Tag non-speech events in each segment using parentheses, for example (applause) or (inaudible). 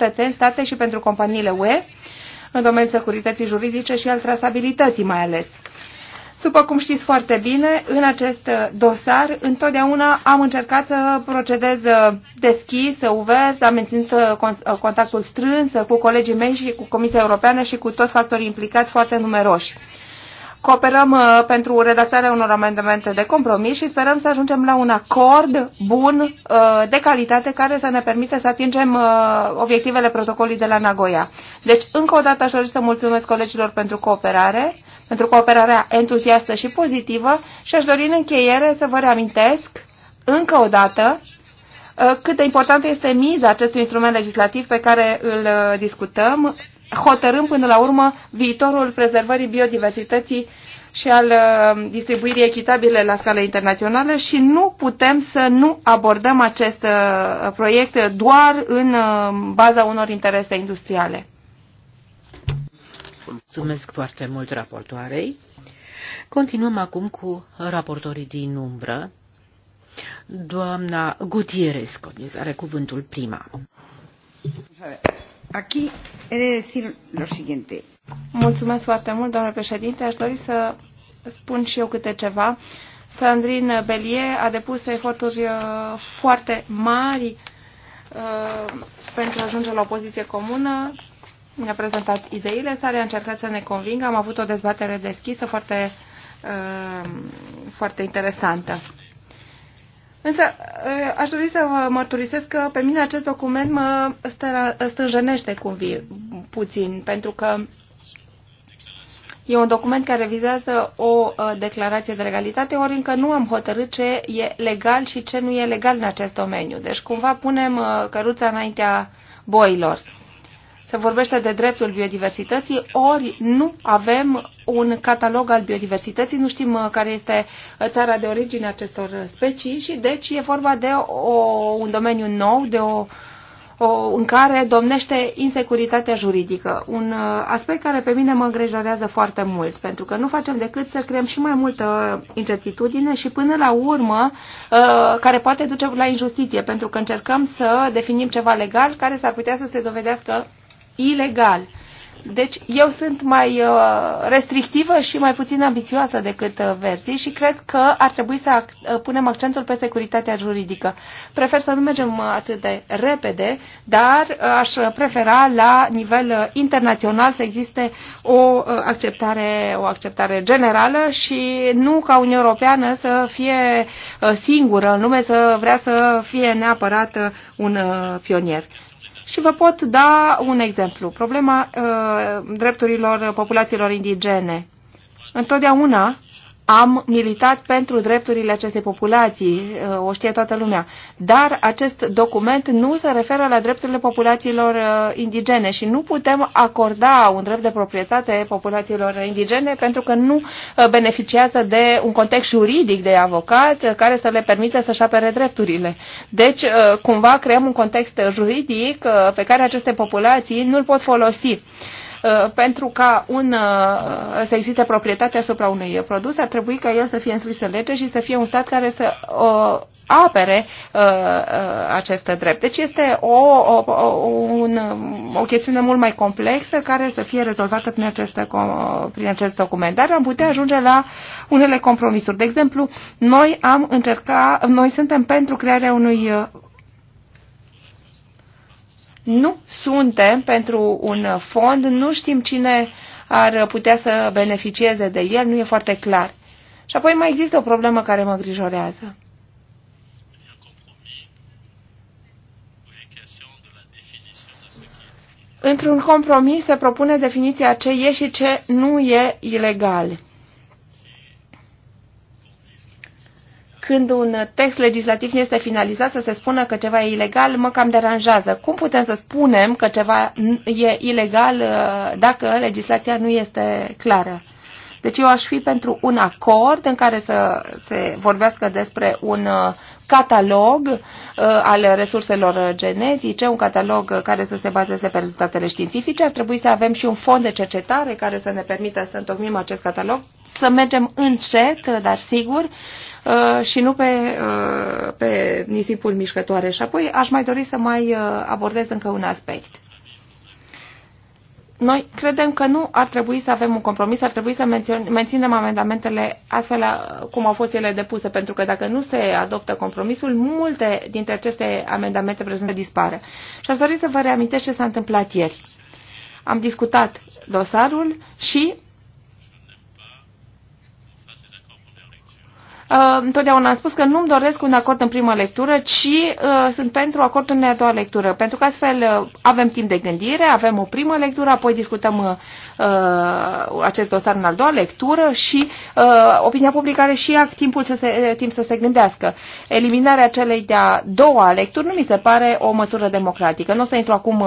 pretenți date și pentru companiile UE, în domeniul securității juridice și al trasabilității mai ales. După cum știți foarte bine, în acest dosar întotdeauna am încercat să procedez deschis, uvez, am menținut contactul strâns cu colegii mei și cu Comisia Europeană și cu toți factorii implicați foarte numeroși. Cooperăm uh, pentru redactarea unor amendamente de compromis și sperăm să ajungem la un acord bun, uh, de calitate, care să ne permite să atingem uh, obiectivele protocolului de la Nagoya. Deci, încă o dată aș dori să mulțumesc colegilor pentru cooperare, pentru cooperarea entuziastă și pozitivă și aș dori în încheiere să vă reamintesc încă o dată cât de importantă este miza acestui instrument legislativ pe care îl discutăm hotărâm până la urmă viitorul prezervării biodiversității și al uh, distribuirii echitabile la scală internațională și nu putem să nu abordăm acest uh, proiect doar în uh, baza unor interese industriale. Mulțumesc foarte mult raportoarei. Continuăm acum cu raportorii din umbră. Doamna Gutierrez, are cuvântul prima. Aquí he de decir lo siguiente. Mulțumesc foarte mult, domnule președinte. Aș dori să spun și eu câte ceva. Sandrine Belie a depus eforturi uh, foarte mari uh, pentru a ajunge la o poziție comună. Ne-a prezentat ideile sale, a încercat să ne convingă. Am avut o dezbatere deschisă foarte, uh, foarte interesantă. Însă eh, aș dori să vă mărturisesc că pe mine acest document mă stânjenește cu puțin, pentru că e un document care vizează o eh, declarație de legalitate, ori încă nu am hotărât ce e legal și ce nu e legal în acest domeniu. Deci cumva punem eh, căruța înaintea boilor se vorbește de dreptul biodiversității, ori nu avem un catalog al biodiversității, nu știm uh, care este uh, țara de origine acestor specii și deci e vorba de o, un domeniu nou, de o, o, în care domnește insecuritatea juridică. Un uh, aspect care pe mine mă îngrijorează foarte mult, pentru că nu facem decât să creăm și mai multă incertitudine și până la urmă, care poate duce la injustiție, pentru că încercăm să definim ceva legal care s-ar putea să se dovedească ilegal. Deci eu sunt mai uh, restrictivă și mai puțin ambițioasă decât uh, versii și cred că ar trebui să uh, punem accentul pe securitatea juridică. Prefer să nu mergem atât de repede, dar aș prefera la nivel internațional să existe o acceptare, o acceptare generală și nu ca Uniunea Europeană să fie singură în lume, să vrea să fie neapărat un pionier. Și vă pot da un exemplu. Problema uh, drepturilor populațiilor indigene. Întotdeauna am militat pentru drepturile acestei populații, uh, o știe toată lumea, dar acest document nu se referă la drepturile populațiilor uh, indigene și nu putem acorda un drept de proprietate populațiilor indigene pentru că nu uh, beneficiază de un context juridic de avocat care să le permită să-și apere drepturile. Deci, cumva creăm un context juridic pe care aceste populații nu-l pot folosi. Uh, pentru ca un, uh, să existe proprietate asupra unui produs, ar trebui ca el să fie înscris în lege și să fie un stat care să o uh, apere acest drept. Deci este o, o, un, o chestiune mult mai complexă care să fie rezolvată prin acest, prin acest document. Dar am putea ajunge la unele compromisuri. De exemplu, noi am încercat, noi suntem pentru crearea unui nu suntem pentru un fond, nu știm cine ar putea să beneficieze de el, nu e foarte clar. Și apoi mai există o problemă care mă grijorează. Într-un compromis se propune definiția ce e și ce nu e ilegal. când un text legislativ este finalizat să se spună că ceva e ilegal, mă cam deranjează. Cum putem să spunem că ceva e ilegal uh, dacă legislația nu este clară? Deci eu aș fi pentru un acord în care să se vorbească despre un uh, catalog uh, al resurselor genetice, un catalog care să se bazeze pe rezultatele științifice. Ar trebui să avem și un fond de cercetare care să ne permită să întocmim acest catalog, să mergem încet, uh, dar sigur, Uh, și nu pe, uh, pe nisipuri mișcătoare. Și apoi aș mai dori să mai uh, abordez încă un aspect. Noi credem că nu ar trebui să avem un compromis, ar trebui să menținem amendamentele astfel cum au fost ele depuse, pentru că dacă nu se adoptă compromisul, multe dintre aceste amendamente prezente dispare. Și aș dori să vă reamintesc ce s-a întâmplat ieri. Am discutat dosarul și Uh, întotdeauna am spus că nu-mi doresc un acord în primă lectură, ci uh, sunt pentru acordul în a doua lectură, pentru că astfel uh, avem timp de gândire, avem o primă lectură, apoi discutăm acest dosar în a doua lectură și opinia publică are și ea timpul să se, timp să se gândească. Eliminarea celei de-a doua lecturi nu mi se pare o măsură democratică. Nu o să intru acum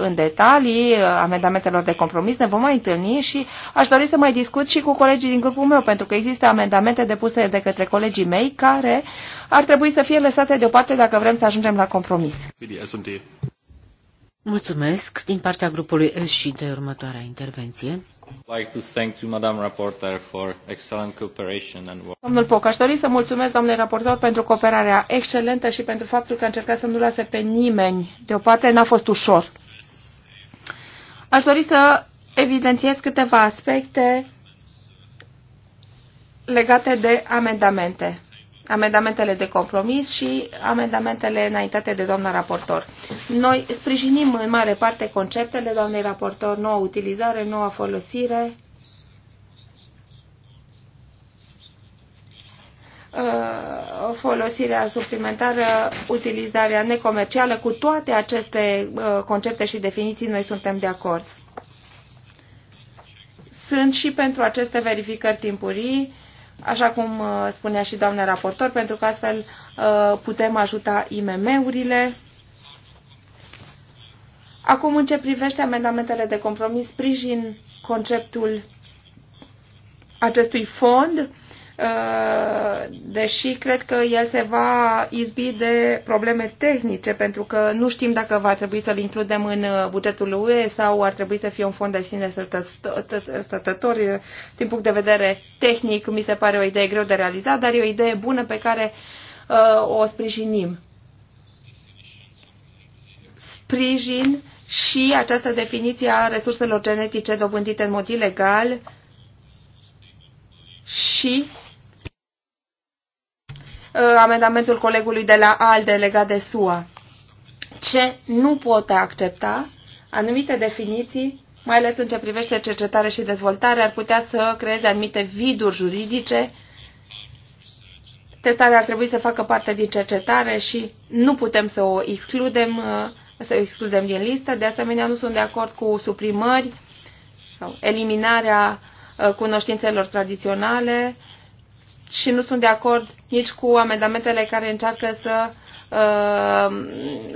în detalii amendamentelor de compromis, ne vom mai întâlni și aș dori să mai discut și cu colegii din grupul meu, pentru că există amendamente depuse de către colegii mei, care ar trebui să fie lăsate deoparte dacă vrem să ajungem la compromis. Mulțumesc din partea grupului S și de următoarea intervenție. Like to thank you, Madam Rapporteur for excellent cooperation and work. Domnul Poc, aș dori să mulțumesc, domnule raportor, pentru cooperarea excelentă și pentru faptul că a încercat să nu lase pe nimeni deoparte. N-a fost ușor. Aș dori să evidențiez câteva aspecte legate de amendamente. Amendamentele de compromis și amendamentele înaintate de doamna raportor. Noi sprijinim în mare parte conceptele doamnei raportor, noua utilizare, noua folosire, uh, folosirea suplimentară, utilizarea necomercială, cu toate aceste uh, concepte și definiții noi suntem de acord. Sunt și pentru aceste verificări timpurii așa cum uh, spunea și doamna raportor, pentru că astfel uh, putem ajuta IMM-urile. Acum, în ce privește amendamentele de compromis, sprijin conceptul acestui fond Uh, deși cred că el se va izbi de probleme tehnice, pentru că nu știm dacă va trebui să-l includem în uh, bugetul UE sau ar trebui să fie un fond de sine stătător. Din punct de vedere tehnic, mi se pare o idee greu de realizat, dar e o idee bună pe care uh, o sprijinim. Sprijin și această definiție a resurselor genetice dobândite în mod ilegal și Uh, amendamentul colegului de la ALDE legat de SUA. Ce nu pot accepta, anumite definiții, mai ales în ce privește cercetare și dezvoltare, ar putea să creeze anumite viduri juridice. Testarea ar trebui să facă parte din cercetare și nu putem să o excludem, uh, să o excludem din listă. De asemenea, nu sunt de acord cu suprimări sau eliminarea uh, cunoștințelor tradiționale, și nu sunt de acord nici cu amendamentele care încearcă să, uh,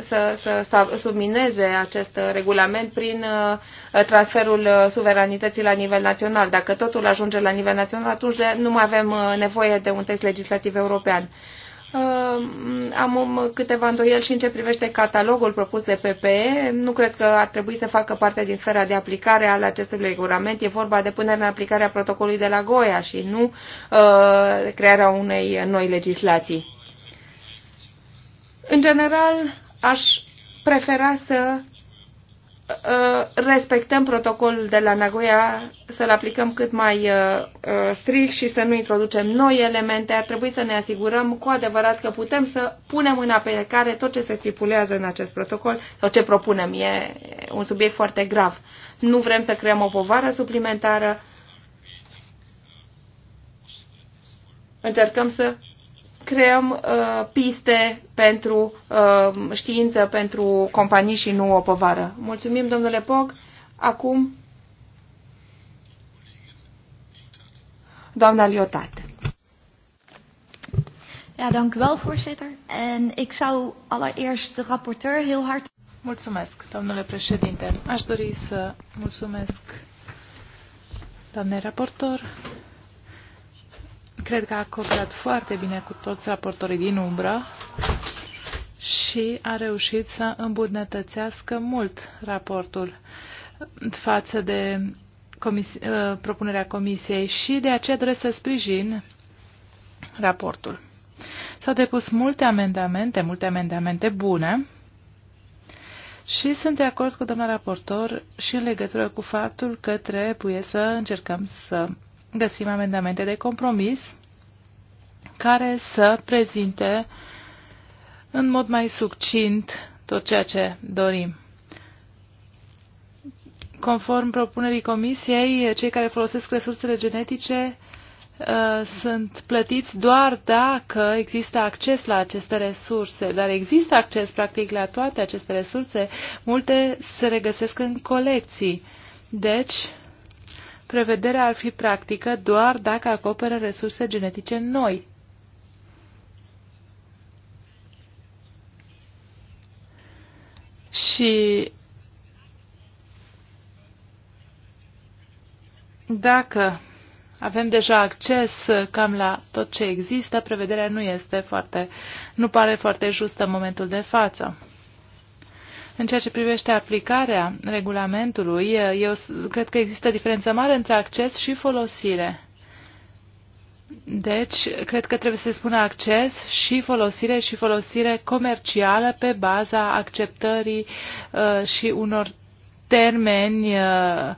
să, să, să submineze acest regulament prin uh, transferul suveranității la nivel național. Dacă totul ajunge la nivel național, atunci nu mai avem uh, nevoie de un text legislativ european. Am câteva îndoieli și în ce privește catalogul propus de PPE. Nu cred că ar trebui să facă parte din sfera de aplicare al acestui regulament. E vorba de punerea în aplicare a protocolului de la Goia și nu uh, crearea unei noi legislații. În general, aș prefera să Uh, respectăm protocolul de la Nagoya, să-l aplicăm cât mai uh, uh, strict și să nu introducem noi elemente. Ar trebui să ne asigurăm cu adevărat că putem să punem în aplicare tot ce se stipulează în acest protocol sau ce propunem. E un subiect foarte grav. Nu vrem să creăm o povară suplimentară. Încercăm să creăm uh, piste pentru uh, știință, pentru companii și nu o povară. Mulțumim, domnule Pog. Acum, doamna Liotat. Ja, dank u wel, voorzitter. En ik zou allereerst de rapporteur heel hard... Mulțumesc, domnule președinte. Aș dori să mulțumesc doamnei raportor Cred că a cooperat foarte bine cu toți raportorii din umbră și a reușit să îmbunătățească mult raportul față de comis uh, propunerea comisiei și de aceea trebuie să sprijin raportul. S-au depus multe amendamente, multe amendamente bune și sunt de acord cu doamna raportor și în legătură cu faptul că trebuie să încercăm să găsim amendamente de compromis care să prezinte în mod mai succint tot ceea ce dorim. Conform propunerii comisiei, cei care folosesc resursele genetice uh, sunt plătiți doar dacă există acces la aceste resurse, dar există acces practic la toate aceste resurse, multe se regăsesc în colecții. Deci, prevederea ar fi practică doar dacă acoperă resurse genetice noi. Și dacă avem deja acces cam la tot ce există, prevederea nu este foarte, nu pare foarte justă în momentul de față. În ceea ce privește aplicarea regulamentului, eu cred că există diferență mare între acces și folosire. Deci, cred că trebuie să spună acces și folosire și folosire comercială pe baza acceptării uh, și unor termeni uh,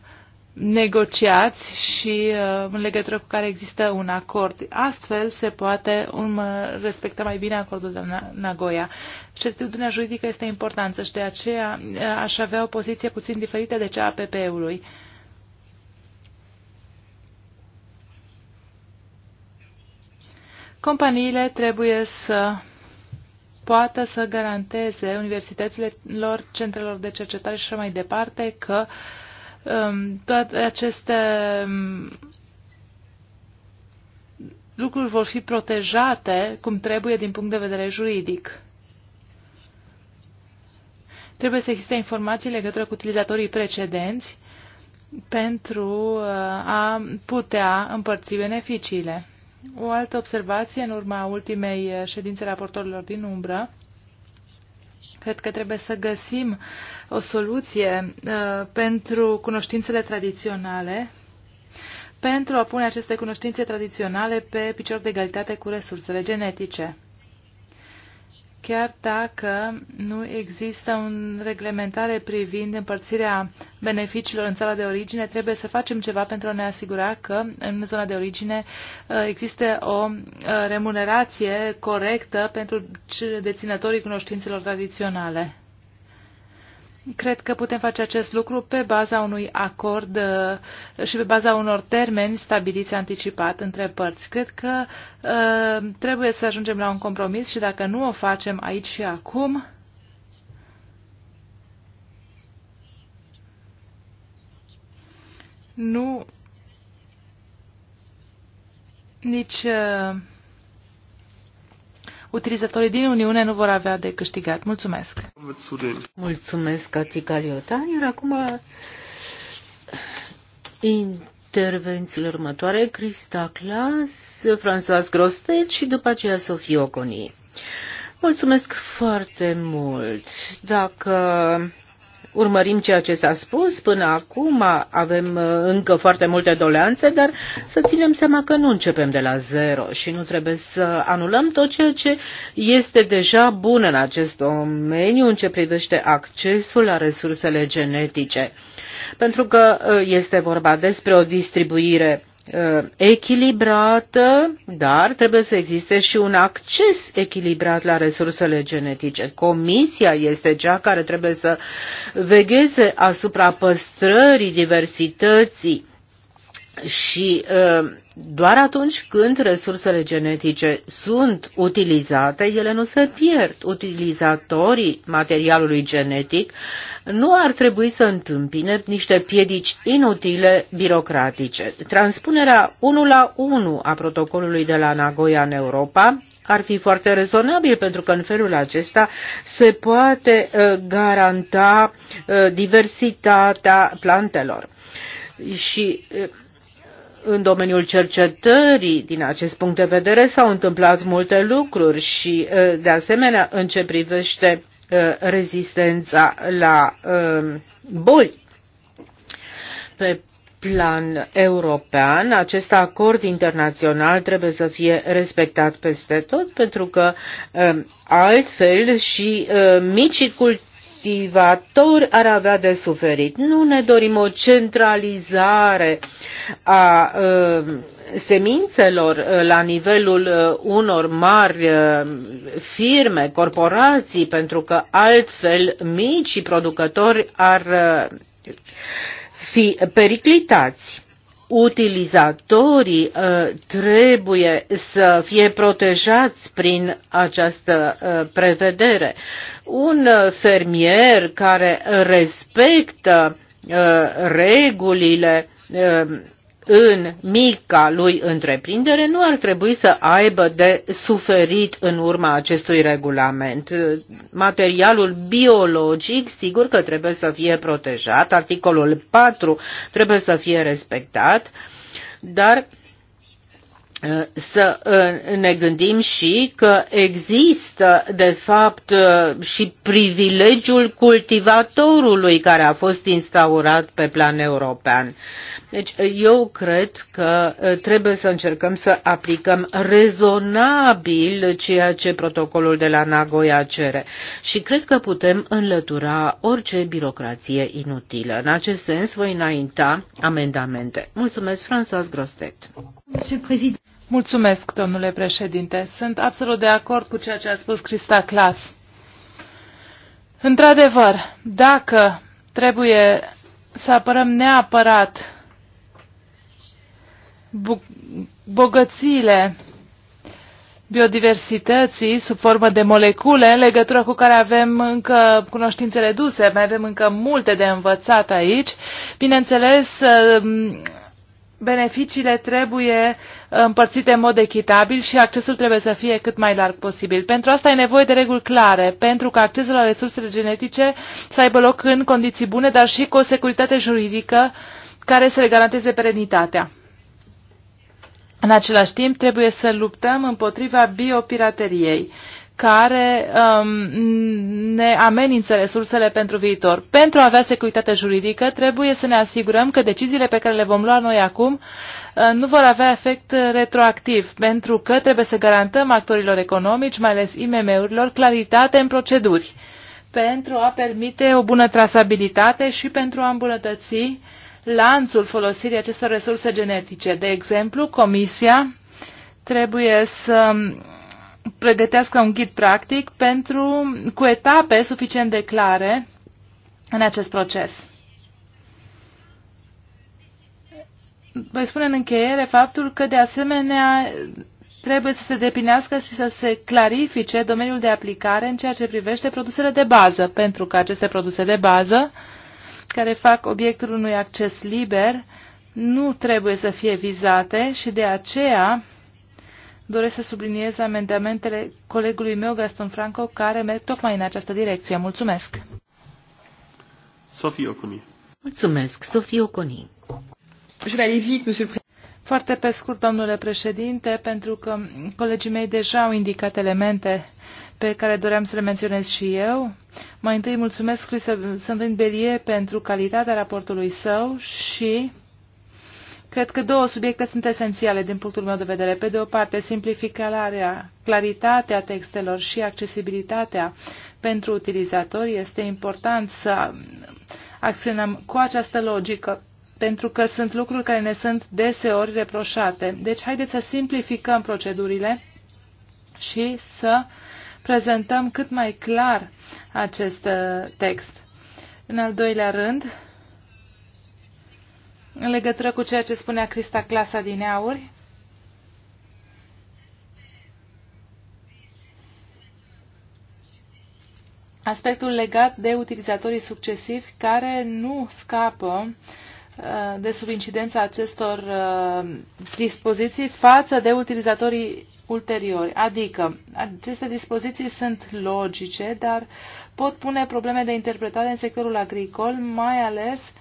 negociați și uh, în legătură cu care există un acord. Astfel se poate um, respecta mai bine acordul de la Nagoya. Certitudinea juridică este importantă și de aceea uh, aș avea o poziție puțin diferită de cea a PP-ului. Uh, Companiile trebuie să poată să garanteze universităților, centrelor de cercetare și așa mai departe că um, toate aceste um, lucruri vor fi protejate cum trebuie din punct de vedere juridic. Trebuie să existe informații legătură cu utilizatorii precedenți pentru uh, a putea împărți beneficiile. O altă observație în urma ultimei ședințe raportorilor din umbră. Cred că trebuie să găsim o soluție uh, pentru cunoștințele tradiționale, pentru a pune aceste cunoștințe tradiționale pe picior de egalitate cu resursele genetice chiar dacă nu există un reglementare privind împărțirea beneficiilor în țara de origine, trebuie să facem ceva pentru a ne asigura că în zona de origine uh, există o uh, remunerație corectă pentru deținătorii cunoștințelor tradiționale. Cred că putem face acest lucru pe baza unui acord uh, și pe baza unor termeni stabiliți anticipat între părți. Cred că uh, trebuie să ajungem la un compromis și dacă nu o facem aici și acum, nu nici uh, utilizatorii din Uniune nu vor avea de câștigat. Mulțumesc! Mulțumesc, Catica Liotan. Iar acum intervențiile următoare, Crista Clas, François Grostet și după aceea Sofie Oconi. Mulțumesc foarte mult! Dacă urmărim ceea ce s-a spus până acum, avem uh, încă foarte multe doleanțe, dar să ținem seama că nu începem de la zero și nu trebuie să anulăm tot ceea ce este deja bun în acest domeniu în ce privește accesul la resursele genetice. Pentru că uh, este vorba despre o distribuire Uh, echilibrată, dar trebuie să existe și un acces echilibrat la resursele genetice. Comisia este cea care trebuie să vegheze asupra păstrării diversității și uh, doar atunci când resursele genetice sunt utilizate, ele nu se pierd. Utilizatorii materialului genetic nu ar trebui să întâmpine niște piedici inutile birocratice. Transpunerea 1 la 1 a protocolului de la Nagoya în Europa ar fi foarte rezonabil pentru că în felul acesta se poate uh, garanta uh, diversitatea plantelor. Și în domeniul cercetării, din acest punct de vedere, s-au întâmplat multe lucruri și, uh, de asemenea, în ce privește uh, rezistența la uh, boli. Pe plan european, acest acord internațional trebuie să fie respectat peste tot, pentru că altfel și micii culturi cultivatori ar avea de suferit. Nu ne dorim o centralizare a ă, semințelor ă, la nivelul ă, unor mari firme, corporații, pentru că altfel mici producători ar fi periclitați utilizatorii uh, trebuie să fie protejați prin această uh, prevedere. Un uh, fermier care respectă regulile în mica lui întreprindere nu ar trebui să aibă de suferit în urma acestui regulament. Materialul biologic, sigur că trebuie să fie protejat, articolul 4 trebuie să fie respectat, dar uh, să uh, ne gândim și că există, de fapt, uh, și privilegiul cultivatorului care a fost instaurat pe plan european. Deci eu cred că ă, trebuie să încercăm să aplicăm rezonabil ceea ce protocolul de la Nagoya cere și cred că putem înlătura orice birocrație inutilă. În acest sens voi înainta amendamente. Mulțumesc, François Grostet. Mulțumesc, domnule președinte. Sunt absolut de acord cu ceea ce a spus Crista Clas. Într-adevăr, dacă trebuie să apărăm neapărat bogățiile biodiversității sub formă de molecule în legătură cu care avem încă cunoștințe reduse, mai avem încă multe de învățat aici. Bineînțeles, um, beneficiile trebuie uh, împărțite în mod echitabil și accesul trebuie să fie cât mai larg posibil. Pentru asta e nevoie de reguli clare, pentru că accesul la resursele genetice să aibă loc în condiții bune, dar și cu o securitate juridică care să le garanteze perenitatea. În același timp, trebuie să luptăm împotriva biopirateriei care um, ne amenință resursele pentru viitor. Pentru a avea securitate juridică, trebuie să ne asigurăm că deciziile pe care le vom lua noi acum uh, nu vor avea efect retroactiv, pentru că trebuie să garantăm actorilor economici, mai ales IMM-urilor, claritate în proceduri, pentru a permite o bună trasabilitate și pentru a îmbunătăți uh, lanțul folosirii acestor resurse genetice. De exemplu, Comisia trebuie să pregătească un ghid practic pentru, cu etape suficient de clare în acest proces. Voi spune în încheiere faptul că, de asemenea, trebuie să se depinească și să se clarifice domeniul de aplicare în ceea ce privește produsele de bază, pentru că aceste produse de bază care fac obiectul unui acces liber nu trebuie să fie vizate și de aceea doresc să subliniez amendamentele colegului meu, Gaston Franco, care merg tocmai în această direcție. Mulțumesc! Sofie Oconi. Mulțumesc, Sofie Oconi. Je vais aller vite, monsieur le foarte pe scurt, domnule președinte, pentru că colegii mei deja au indicat elemente pe care doream să le menționez și eu. Mai întâi mulțumesc lui Sântân Belie pentru calitatea raportului său și cred că două subiecte sunt esențiale din punctul meu de vedere. Pe de o parte, simplificarea, claritatea textelor și accesibilitatea pentru utilizatori. Este important să acționăm cu această logică pentru că sunt lucruri care ne sunt deseori reproșate. Deci haideți să simplificăm procedurile și să prezentăm cât mai clar acest uh, text. În al doilea rând, în legătură cu ceea ce spunea Crista Clasa din Auri, aspectul legat de utilizatorii succesivi care nu scapă Uh, de sub incidența acestor uh, dispoziții față de utilizatorii ulteriori. Adică, aceste dispoziții sunt logice, dar pot pune probleme de interpretare în sectorul agricol, mai ales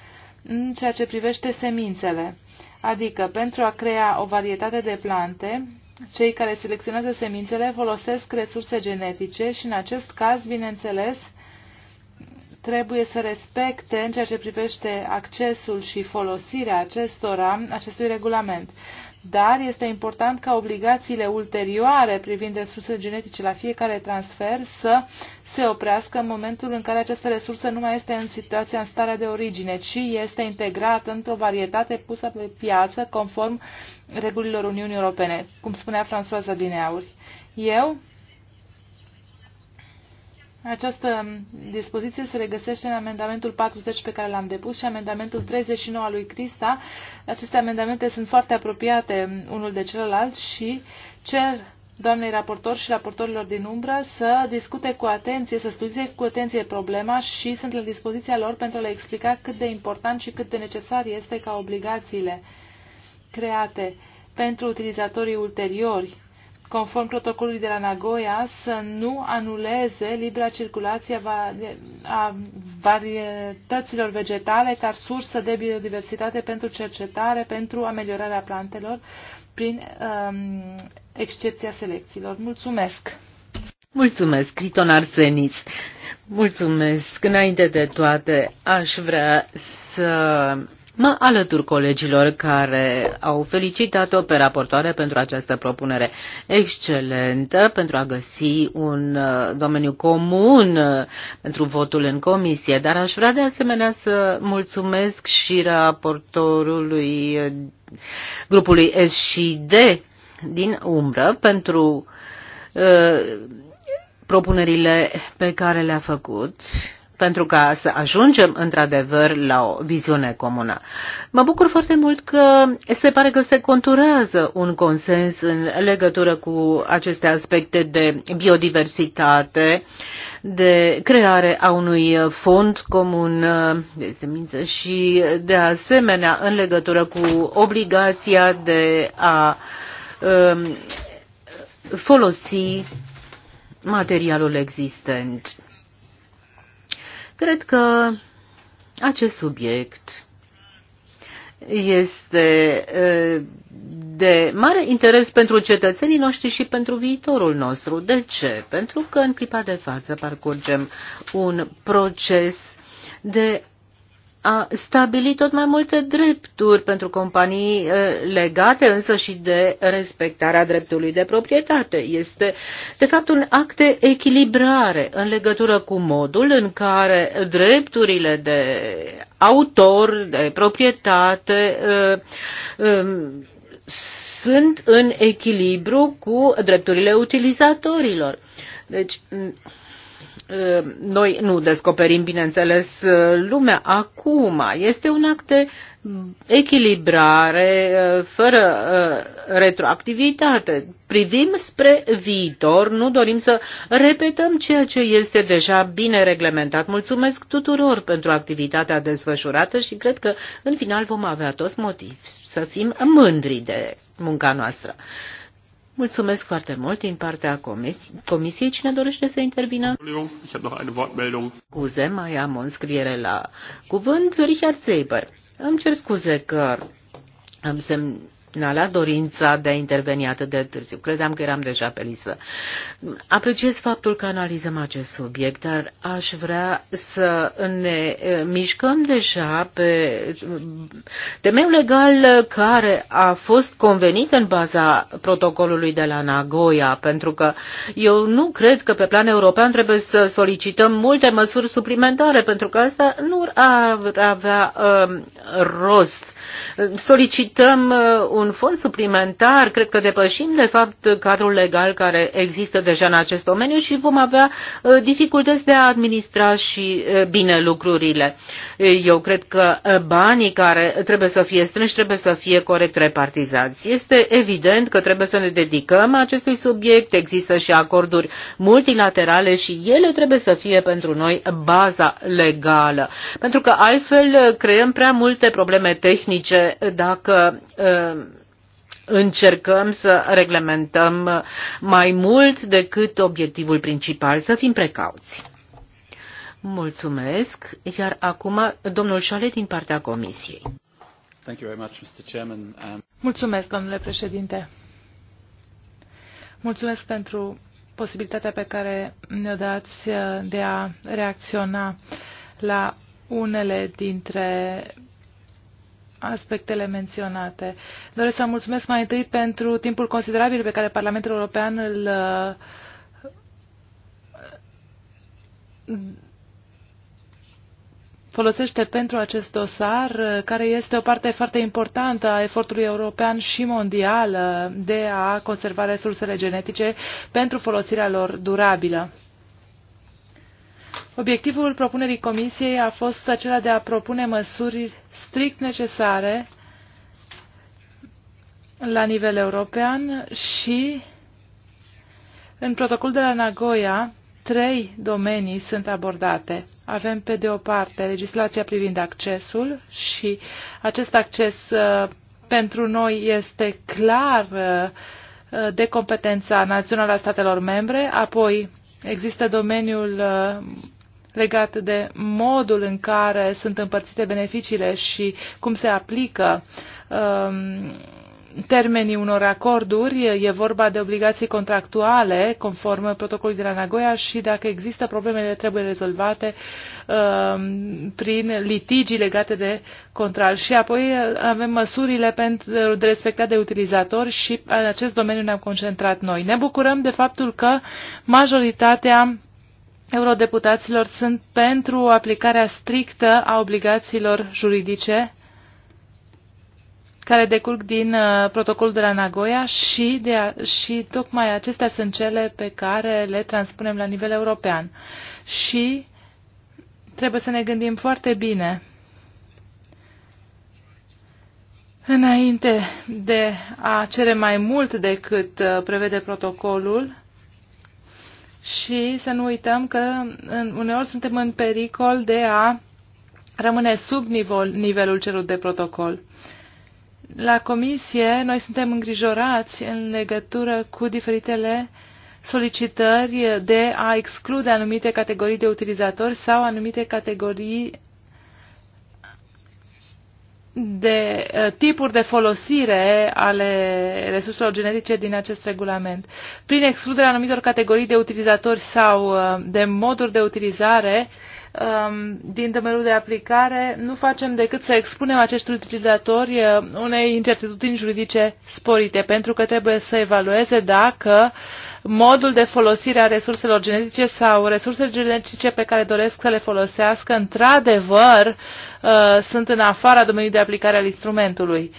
în ceea ce privește semințele. Adică, pentru a crea o varietate de plante, cei care selecționează semințele folosesc resurse genetice și, în acest caz, bineînțeles, trebuie să respecte în ceea ce privește accesul și folosirea acestora, acestui regulament. Dar este important ca obligațiile ulterioare privind resursele genetice la fiecare transfer să se oprească în momentul în care această resursă nu mai este în situația în starea de origine, ci este integrată într-o varietate pusă pe piață conform regulilor Uniunii Europene, cum spunea François Dineauri. Eu această dispoziție se regăsește în amendamentul 40 pe care l-am depus și amendamentul 39 al lui Crista. Aceste amendamente sunt foarte apropiate unul de celălalt și cer doamnei raportor și raportorilor din umbră să discute cu atenție, să studieze cu atenție problema și sunt la dispoziția lor pentru a le explica cât de important și cât de necesar este ca obligațiile create pentru utilizatorii ulteriori conform protocolului de la Nagoya, să nu anuleze libera circulație a varietăților vegetale ca sursă de biodiversitate pentru cercetare, pentru ameliorarea plantelor, prin um, excepția selecțiilor. Mulțumesc! Mulțumesc, Criton Arsenis! Mulțumesc! Înainte de toate, aș vrea să Mă alătur colegilor care au felicitat-o pe raportoare pentru această propunere excelentă, pentru a găsi un uh, domeniu comun uh, pentru votul în comisie, dar aș vrea de asemenea să mulțumesc și raportorului uh, grupului S și D din umbră pentru propunerile pe care le-a făcut pentru ca să ajungem într-adevăr la o viziune comună. Mă bucur foarte mult că se pare că se conturează un consens în legătură cu aceste aspecte de biodiversitate, de creare a unui fond comun de semințe și de asemenea în legătură cu obligația de a um, folosi materialul existent. Cred că acest subiect este de mare interes pentru cetățenii noștri și pentru viitorul nostru. De ce? Pentru că în clipa de față parcurgem un proces de a stabilit tot mai multe drepturi pentru companii eh, legate însă și de respectarea dreptului de proprietate. Este, de fapt, un act de echilibrare în legătură cu modul în care drepturile de autor, de proprietate, eh, eh, sunt în echilibru cu drepturile utilizatorilor. Deci, noi nu descoperim, bineînțeles, lumea acum. Este un act de echilibrare fără uh, retroactivitate. Privim spre viitor, nu dorim să repetăm ceea ce este deja bine reglementat. Mulțumesc tuturor pentru activitatea desfășurată și cred că în final vom avea toți motiv să fim mândri de munca noastră. Mulțumesc foarte mult din partea comis Comisiei. Cine dorește să intervină? Scuze, mai am o înscriere la cuvânt. Richard Seiber. Îmi cer scuze că am semn la dorința de a interveni atât de târziu. Credeam că eram deja pe listă. Apreciez faptul că analizăm acest subiect, dar aș vrea să ne eh, mișcăm deja pe mm, temeiul legal care a fost convenit în baza protocolului de la Nagoya, pentru că eu nu cred că pe plan european trebuie să solicităm multe măsuri suplimentare, pentru că asta nu ar avea uh, rost solicităm uh, un fond suplimentar, cred că depășim de fapt cadrul legal care există deja în acest domeniu și vom avea uh, dificultăți de a administra și uh, bine lucrurile. Eu cred că banii care trebuie să fie strânși trebuie să fie corect repartizați. Este evident că trebuie să ne dedicăm acestui subiect, există și acorduri multilaterale și ele trebuie să fie pentru noi baza legală, pentru că altfel creăm prea multe probleme tehnice economice dacă uh, încercăm să reglementăm mai mult decât obiectivul principal, să fim precauți. Mulțumesc. Iar acum domnul Șale din partea Comisiei. Mulțumesc, domnule președinte. Mulțumesc pentru posibilitatea pe care ne-o dați de a reacționa la unele dintre aspectele menționate. Doresc să mulțumesc mai întâi pentru timpul considerabil pe care Parlamentul European îl uh, folosește pentru acest dosar, uh, care este o parte foarte importantă a efortului european și mondial uh, de a conserva resursele genetice pentru folosirea lor durabilă. Obiectivul propunerii Comisiei a fost acela de a propune măsuri strict necesare la nivel european și în protocolul de la Nagoya trei domenii sunt abordate. Avem pe de o parte legislația privind accesul și acest acces uh, pentru noi este clar uh, de competența națională a statelor membre, apoi există domeniul uh, legat de modul în care sunt împărțite beneficiile și cum se aplică um, termenii unor acorduri, e vorba de obligații contractuale conform protocolului de la Nagoya și dacă există problemele trebuie rezolvate um, prin litigi legate de contract. Și apoi uh, avem măsurile pentru de respectat de utilizatori și în acest domeniu ne-am concentrat noi. Ne bucurăm de faptul că majoritatea eurodeputaților sunt pentru aplicarea strictă a obligațiilor juridice care decurg din uh, protocolul de la Nagoya și, de a, și tocmai acestea sunt cele pe care le transpunem la nivel european. Și trebuie să ne gândim foarte bine înainte de a cere mai mult decât uh, prevede protocolul și să nu uităm că uneori suntem în pericol de a rămâne sub nivel, nivelul cerut de protocol. La comisie noi suntem îngrijorați în legătură cu diferitele solicitări de a exclude anumite categorii de utilizatori sau anumite categorii de eh, tipuri de folosire ale resurselor genetice din acest regulament. Prin excluderea anumitor categorii de utilizatori sau eh, de moduri de utilizare ehm, din temelul de aplicare, nu facem decât să expunem acești utilizatori eh, unei incertitudini juridice sporite, pentru că trebuie să evalueze dacă uh, modul de folosire a resurselor genetice sau resursele genetice pe care doresc să le folosească, într-adevăr, uh, sunt în afara domeniului de aplicare al instrumentului.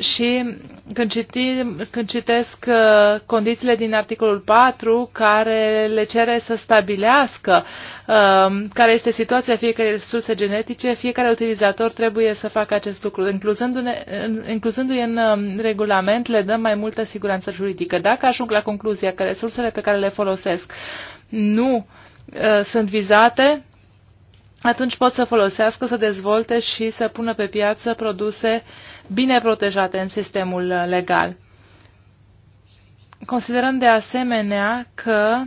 Și când, citim, când citesc uh, condițiile din articolul 4 care le cere să stabilească uh, care este situația fiecarei resurse genetice, fiecare utilizator trebuie să facă acest lucru. Incluzându-i incluzându în um, regulament le dăm mai multă siguranță juridică. Dacă ajung la concluzia că resursele pe care le folosesc nu uh, sunt vizate, atunci pot să folosească, să dezvolte și să pună pe piață produse uh, bine protejate în sistemul legal. Considerăm de asemenea că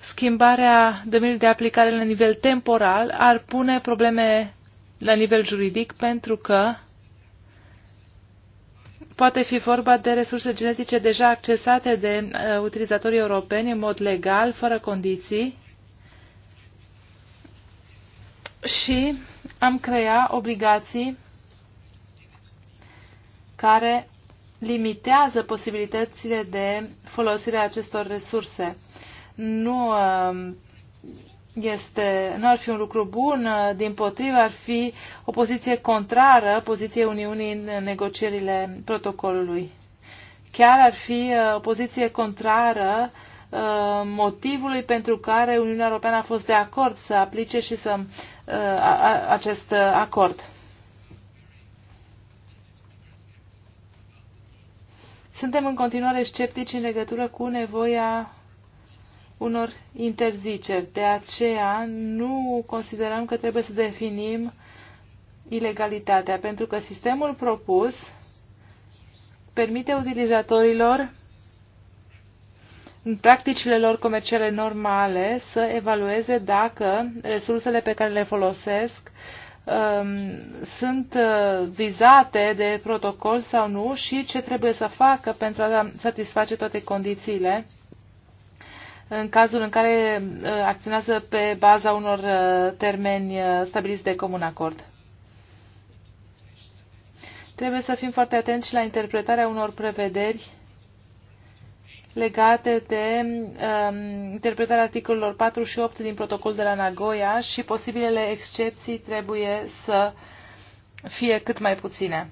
schimbarea domeniului de aplicare la nivel temporal ar pune probleme la nivel juridic pentru că poate fi vorba de resurse genetice deja accesate de uh, utilizatorii europeni în mod legal, fără condiții. Și am crea obligații care limitează posibilitățile de folosire a acestor resurse. Nu um, este, nu ar fi un lucru bun, uh, din potrivă ar fi o poziție contrară poziției Uniunii în negocierile protocolului. Chiar ar fi uh, o poziție contrară uh, motivului pentru care Uniunea Europeană a fost de acord să aplice și să acest acord. Suntem în continuare sceptici în legătură cu nevoia unor interziceri. De aceea nu considerăm că trebuie să definim ilegalitatea, pentru că sistemul propus permite utilizatorilor în practicile lor comerciale normale să evalueze dacă resursele pe care le folosesc Um, sunt uh, vizate de protocol sau nu și ce trebuie să facă pentru a satisface toate condițiile în cazul în care uh, acționează pe baza unor uh, termeni stabiliți de comun acord. Trebuie să fim foarte atenți și la interpretarea unor prevederi legate de um, interpretarea articolelor 4 și 8 din protocol de la Nagoya și posibilele excepții trebuie să fie cât mai puține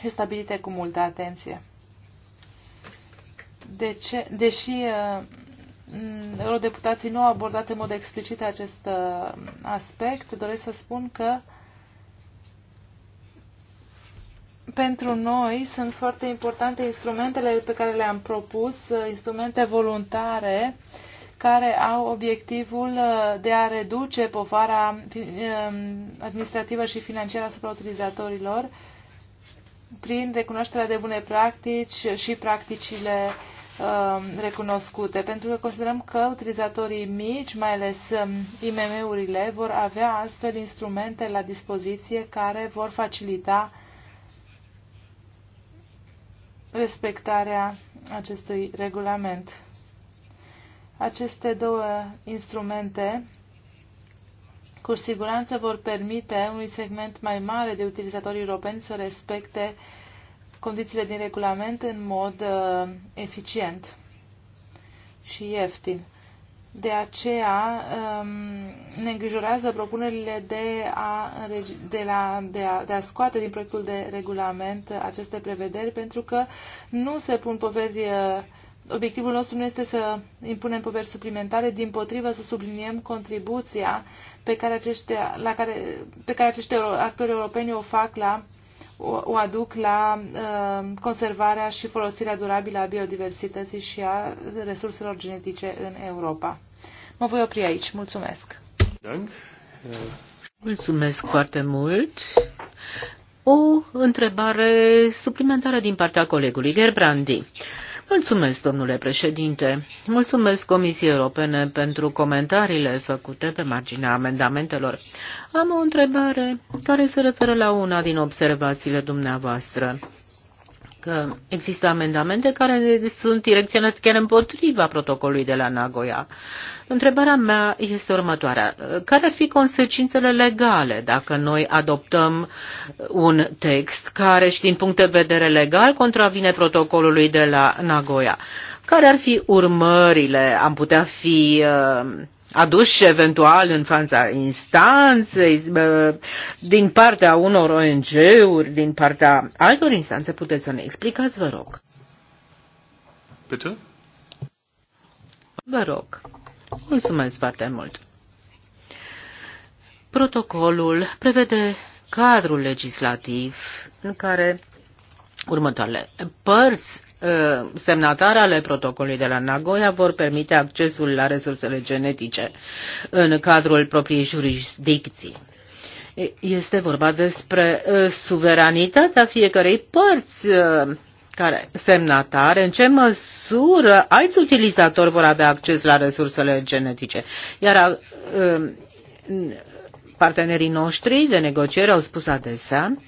și stabilite cu multă atenție. De ce, deși uh, eurodeputații nu au abordat în mod explicit acest uh, aspect, doresc să spun că uh, pentru noi sunt foarte importante instrumentele pe care le-am propus, instrumente voluntare care au obiectivul uh, de a reduce povara um, administrativă și financiară asupra utilizatorilor prin recunoașterea de bune practici și practicile um, recunoscute, pentru că considerăm că utilizatorii mici, mai ales um, IMM-urile, vor avea astfel instrumente la dispoziție care vor facilita respectarea acestui regulament. Aceste două instrumente cu siguranță vor permite unui segment mai mare de utilizatori europeni să respecte condițiile din regulament în mod uh, eficient și ieftin. De aceea um, ne îngrijorează propunerile de a, de, la, de, a, de a scoate din proiectul de regulament aceste prevederi, pentru că nu se pun poveri. Uh, obiectivul nostru nu este să impunem poveri suplimentare, din potrivă să subliniem contribuția pe care aceștia, la care, pe care acești actori europeni o fac la o aduc la uh, conservarea și folosirea durabilă a biodiversității și a resurselor genetice în Europa. Mă voi opri aici. Mulțumesc. Mulțumesc foarte mult. O întrebare suplimentară din partea colegului Gerbrandi. Mulțumesc, domnule președinte. Mulțumesc Comisiei Europene pentru comentariile făcute pe marginea amendamentelor. Am o întrebare care se referă la una din observațiile dumneavoastră că există amendamente care sunt direcționate chiar împotriva protocolului de la Nagoya. Întrebarea mea este următoarea. Care ar fi consecințele legale dacă noi adoptăm un text care și din punct de vedere legal contravine protocolului de la Nagoya? Care ar fi urmările? Am putea fi uh, aduși eventual în fața instanței, ă, din partea unor ONG-uri, din partea altor instanțe. Puteți să ne explicați, vă rog. Bitte? Vă rog. Mulțumesc foarte mult. Protocolul prevede cadrul legislativ în care Următoarele părți uh, semnatare ale protocolului de la Nagoya vor permite accesul la resursele genetice în cadrul propriei jurisdicții. Este vorba despre uh, suveranitatea fiecărei părți uh, care semnatare, în ce măsură alți utilizatori vor avea acces la resursele genetice. Iar partenerii noștri de negociere au spus adesea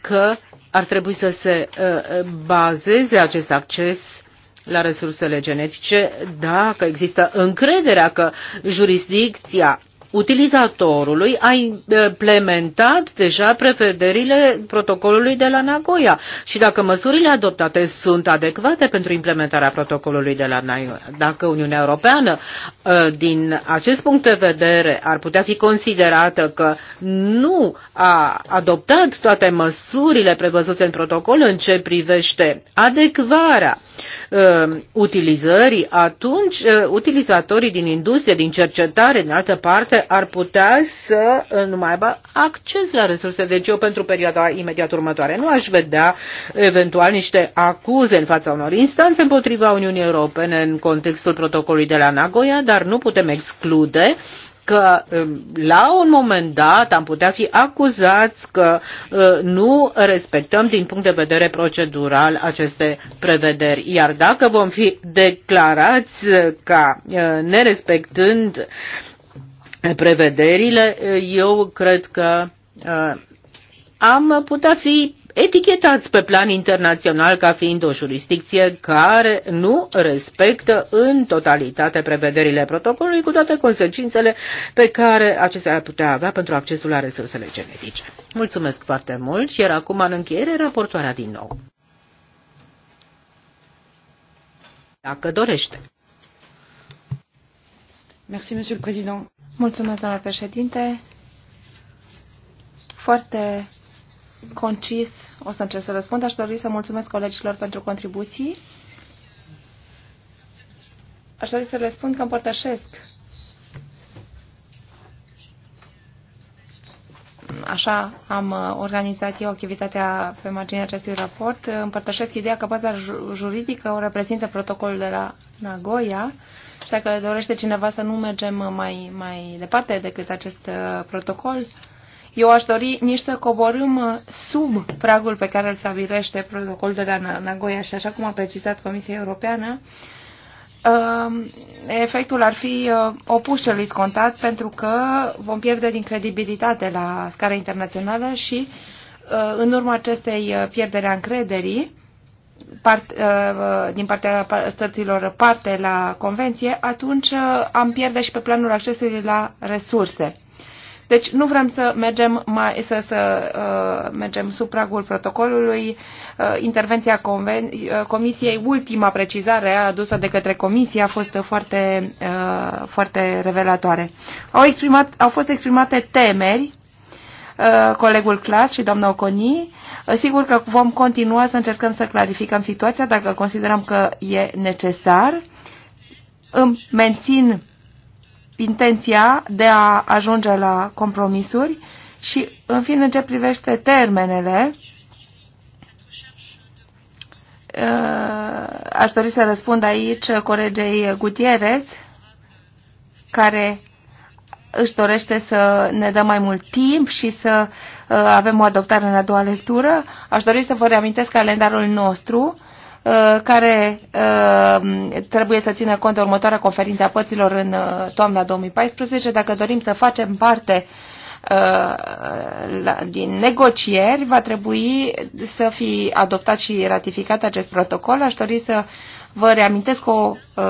că ar trebui să se uh, uh, bazeze acest acces la resursele genetice dacă există încrederea că jurisdicția utilizatorului a implementat deja prevederile protocolului de la Nagoya și dacă măsurile adoptate sunt adecvate pentru implementarea protocolului de la Nagoya. Dacă Uniunea Europeană, ă, din acest punct de vedere, ar putea fi considerată că nu a adoptat toate măsurile prevăzute în protocol în ce privește adecvarea ă, utilizării, atunci ă, utilizatorii din industrie, din cercetare, din altă parte, care ar putea să uh, nu mai aibă acces la resurse de deci geo pentru perioada imediat următoare. Nu aș vedea eventual niște acuze în fața unor instanțe împotriva Uniunii Europene în contextul protocolului de la Nagoya, dar nu putem exclude că um, la un moment dat am putea fi acuzați că uh, nu respectăm din punct de vedere procedural aceste prevederi. Iar dacă vom fi declarați ca uh, nerespectând uh, prevederile, eu cred că am putea fi etichetați pe plan internațional ca fiind o jurisdicție care nu respectă în totalitate prevederile protocolului cu toate consecințele pe care acestea ar putea avea pentru accesul la resursele genetice. Mulțumesc foarte mult și era acum în încheiere raportoarea din nou. Dacă dorește. Merci, Monsieur le Président. Mulțumesc, domnule președinte. Foarte concis o să încerc să răspund. Aș dori să mulțumesc colegilor pentru contribuții. Aș dori să le spun că împărtășesc așa am uh, organizat eu activitatea pe marginea acestui raport. Împărtășesc ideea că baza juridică o reprezintă protocolul de la Nagoya și dacă dorește cineva să nu mergem mai, mai departe decât acest uh, protocol, eu aș dori nici să coborâm uh, sub pragul pe care îl stabilește protocolul de la Nagoya și așa cum a precizat Comisia Europeană, um, efectul ar fi uh, opus celui scontat pentru că vom pierde din credibilitate la scară internațională și în urma acestei pierdere a încrederii part, uh, din partea statelor parte la convenție, atunci uh, am pierde și pe planul accesului la resurse. Deci nu vrem să mergem, mai, să, să uh, mergem sub pragul protocolului. Uh, intervenția conven, uh, Comisiei, ultima precizare adusă de către Comisie a fost foarte, uh, foarte revelatoare. Au, exprimat, au fost exprimate temeri, uh, colegul Clas și doamna Oconii, Sigur că vom continua să încercăm să clarificăm situația dacă considerăm că e necesar. Îmi mențin intenția de a ajunge la compromisuri și, în fine, în ce privește termenele, uh, aș dori să răspund aici colegei Gutierrez, care își dorește să ne dă mai mult timp și să uh, avem o adoptare în a doua lectură. Aș dori să vă reamintesc calendarul nostru uh, care uh, trebuie să țină cont de următoarea conferință a părților în toamna 2014. Dacă dorim să facem parte din negocieri va trebui să fi adoptat și ratificat acest protocol. Aș dori să Vă reamintesc o uh,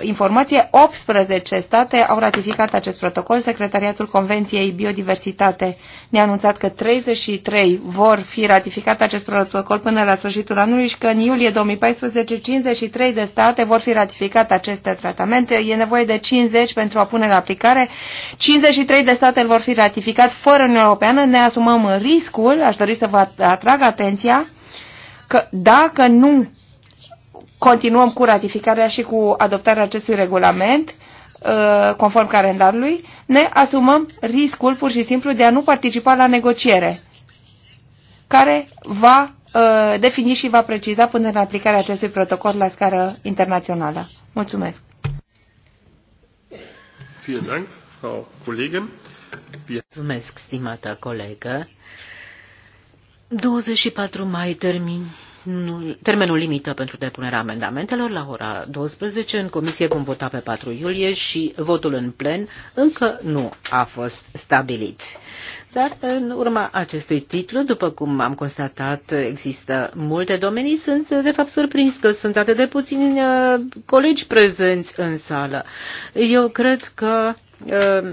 informație, 18 state au ratificat acest protocol. Secretariatul Convenției Biodiversitate ne-a anunțat că 33 vor fi ratificat acest protocol până la sfârșitul anului și că în iulie 2014 53 de state vor fi ratificat aceste tratamente. E nevoie de 50 pentru a pune în aplicare. 53 de state vor fi ratificat fără Uniunea Europeană. Ne asumăm riscul, aș dori să vă atrag atenția, că dacă nu continuăm cu ratificarea și cu adoptarea acestui regulament uh, conform calendarului, ne asumăm riscul pur și simplu de a nu participa la negociere, care va uh, defini și va preciza până în aplicarea acestui protocol la scară internațională. Mulțumesc! Mulțumesc, stimată colegă. 24 mai termin termenul, limită pentru depunerea amendamentelor la ora 12. În comisie vom vota pe 4 iulie și votul în plen încă nu a fost stabilit. Dar în urma acestui titlu, după cum am constatat, există multe domenii. Sunt de fapt surprins că sunt atât de puțini uh, colegi prezenți în sală. Eu cred că uh,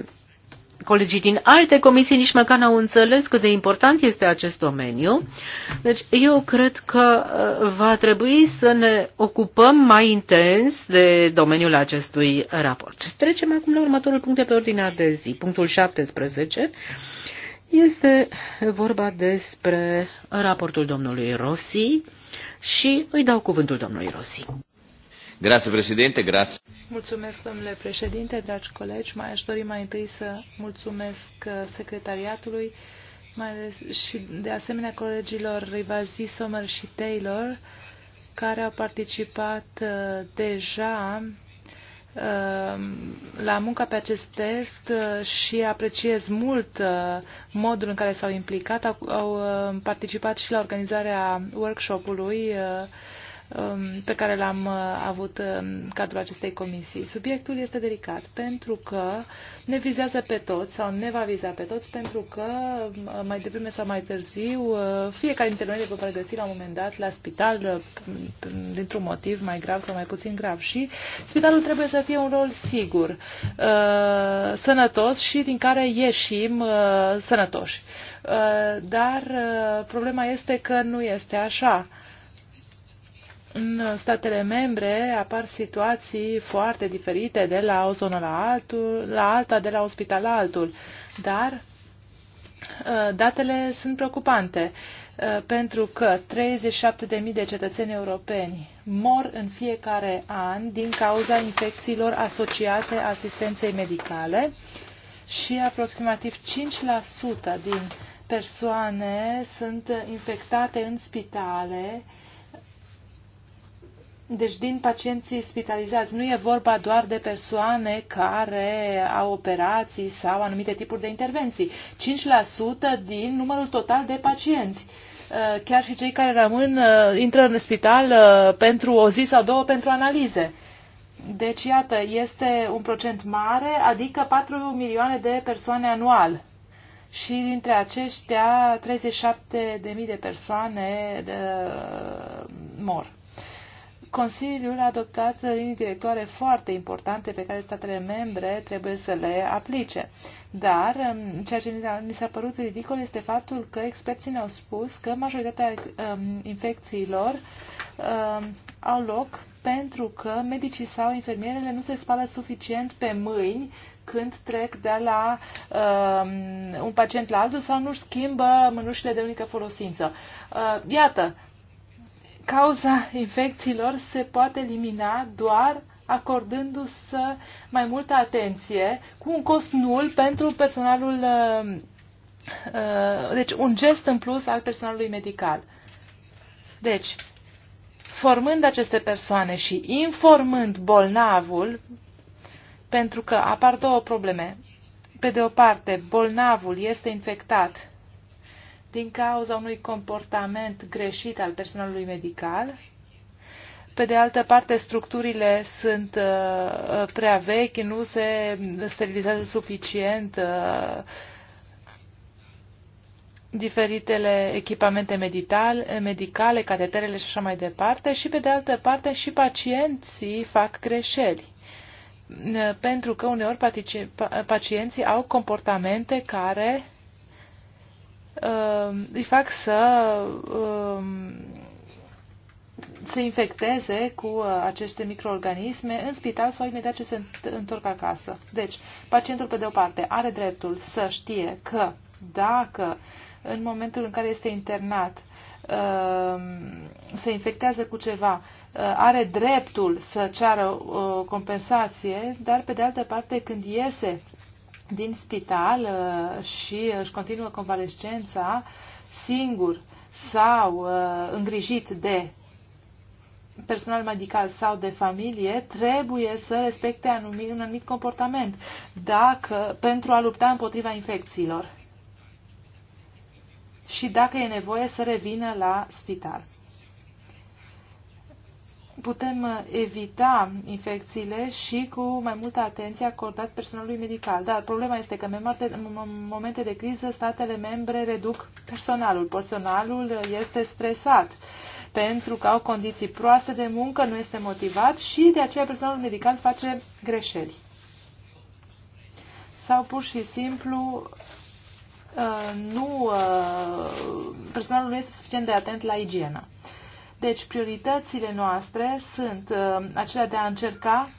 colegii din alte comisii nici măcar n-au înțeles cât de important este acest domeniu. Deci eu cred că uh, va trebui să ne ocupăm mai intens de domeniul acestui raport. Trecem acum la următorul punct de pe ordinea de zi, punctul 17. Este vorba despre raportul domnului Rossi și îi dau cuvântul domnului Rossi. Grazie, Presidente, grazie. Mulțumesc, domnule președinte, dragi colegi. Mai aș dori mai întâi să mulțumesc uh, secretariatului mai ales și de asemenea colegilor Rivazi, Sommer și Taylor, care au participat uh, deja uh, la munca pe acest test și apreciez mult modul în care s-au implicat. Au, participat și la organizarea workshop-ului Um, pe care l-am uh, avut um, în cadrul acestei comisii. Subiectul este delicat pentru că ne vizează pe toți sau ne va viza pe toți pentru că um, mai devreme sau mai târziu uh, fiecare dintre noi ne va găsi la un moment dat la spital uh, dintr-un motiv mai grav sau mai puțin grav și spitalul trebuie să fie un rol sigur, sănătos și din care ieșim sănătoși. Dar problema este că nu este așa în statele membre apar situații foarte diferite de la o zonă la, altul, la alta, de la un spital la altul, dar uh, datele sunt preocupante uh, pentru că 37.000 de cetățeni europeni mor în fiecare an din cauza infecțiilor asociate asistenței medicale și aproximativ 5% din persoane sunt infectate în spitale uh, deci din pacienții spitalizați nu e vorba doar de persoane care au operații sau anumite tipuri de intervenții. 5% din numărul total de pacienți. Uh, chiar și cei care rămân uh, intră în spital uh, pentru o zi sau două pentru analize. Deci, iată, este un procent mare, adică 4 milioane de persoane anual. Și dintre aceștia, 37.000 de persoane de, mor. Consiliul a adoptat linii directoare foarte importante pe care statele membre trebuie să le aplice. Dar um, ceea ce mi s-a părut ridicol este faptul că experții ne-au spus că majoritatea um, infecțiilor um, au loc pentru că medicii sau infermierele nu se spală suficient pe mâini când trec de la uh, un pacient la altul sau nu-și schimbă mânușile de unică folosință. Uh, iată, cauza infecțiilor se poate elimina doar acordându-se mai multă atenție cu un cost nul pentru personalul, uh, uh, deci un gest în plus al personalului medical. Deci, formând aceste persoane și informând bolnavul, pentru că apar două probleme. Pe de o parte, bolnavul este infectat din cauza unui comportament greșit al personalului medical. Pe de altă parte, structurile sunt uh, uh, prea vechi, nu se sterilizează suficient uh, diferitele echipamente medital, medicale, cateterele și așa mai departe și, pe de altă parte, și pacienții fac greșeli uh, pentru că uneori pacienții au comportamente care uh, îi fac să uh, um, se infecteze cu uh, aceste microorganisme în spital sau imediat ce se întorc acasă. Deci, pacientul, pe de o parte, are dreptul să știe că dacă în momentul în care este internat um, se infectează cu ceva, uh, are dreptul să ceară o uh, compensație, dar pe de altă parte când iese din spital uh, și își continuă convalescența singur sau uh, îngrijit de personal medical sau de familie, trebuie să respecte anumit, un anumit comportament dacă, pentru a lupta împotriva infecțiilor și dacă e nevoie să revină la spital putem uh, evita infecțiile și cu mai multă atenție acordat personalului medical. Dar problema este că în momente de criză statele membre reduc personalul. Personalul este stresat pentru că au condiții proaste de muncă, nu este motivat și de aceea personalul medical face greșeli. Sau pur și simplu uh, nu, uh, personalul nu este suficient de atent la igienă. Deci prioritățile noastre sunt uh, acelea de a încerca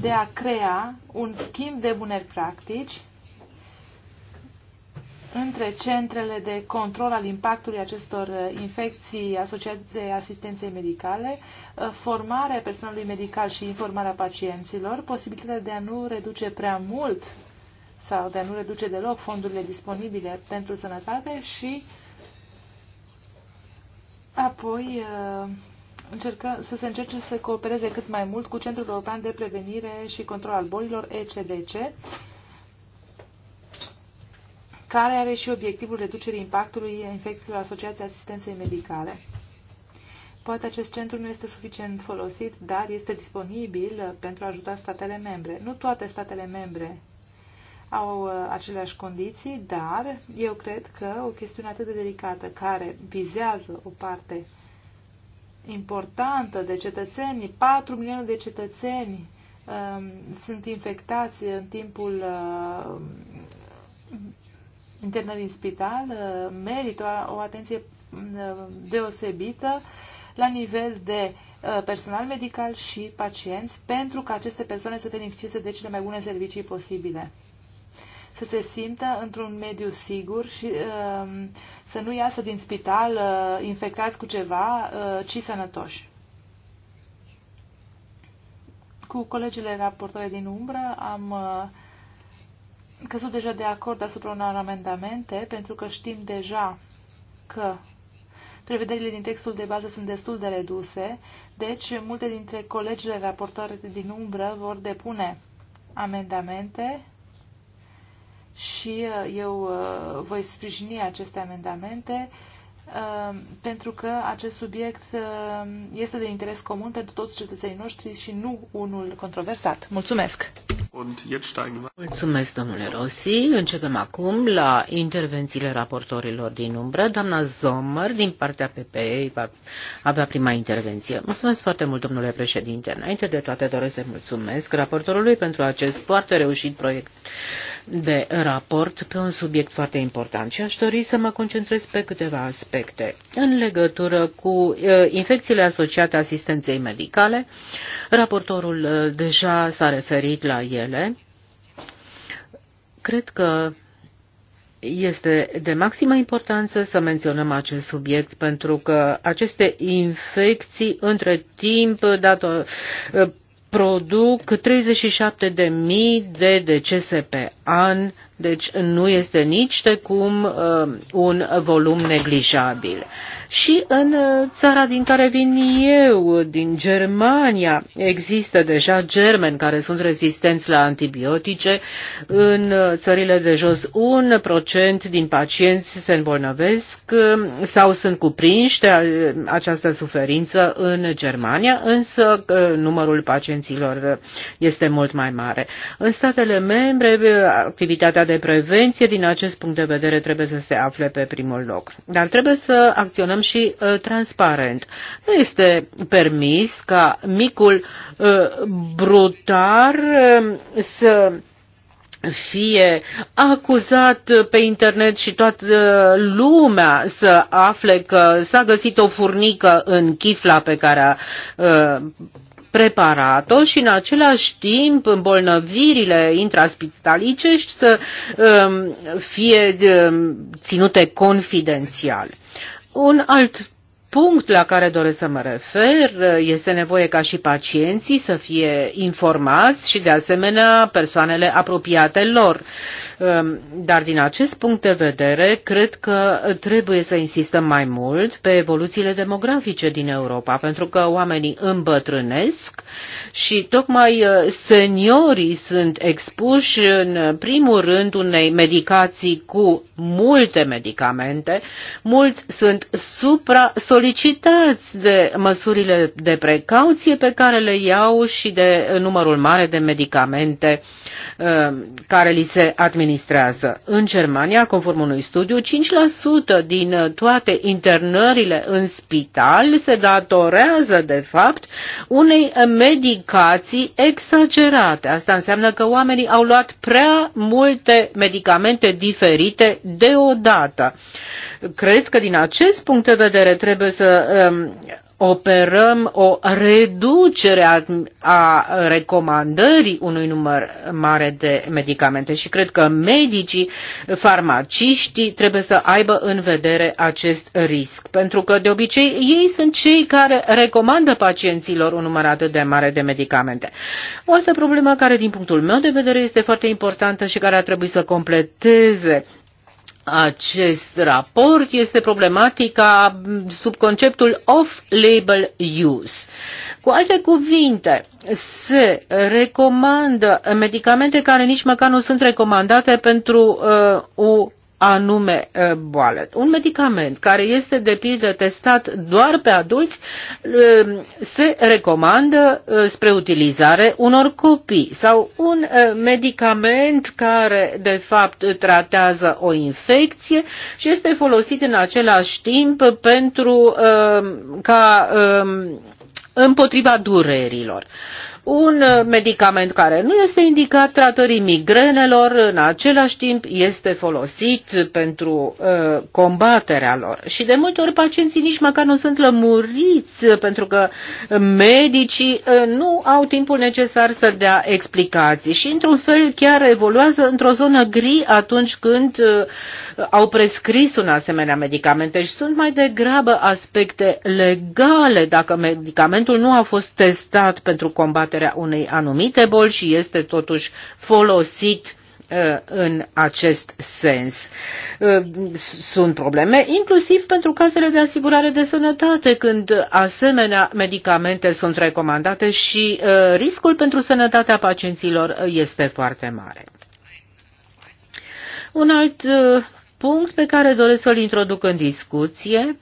de a crea un schimb de bune practici între centrele de control al impactului acestor uh, infecții asociate asistenței medicale, uh, formarea personalului medical și informarea pacienților, posibilitatea de a nu reduce prea mult sau de a nu reduce deloc fondurile disponibile pentru sănătate și uh, Apoi, uh, încercă, să se încerce să coopereze cât mai mult cu Centrul European de Prevenire și Control al Bolilor, ECDC, care are și obiectivul reducerii impactului infecțiilor asociate asistenței medicale. Poate acest centru nu este suficient folosit, dar este disponibil uh, pentru a ajuta statele membre. Nu toate statele membre au uh, aceleași condiții, dar eu cred că o chestiune atât de delicată care vizează o parte importantă de cetățeni, 4 milioane de cetățeni uh, sunt infectați în timpul uh, internării în spital, uh, merită o, o atenție uh, deosebită la nivel de uh, personal medical și pacienți pentru ca aceste persoane să beneficieze de cele mai bune servicii posibile să se simtă într-un mediu sigur și um, să nu iasă din spital uh, infectați cu ceva, uh, ci sănătoși. Cu colegile raportoare din umbră am uh, căzut deja de acord asupra unor amendamente, pentru că știm deja că prevederile din textul de bază sunt destul de reduse, deci multe dintre colegile raportoare din umbră vor depune amendamente și uh, eu uh, voi sprijini aceste amendamente uh, pentru că acest subiect este de interes comun pentru toți cetățenii noștri și nu unul controversat. Mulțumesc! Mulțumesc, domnule Rossi. Începem acum la intervențiile raportorilor din umbră. Doamna Zomăr, din partea PPE, va avea prima intervenție. Mulțumesc foarte mult, domnule președinte. Înainte de toate, doresc să mulțumesc raportorului pentru acest foarte reușit proiect de raport pe un subiect foarte important și aș dori să mă concentrez pe câteva aspecte. În legătură cu infecțiile asociate asistenței medicale, raportorul deja s-a referit la ele. Cred că este de maximă importanță să menționăm acest subiect pentru că aceste infecții între timp dată produc 37.000 de decese pe an, deci nu este nici de cum um, un volum neglijabil. Și în uh, țara din care vin eu, din Germania, există deja germeni care sunt rezistenți la antibiotice. În uh, țările de jos, un procent din pacienți se îmbolnăvesc uh, sau sunt cuprinși de această suferință în Germania, însă numărul pacienților este mult mai mare. În statele membre, activitatea de prevenție din acest punct de vedere trebuie să se afle pe primul loc. Dar trebuie să acționăm acționăm și uh, transparent. Nu este permis ca micul uh, brutar uh, să fie acuzat pe internet și toată lumea să afle că s-a găsit o furnică în chifla pe care a uh, preparat-o și în același timp îmbolnăvirile intraspitalicești să um, fie um, ținute confidențial. Un alt punct la care doresc să mă refer este nevoie ca și pacienții să fie informați și de asemenea persoanele apropiate lor. Ehm, dar din acest punct de vedere, cred că trebuie să insistăm mai mult pe evoluțiile demografice din Europa, pentru că oamenii îmbătrânesc și tocmai eh, seniorii sunt expuși în primul rând unei medicații cu multe medicamente. Mulți sunt supra-solicitați de măsurile de precauție pe care le iau și de numărul mare de medicamente uh, Uh, care li se administrează. În Germania, conform unui studiu, 5% din uh, toate internările în spital se datorează, de fapt, unei medicații exagerate. Asta înseamnă că oamenii au luat prea multe medicamente diferite deodată. Cred că din acest punct de vedere trebuie să um, operăm o reducere a, a recomandării unui număr mare de medicamente și cred că medicii, farmaciștii trebuie să aibă în vedere acest risc, pentru că de obicei ei sunt cei care recomandă pacienților un număr atât de mare de medicamente. O altă problemă care din punctul meu de vedere este foarte importantă și care ar trebui să completeze acest raport este problematica sub conceptul off-label use. Cu alte cuvinte, se recomandă medicamente care nici măcar nu sunt recomandate pentru uh, o anume boală. Un medicament care este de pildă testat doar pe adulți se recomandă spre utilizare unor copii sau un medicament care de fapt tratează o infecție și este folosit în același timp pentru ca împotriva durerilor un uh, medicament care nu este indicat tratării migrenelor, în același timp este folosit pentru uh, combaterea lor. Și de multe ori pacienții nici măcar nu sunt lămuriți uh, pentru că medicii uh, nu au timpul necesar să dea explicații și într-un fel chiar evoluează într-o zonă gri atunci când uh, au prescris un asemenea medicament. Deci sunt mai degrabă aspecte legale dacă medicamentul nu a fost testat pentru combaterea combaterea unei anumite boli și este totuși folosit uh, în acest sens. Uh, sunt probleme inclusiv pentru casele de asigurare de sănătate când asemenea medicamente sunt recomandate și uh, riscul pentru sănătatea pacienților este foarte mare. Un alt punct pe care doresc să-l introduc în discuție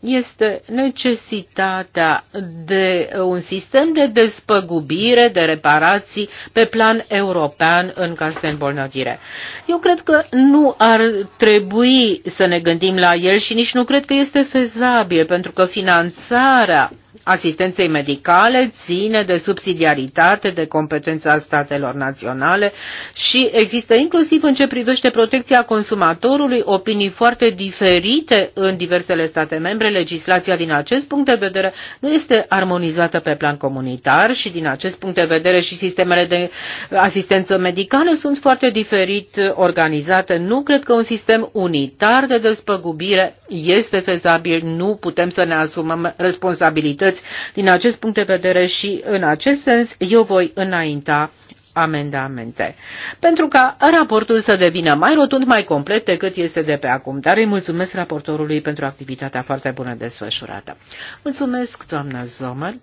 este necesitatea de un sistem de despăgubire, de reparații pe plan european în caz de îmbolnăvire. Eu cred că nu ar trebui să ne gândim la el și nici nu cred că este fezabil, pentru că finanțarea asistenței medicale ține de subsidiaritate, de competența statelor naționale și există inclusiv în ce privește protecția consumatorului opinii foarte diferite în diversele state membre. Legislația din acest punct de vedere nu este armonizată pe plan comunitar și din acest punct de vedere și sistemele de asistență medicală sunt foarte diferit organizate. Nu cred că un sistem unitar de despăgubire este fezabil. Nu putem să ne asumăm responsabilități priorități. Din acest punct de vedere și în acest sens, eu voi înainta amendamente. Pentru ca raportul să devină mai rotund, mai complet decât este de pe acum. Dar îi mulțumesc raportorului pentru activitatea foarte bună desfășurată. Mulțumesc, doamna Zomer.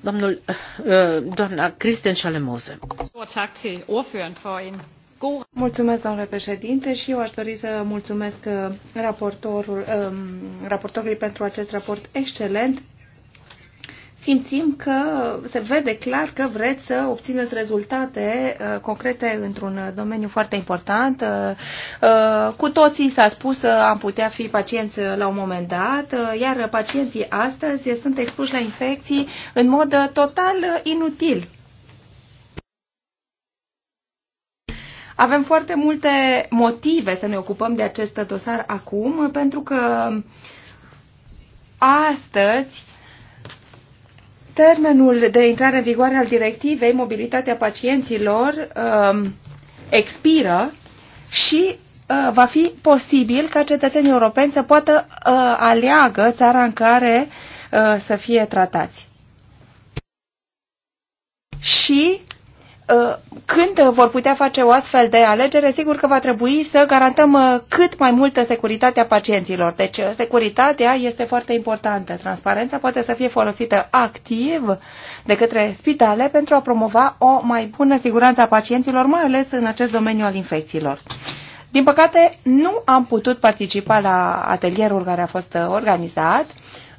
Domnul, eh, doamna Kristen Schalemoze. Mulțumesc, domnule președinte, și eu aș dori să mulțumesc uh, raportorul, um, raportorului pentru acest raport excelent. Simțim că se vede clar că vreți să obțineți rezultate uh, concrete într-un domeniu foarte important. Uh, cu toții s-a spus că am putea fi pacienți la un moment dat, iar pacienții astăzi sunt expuși la infecții în mod total inutil Avem foarte multe motive să ne ocupăm de acest dosar acum, pentru că astăzi termenul de intrare în vigoare al directivei mobilitatea pacienților um, expiră și uh, va fi posibil ca cetățenii europeni să poată uh, aleagă țara în care uh, să fie tratați. Și Uh, când vor putea face o astfel de alegere, sigur că va trebui să garantăm uh, cât mai multă securitatea pacienților. Deci uh, securitatea este foarte importantă. Transparența poate să fie folosită activ de către spitale pentru a promova o mai bună siguranță a pacienților, mai ales în acest domeniu al infecțiilor. Din păcate, nu am putut participa la atelierul care a fost organizat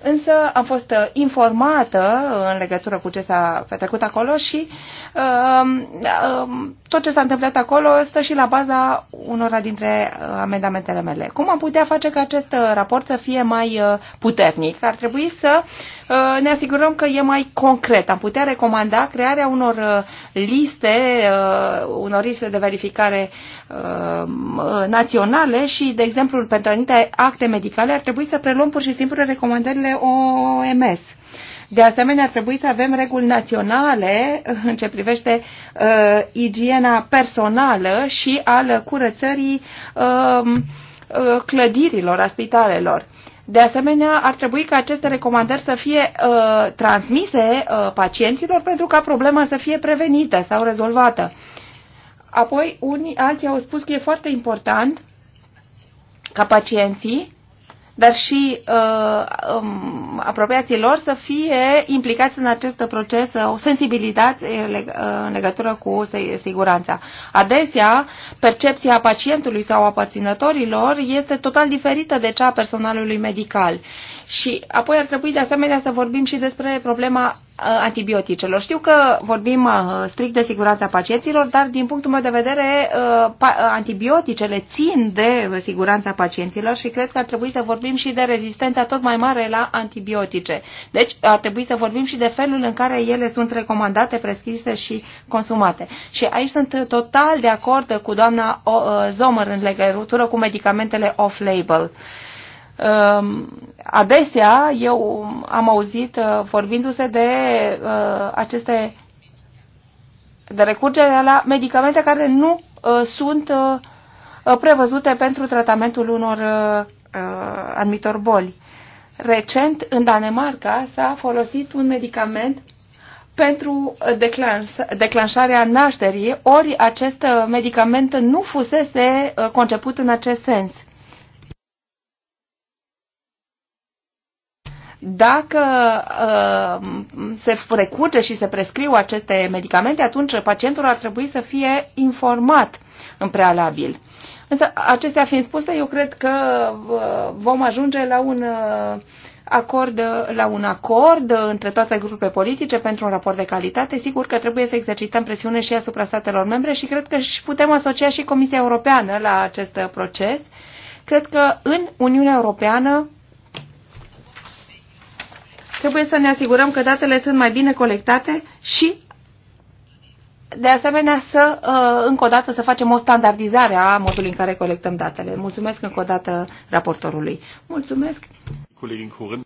Însă am fost uh, informată în legătură cu ce s-a petrecut acolo și um, um, tot ce s-a întâmplat acolo stă și la baza unora dintre uh, amendamentele mele. Cum am putea face ca acest uh, raport să fie mai puternic? Ar trebui să uh, Uh, ne asigurăm că e mai concret. Am putea recomanda crearea unor uh, liste, uh, unor liste de verificare naționale și, de exemplu, pentru anumite acte medicale ar trebui să preluăm pur și simplu recomandările OMS. De asemenea, ar trebui să avem reguli naționale în ce privește uh, igiena personală și al curățării uh, clădirilor, a spitalelor. Uh, de asemenea, ar trebui ca aceste recomandări să fie uh, transmise uh, pacienților pentru ca problema să fie prevenită sau rezolvată. Apoi, unii alții au spus că e foarte important ca pacienții dar și uh, um, apropiații lor să fie implicați în acest proces, o uh, sensibilitate uh, uh, în legătură cu siguranța. Adesea, percepția pacientului sau a aparținătorilor este total diferită de cea a personalului medical. Și apoi ar trebui de asemenea să vorbim și despre problema Uh, antibioticelor. Știu că vorbim uh, strict de siguranța pacienților, dar din punctul meu de vedere uh, antibioticele țin de siguranța pacienților și cred că ar trebui să vorbim și de rezistența tot mai mare la antibiotice. Deci ar trebui să vorbim și de felul în care ele sunt recomandate, prescrise și consumate. Și aici sunt total de acord cu doamna Zomer în legătură cu medicamentele off-label. Uh, Ehm, adesea eu am auzit uh, vorbindu-se de uh, aceste de recurgere la medicamente care nu uh, sunt prevăzute pentru tratamentul unor anumitor boli. Recent, în Danemarca, s-a folosit un medicament pentru declanșarea nașterii, ori acest medicament nu fusese conceput în acest sens. Dacă uh, se recurge și se prescriu aceste medicamente, atunci pacientul ar trebui să fie informat în prealabil. Însă, acestea fiind spuse, eu cred că uh, vom ajunge la un uh, acord, uh, la un acord între toate grupurile politice pentru un raport de calitate. Sigur că trebuie să exercităm presiune și asupra statelor membre și cred că și putem asocia și Comisia Europeană la acest proces. Cred că în Uniunea Europeană Trebuie să ne asigurăm că datele sunt mai bine colectate și, de asemenea, să, uh, încă o dată, să facem o standardizare a modului în care colectăm datele. Mulțumesc încă o dată raportorului. Mulțumesc!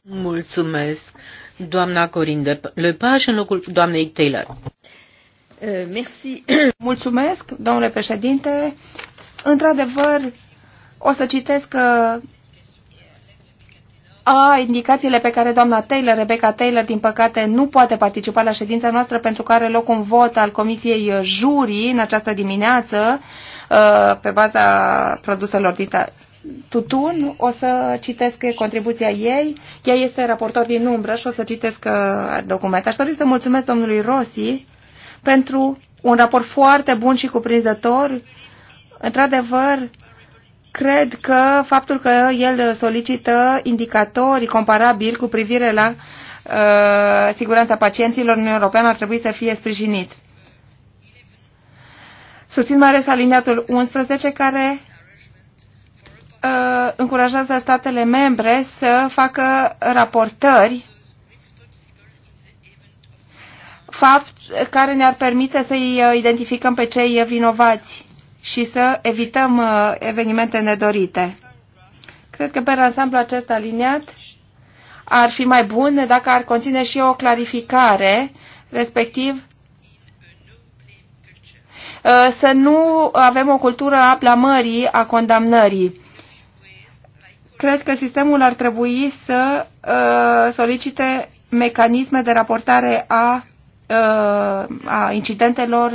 Mulțumesc, doamna Corin Lepaș, în locul doamnei Taylor. Uh, merci. (coughs) Mulțumesc, domnule președinte. Într-adevăr, o să citesc uh, a indicațiile pe care doamna Taylor, Rebecca Taylor, din păcate nu poate participa la ședința noastră pentru că are loc un vot al Comisiei Jurii în această dimineață uh, pe baza produselor din tutun. O să citesc contribuția ei. Ea este raportor din umbră și o să citesc uh, documente. Aș dori să mulțumesc domnului Rossi pentru un raport foarte bun și cuprinzător. Într-adevăr, cred că faptul că el solicită indicatori comparabili cu privire la uh, siguranța pacienților în Europeană ar trebui să fie sprijinit. Susțin mai ales aliniatul 11 care uh, încurajează statele membre să facă raportări fapt care ne-ar permite să-i uh, identificăm pe cei vinovați și să evităm uh, evenimente nedorite. Cred că pe ansamblu acest aliniat ar fi mai bun dacă ar conține și o clarificare, respectiv uh, să nu avem o cultură a blamării, a condamnării. Cred că sistemul ar trebui să uh, solicite mecanisme de raportare a, a incidentelor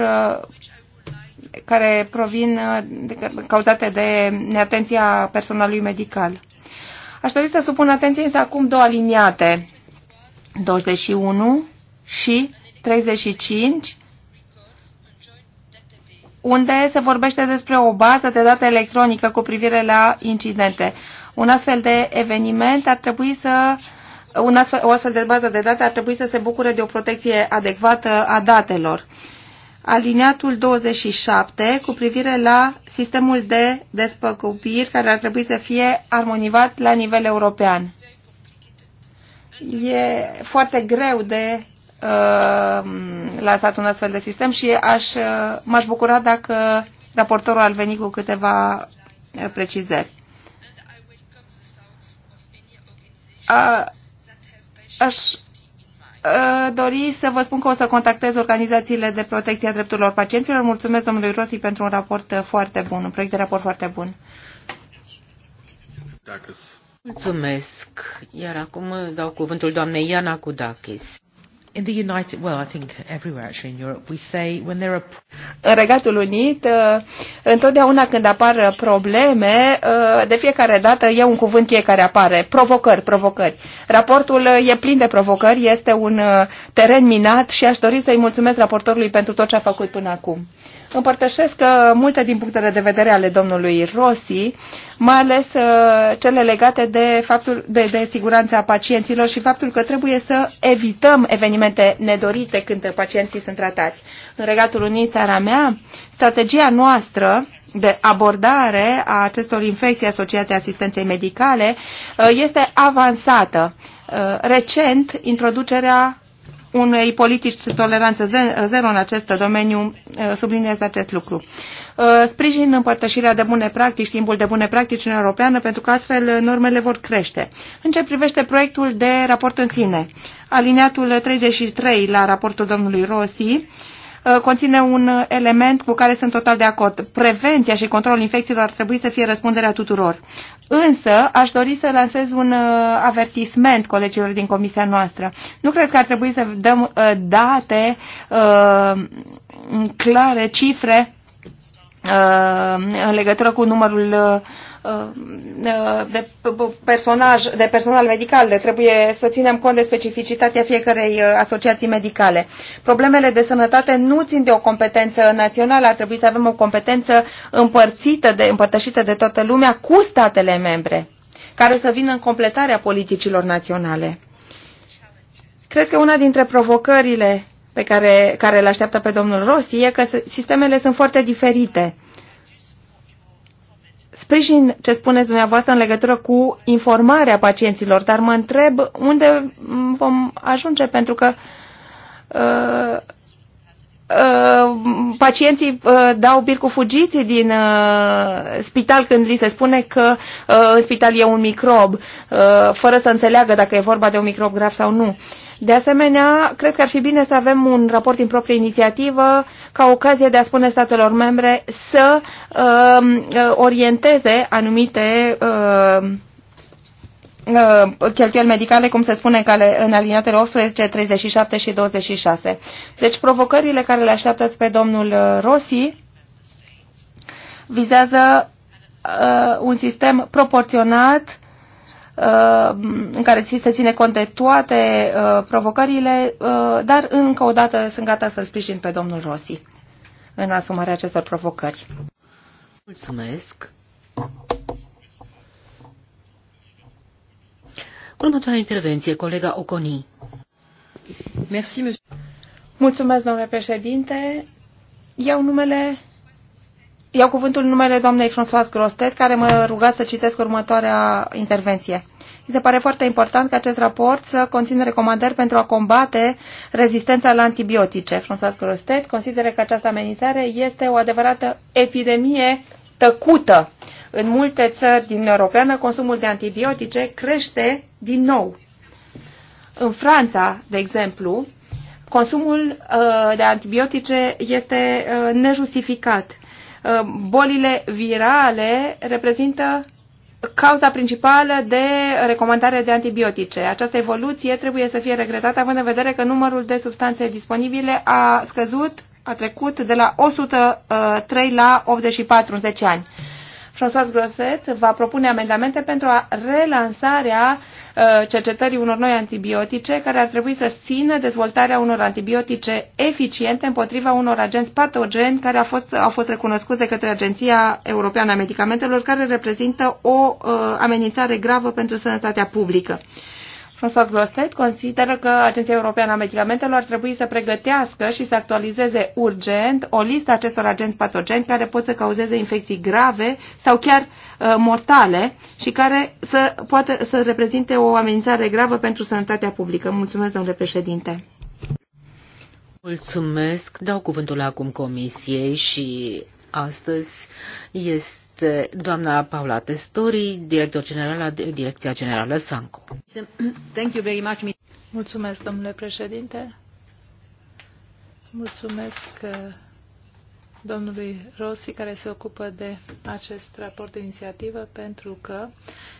care provin uh, cauzate de neatenția personalului medical. Aș dori să supun atenție însă acum două aliniate, 21 și 35, unde se vorbește despre o bază de date electronică cu privire la incidente. Un astfel de eveniment ar trebui să un astfel, o astfel de bază de date ar trebui să se bucure de o protecție adecvată a datelor aliniatul 27 cu privire la sistemul de despăcupiri care ar trebui să fie armonizat la nivel european. E foarte greu de uh, lansat un astfel de sistem și aș, uh, m-aș bucura dacă raportorul ar veni cu câteva uh, precizări. Uh, aș Uh, dori să vă spun că o să contactez organizațiile de protecție a drepturilor pacienților. Mulțumesc domnului Rossi pentru un raport uh, foarte bun, un proiect de raport foarte bun. Mulțumesc. Iar acum dau cuvântul doamnei Iana Kudakis. In the United, well, I think everywhere actually in Europe, we say when there are... În Regatul Unit, uh, întotdeauna când apar probleme, uh, de fiecare dată e un cuvânt cheie care apare. Provocări, provocări. Raportul uh, e plin de provocări, este un teren minat și aș dori să-i mulțumesc raportorului pentru tot ce a făcut până acum. Împărtășesc uh, multe din punctele de vedere ale domnului Rossi, mai ales uh, cele legate de, faptul, de, de siguranța pacienților și faptul că trebuie să evităm evenimente nedorite când pacienții sunt tratați. În Regatul Unit, țara mea, strategia noastră de abordare a acestor infecții asociate asistenței medicale uh, este avansată. Recent, introducerea unei politici toleranță zero în acest domeniu, uh, subliniez acest lucru. Uh, sprijin împărtășirea de bune practici, timpul de bune practici în Europeană, pentru că astfel uh, normele vor crește. În ce privește proiectul de raport în sine, aliniatul 33 la raportul domnului Rossi, Uh, conține un element cu care sunt total de acord. Prevenția și controlul infecțiilor ar trebui să fie răspunderea tuturor. Însă, aș dori să lansez un uh, avertisment colegilor din comisia noastră. Nu cred că ar trebui să dăm uh, date clare, cifre în legătură cu numărul Uh, uh, de personaj, de personal medical, de trebuie să ținem cont de specificitatea fiecarei uh, asociații medicale. Problemele de sănătate nu țin de o competență națională, ar trebui să avem o competență împărțită de, împărtășită de toată lumea cu statele membre, care să vină în completarea politicilor naționale. Cred că una dintre provocările pe care, care le așteaptă pe domnul Rossi e că sistemele sunt foarte diferite sprijin ce spuneți dumneavoastră în legătură cu informarea pacienților, dar mă întreb unde vom ajunge, pentru că uh, Uh, pacienții uh, dau bir cu fugiți din uh, spital când li se spune că în spital e un microb, fără să înțeleagă dacă e vorba de un microb grav sau nu. De asemenea, cred că ar fi bine să avem un raport din proprie inițiativă ca ocazie de a spune statelor membre să uh, orienteze anumite uh, Uh, cheltuieli medicale, cum se spune în alinatele 18, 37 și 26. Deci provocările care le așteaptă pe domnul uh, Rossi vizează uh, un sistem proporționat în care se ține cont de toate provocările, dar încă o dată sunt gata să-l sprijin pe domnul Rossi în asumarea acestor provocări. Mulțumesc! Următoarea intervenție, colega Oconi. Merci, Mulțumesc, domnule președinte. Iau numele Iau cuvântul în numele doamnei François Grostet, care mă ruga să citesc următoarea intervenție. Mi se pare foarte important că acest raport să conțină recomandări pentru a combate rezistența la antibiotice. François Grostet consideră că această amenințare este o adevărată epidemie tăcută. În multe țări din Europeană, consumul de antibiotice crește din nou. În Franța, de exemplu, consumul uh, de antibiotice este uh, nejustificat. Uh, bolile virale reprezintă cauza principală de recomandare de antibiotice. Această evoluție trebuie să fie regretată având în vedere că numărul de substanțe disponibile a scăzut a trecut de la 103 la 84 în 10 ani. François Groset va propune amendamente pentru a relansarea uh, cercetării unor noi antibiotice care ar trebui să țină dezvoltarea unor antibiotice eficiente împotriva unor agenți patogeni care au fost, au fost recunoscuți de către Agenția Europeană a Medicamentelor, care reprezintă o uh, amenințare gravă pentru sănătatea publică. François Grostet consideră că Agenția Europeană a Medicamentelor ar trebui să pregătească și să actualizeze urgent o listă acestor agenți patogeni care pot să cauzeze infecții grave sau chiar uh, mortale și care să poată să reprezinte o amenințare gravă pentru sănătatea publică. Mulțumesc, domnule președinte. Mulțumesc. Dau cuvântul acum Comisiei și astăzi este este doamna Paula Testori, director general la Direcția Generală Sanco. Thank you very much. Mulțumesc, domnule președinte. Mulțumesc uh, domnului Rossi, care se ocupă de acest raport de inițiativă, pentru că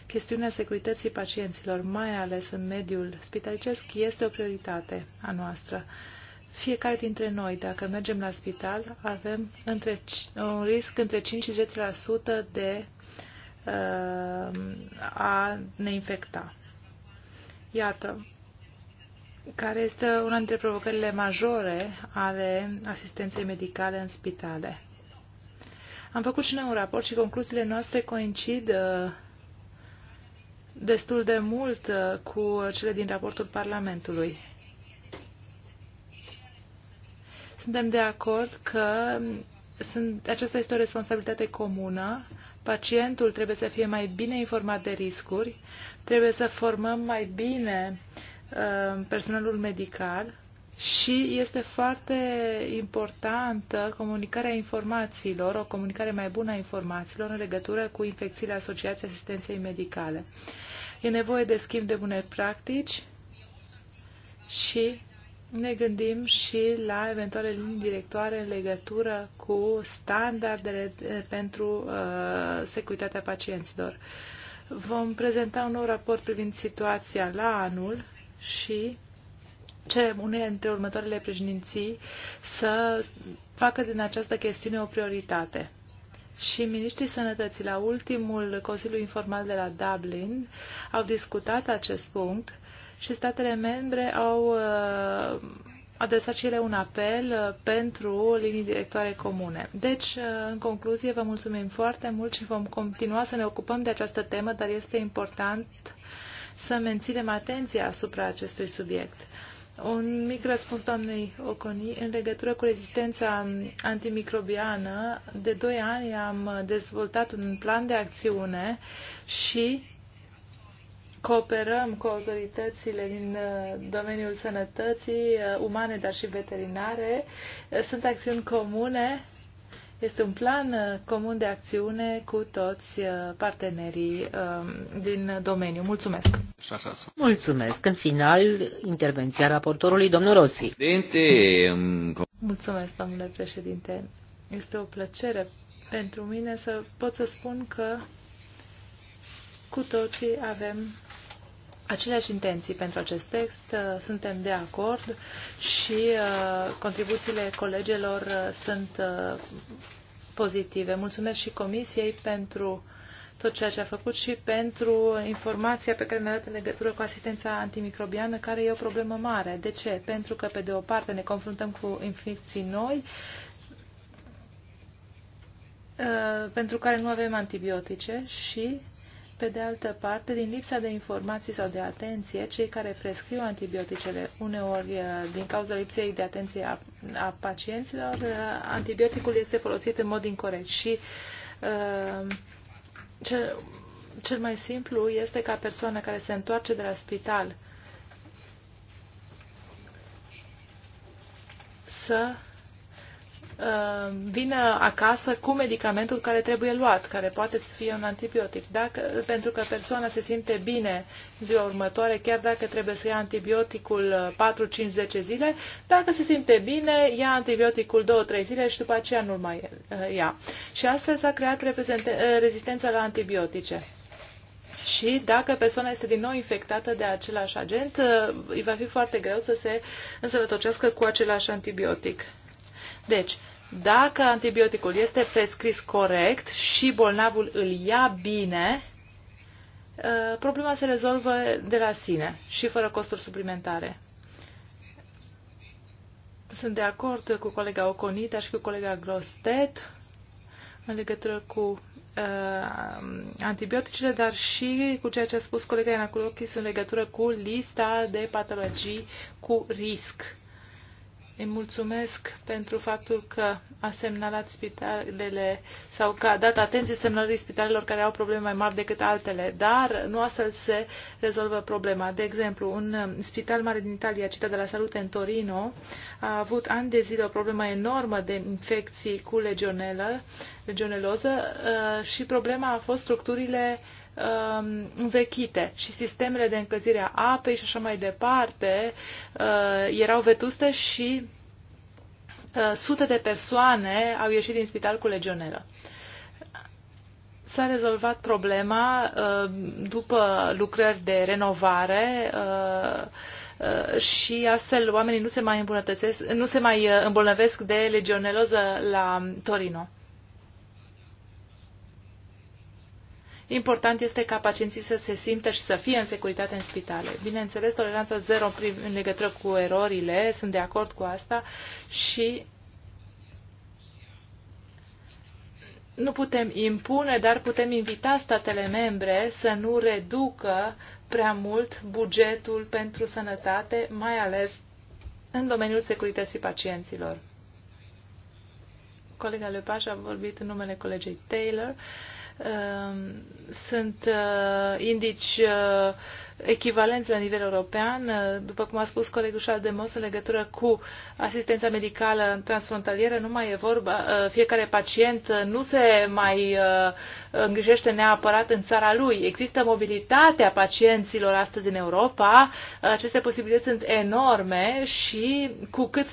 chestiunea securității pacienților, mai ales în mediul spitalicesc, este o prioritate a noastră. Fiecare dintre noi, dacă mergem la spital, avem între, un risc între 5 și 10% de uh, a ne infecta. Iată, care este una dintre provocările majore ale asistenței medicale în spitale. Am făcut și noi un raport și concluziile noastre coincid uh, destul de mult uh, cu cele din raportul Parlamentului. Suntem de acord că sunt, aceasta este o responsabilitate comună. Pacientul trebuie să fie mai bine informat de riscuri, trebuie să formăm mai bine uh, personalul medical și este foarte importantă comunicarea informațiilor, o comunicare mai bună a informațiilor în legătură cu infecțiile asociate asistenței medicale. E nevoie de schimb de bune practici și ne gândim și la eventuale linii directoare în legătură cu standardele pentru uh, securitatea pacienților. Vom prezenta un nou raport privind situația la anul și cerem unei dintre următoarele președinții să facă din această chestiune o prioritate. Și ministrii sănătății la ultimul Consiliu Informal de la Dublin au discutat acest punct și statele membre au uh, adresat și ele un apel uh, pentru linii directoare comune. Deci, uh, în concluzie, vă mulțumim foarte mult și vom continua să ne ocupăm de această temă, dar este important să menținem atenția asupra acestui subiect. Un mic răspuns doamnei Oconi în legătură cu rezistența antimicrobiană. De doi ani am dezvoltat un plan de acțiune și Cooperăm cu autoritățile din uh, domeniul sănătății uh, umane, dar și veterinare. Uh, sunt acțiuni comune. Este un plan comun de acțiune cu toți partenerii um, din domeniu. Mulțumesc! Mulțumesc! În final, intervenția raportorului, domnul Rossi. Mulțumesc, domnule președinte! Este o plăcere pentru mine să pot să spun că cu toții avem aceleași intenții pentru acest text, uh, suntem de acord și uh, contribuțiile colegelor uh, sunt pozitive. Mulțumesc și Comisiei pentru tot ceea ce a făcut și pentru informația pe care ne-a dat în legătură cu asistența antimicrobiană, care e o problemă mare. De ce? Pentru că, pe de o parte, ne confruntăm cu infecții noi, pentru care nu avem antibiotice și pe de altă parte, din lipsa de informații sau de atenție, cei care prescriu antibioticele, uneori uh, din cauza lipsei de atenție a, a pacienților, uh, antibioticul este folosit în mod incorrect și uh, cel, cel mai simplu este ca persoana care se întoarce de la spital să Uh, vină acasă cu medicamentul care trebuie luat, care poate să fie un antibiotic. Dacă, pentru că persoana se simte bine ziua următoare, chiar dacă trebuie să ia antibioticul 4, 5, 10 zile, dacă se simte bine, ia antibioticul 2-3 zile și după aceea nu-l mai uh, ia. Și astfel s-a creat uh, rezistența la antibiotice. Și dacă persoana este din nou infectată de același agent, îi va fi foarte greu să se însănătocească cu același antibiotic. Deci, dacă antibioticul este prescris corect și bolnavul îl ia bine, uh, problema se rezolvă de la sine și fără costuri suplimentare. Sunt de acord cu colega Oconita și cu colega Grostet în legătură cu uh, antibioticele, dar și cu ceea ce a spus colega Ianaculochis în legătură cu lista de patologii cu risc îi mulțumesc pentru faptul că a semnalat spitalele sau că a dat atenție semnalării spitalelor care au probleme mai mari decât altele, dar nu astfel se rezolvă problema. De exemplu, un spital mare din Italia, citat de la Salute în Torino, a avut ani de zile o problemă enormă de infecții cu legionelă, legioneloză uh, și problema a fost structurile uh, um, învechite și sistemele de încălzire a apei și așa mai departe uh, erau vetuste și uh, sute de persoane au ieșit din spital cu legionelă. S-a rezolvat problema uh, după lucrări de renovare uh, uh și astfel oamenii nu se mai, nu se mai uh, îmbolnăvesc de legioneloză la Torino. Important este ca pacienții să se simtă și să fie în securitate în spitale. Bineînțeles, toleranța zero în legătură cu erorile, sunt de acord cu asta și nu putem impune, dar putem invita statele membre să nu reducă prea mult bugetul pentru sănătate, mai ales în domeniul securității pacienților. Colega Lepaș a vorbit în numele colegei Taylor. Uh, Ehm, sunt eh, indici eh, echivalenți la nivel european, după cum a spus colegul Mos, în legătură cu asistența medicală transfrontalieră, nu mai e vorba, fiecare pacient nu se mai uh, îngrijește neapărat în țara lui. Există mobilitatea pacienților astăzi în Europa, aceste posibilități sunt enorme și cu cât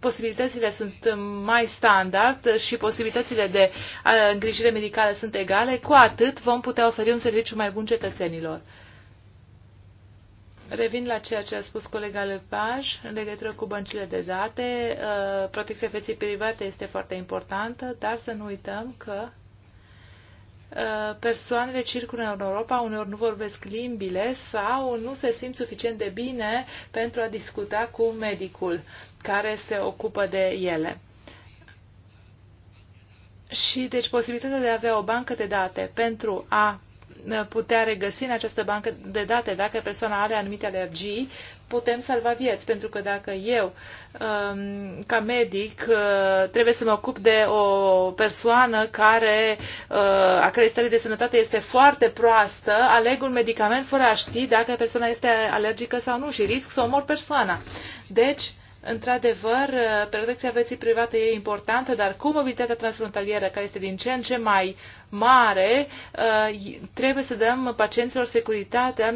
posibilitățile sunt mai standard și posibilitățile de uh, îngrijire medicală sunt egale, cu atât vom putea oferi un serviciu mai bun cetățenilor. Revin la ceea ce a spus colega Lepaj în legătură cu băncile de date. Uh, protecția feței private este foarte importantă, dar să nu uităm că uh, persoanele circulă în Europa, uneori nu vorbesc limbile sau nu se simt suficient de bine pentru a discuta cu medicul care se ocupă de ele. Și deci posibilitatea de a avea o bancă de date pentru a putea regăsi în această bancă de date. Dacă persoana are anumite alergii, putem salva vieți, pentru că dacă eu, um, ca medic, uh, trebuie să mă ocup de o persoană care, uh, a cărei stare de sănătate este foarte proastă, aleg un medicament fără a ști dacă persoana este alergică sau nu și risc să omor persoana. Deci, Într-adevăr, protecția vieții private e importantă, dar cu mobilitatea transfrontalieră, care este din ce în ce mai mare, uh, trebuie să dăm pacienților securitatea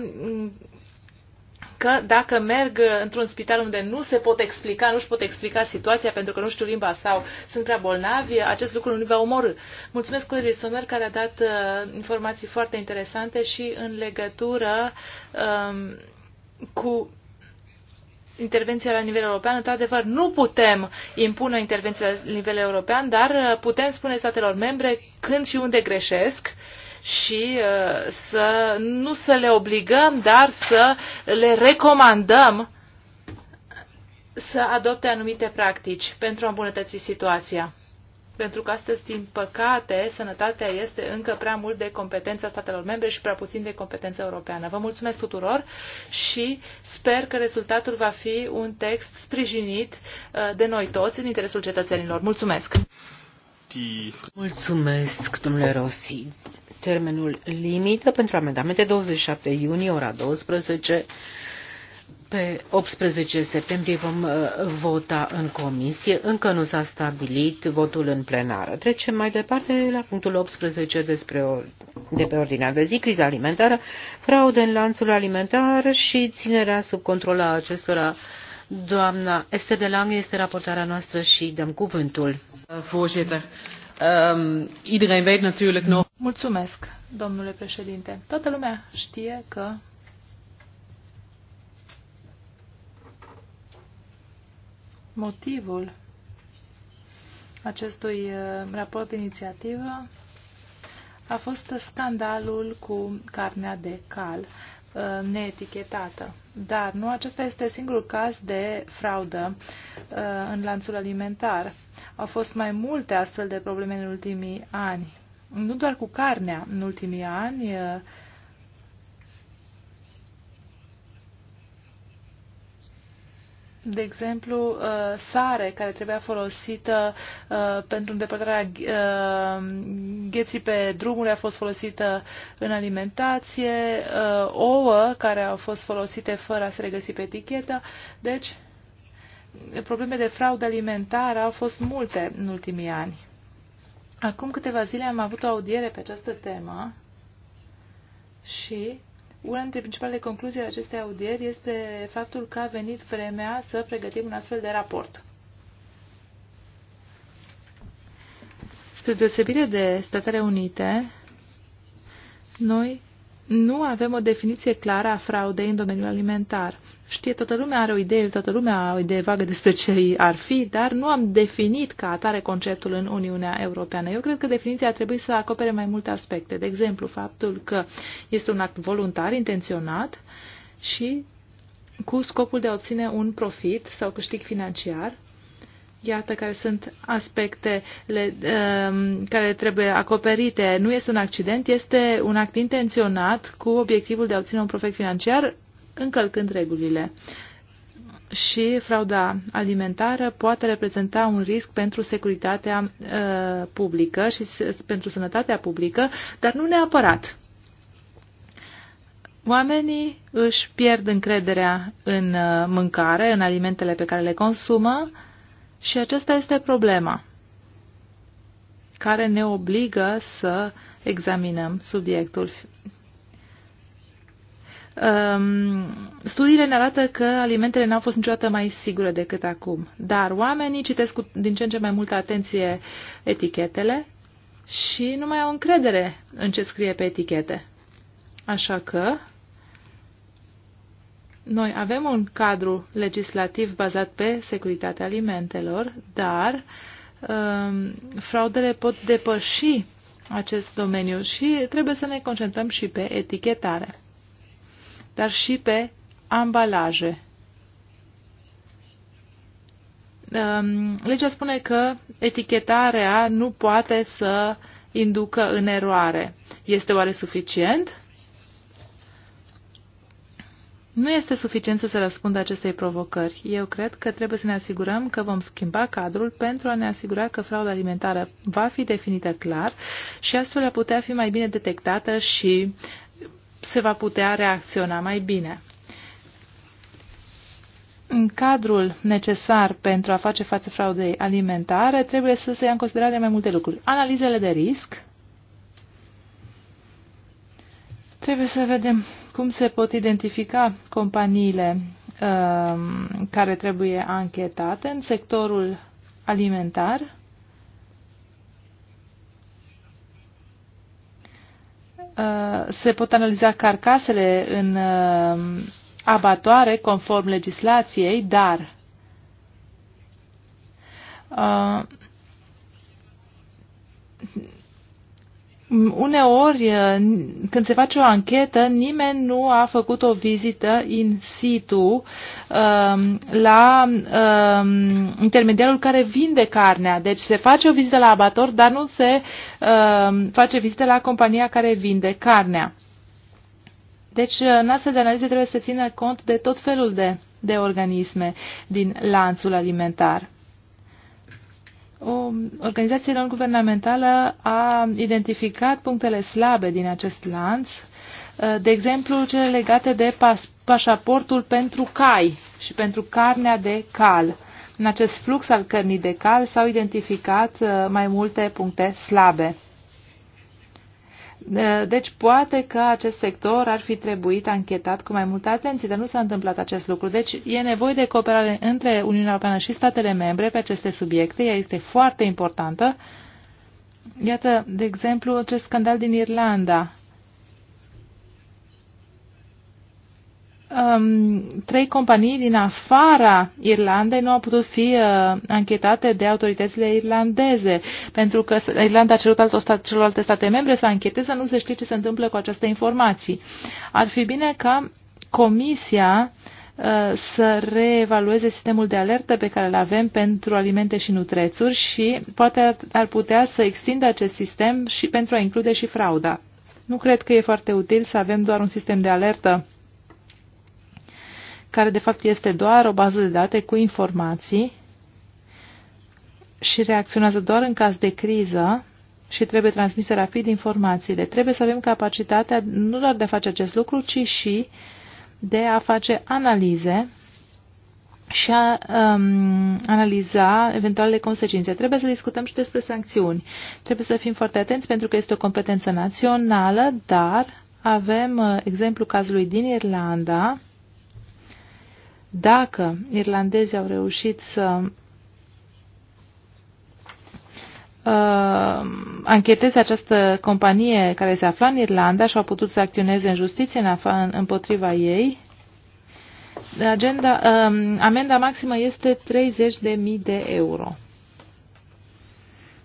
că dacă merg într-un spital unde nu se pot explica, nu-și pot explica situația pentru că nu știu limba sau sunt prea bolnavi, acest lucru nu-i va omorâ. Mulțumesc colegii Somer care a dat uh, informații foarte interesante și în legătură um, cu intervenția la nivel european. Într-adevăr, nu putem impune intervenția la nivel european, dar uh, putem spune statelor membre când și unde greșesc și uh, să nu să le obligăm, dar să le recomandăm să adopte anumite practici pentru a îmbunătăți situația pentru că astăzi, din păcate, sănătatea este încă prea mult de competența statelor membre și prea puțin de competența europeană. Vă mulțumesc tuturor și sper că rezultatul va fi un text sprijinit uh, de noi toți în interesul cetățenilor. Mulțumesc! Mulțumesc, domnule Rossi. Termenul limită pentru amendamente 27 iunie, ora 12. Pe 18 septembrie vom uh, vota în comisie. Încă nu s-a stabilit votul în plenară. Trecem mai departe la punctul 18 despre o, de pe ordinea de zi, criza alimentară, fraude în lanțul alimentar și ținerea sub control a acestora. Doamna este de Lange este raportarea noastră și dăm cuvântul. Voorzitter, um, iedereen weet natuurlijk nog... Mulțumesc, domnule președinte. Toată lumea știe că Motivul acestui uh, raport de inițiativă a fost scandalul cu carnea de cal uh, neetichetată. Dar nu acesta este singurul caz de fraudă uh, în lanțul alimentar. Au fost mai multe astfel de probleme în ultimii ani. Nu doar cu carnea în ultimii ani, de exemplu, uh, sare care trebuia folosită uh, pentru îndepărtarea uh, gheții pe drumuri a fost folosită în alimentație, ouă care au fost folosite fără a se regăsi pe etichetă. Deci, probleme de fraudă alimentară au fost multe în ultimii ani. Acum câteva zile am avut o audiere pe această temă și una dintre principalele concluzii ale acestei audieri este faptul că a venit vremea să pregătim un astfel de raport. Spre deosebire de Statele Unite, noi nu avem o definiție clară a fraudei în domeniul alimentar știe toată lumea, are o idee, toată lumea are o idee vagă despre ce ar fi, dar nu am definit ca atare conceptul în Uniunea Europeană. Eu cred că definiția ar trebui să acopere mai multe aspecte. De exemplu, faptul că este un act voluntar, intenționat și cu scopul de a obține un profit sau câștig financiar. Iată care sunt aspectele um, care trebuie acoperite. Nu este un accident, este un act intenționat cu obiectivul de a obține un profit financiar încălcând regulile. Și frauda alimentară poate reprezenta un risc pentru securitatea uh, publică și pentru sănătatea publică, dar nu neapărat. Oamenii își pierd încrederea în uh, mâncare, în alimentele pe care le consumă și aceasta este problema care ne obligă să examinăm subiectul. Ehm, studiile ne arată că alimentele n-au fost niciodată mai sigure decât acum, dar oamenii citesc cu, din ce în ce mai multă atenție etichetele și nu mai au încredere în ce scrie pe etichete. Așa că noi avem un cadru legislativ bazat pe securitatea alimentelor, dar um, fraudele pot depăși acest domeniu și trebuie să ne concentrăm și pe etichetare dar și pe ambalaje. Um, legea spune că etichetarea nu poate să inducă în eroare. Este oare suficient? Nu este suficient să se răspundă acestei provocări. Eu cred că trebuie să ne asigurăm că vom schimba cadrul pentru a ne asigura că frauda alimentară va fi definită clar și astfel a putea fi mai bine detectată și se va putea reacționa mai bine. În cadrul necesar pentru a face față fraudei alimentare, trebuie să se ia în considerare mai multe lucruri. Analizele de risc. Trebuie să vedem cum se pot identifica companiile uh, care trebuie anchetate în sectorul alimentar. Uh, se pot analiza carcasele în uh, abatoare conform legislației, dar uh, uneori, eh, când se face o anchetă, nimeni nu a făcut o vizită in situ ehm, la ehm, intermediarul care vinde carnea. Deci se face o vizită la abator, dar nu se ehm, face vizită la compania care vinde carnea. Deci, eh, în astfel de analize trebuie să țină cont de tot felul de, de organisme din lanțul alimentar o organizație non-guvernamentală a identificat punctele slabe din acest lanț, uh, de exemplu cele legate de pas, pașaportul pentru cai și pentru carnea de cal. În acest flux al cărnii de cal s-au identificat uh, mai multe puncte slabe. Deci poate că acest sector ar fi trebuit anchetat cu mai multă atenție, dar nu s-a întâmplat acest lucru. Deci e nevoie de cooperare între Uniunea Europeană și statele membre pe aceste subiecte. Ea este foarte importantă. Iată, de exemplu, acest scandal din Irlanda. um, trei companii din afara Irlandei nu au putut fi uh, anchetate de autoritățile irlandeze, pentru că Irlanda a cerut altor stat, celorlalte state membre să ancheteze, nu se știe ce se întâmplă cu aceste informații. Ar fi bine ca Comisia uh, să reevalueze sistemul de alertă pe care îl avem pentru alimente și nutrețuri și poate ar putea să extindă acest sistem și pentru a include și frauda. Nu cred că e foarte util să avem doar un sistem de alertă care de fapt este doar o bază de date cu informații și reacționează doar în caz de criză și trebuie transmise rapid informațiile. Trebuie să avem capacitatea nu doar de a face acest lucru, ci și de a face analize și a um, analiza eventualele consecințe. Trebuie să discutăm și despre sancțiuni. Trebuie să fim foarte atenți pentru că este o competență națională, dar avem uh, exemplu cazului din Irlanda, dacă irlandezii au reușit să uh, ancheteze această companie care se afla în Irlanda și au putut să acționeze în justiție în în, împotriva ei, agenda, uh, amenda maximă este 30.000 de euro.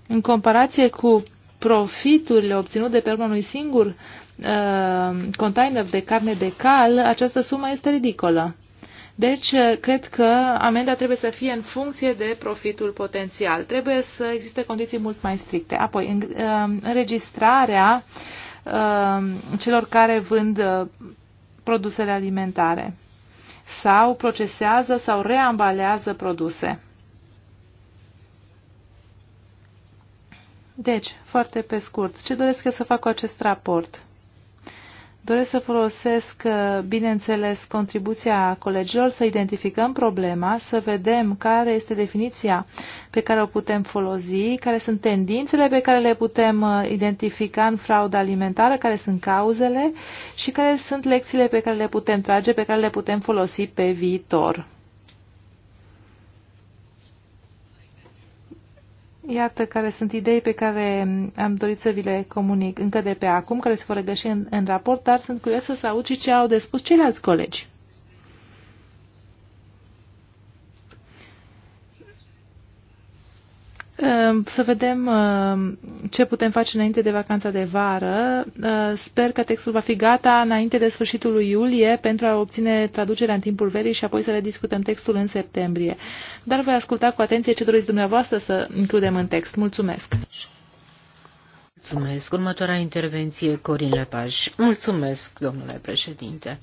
În comparație cu profiturile obținute pe urma unui singur uh, container de carne de cal, această sumă este ridicolă. Deci, eh, cred că amenda trebuie să fie în funcție de profitul potențial. Trebuie să existe condiții mult mai stricte. Apoi, eh, înregistrarea eh, celor care vând produsele alimentare sau procesează sau reambalează produse. Deci, foarte pe scurt, ce doresc eu să fac cu acest raport? Doresc să folosesc, uh, bineînțeles, contribuția colegilor, să identificăm problema, să vedem care este definiția pe care o putem folosi, care sunt tendințele pe care le putem uh, identifica în frauda alimentară, care sunt cauzele și care sunt lecțiile pe care le putem trage, pe care le putem folosi pe viitor. Iată care sunt idei pe care am dorit să vi le comunic încă de pe acum, care se vor găsi în, în raport, dar sunt curioasă să aud și ce au de spus ceilalți colegi. Ehm, să vedem ehm, ce putem face înainte de vacanța de vară. Ehm, sper că textul va fi gata înainte de sfârșitul lui iulie pentru a obține traducerea în timpul verii și apoi să le discutăm textul în septembrie. Dar voi asculta cu atenție ce doriți dumneavoastră să includem în text. Mulțumesc! Mulțumesc. Următoarea intervenție, Corin Lepaj. Mulțumesc, domnule președinte.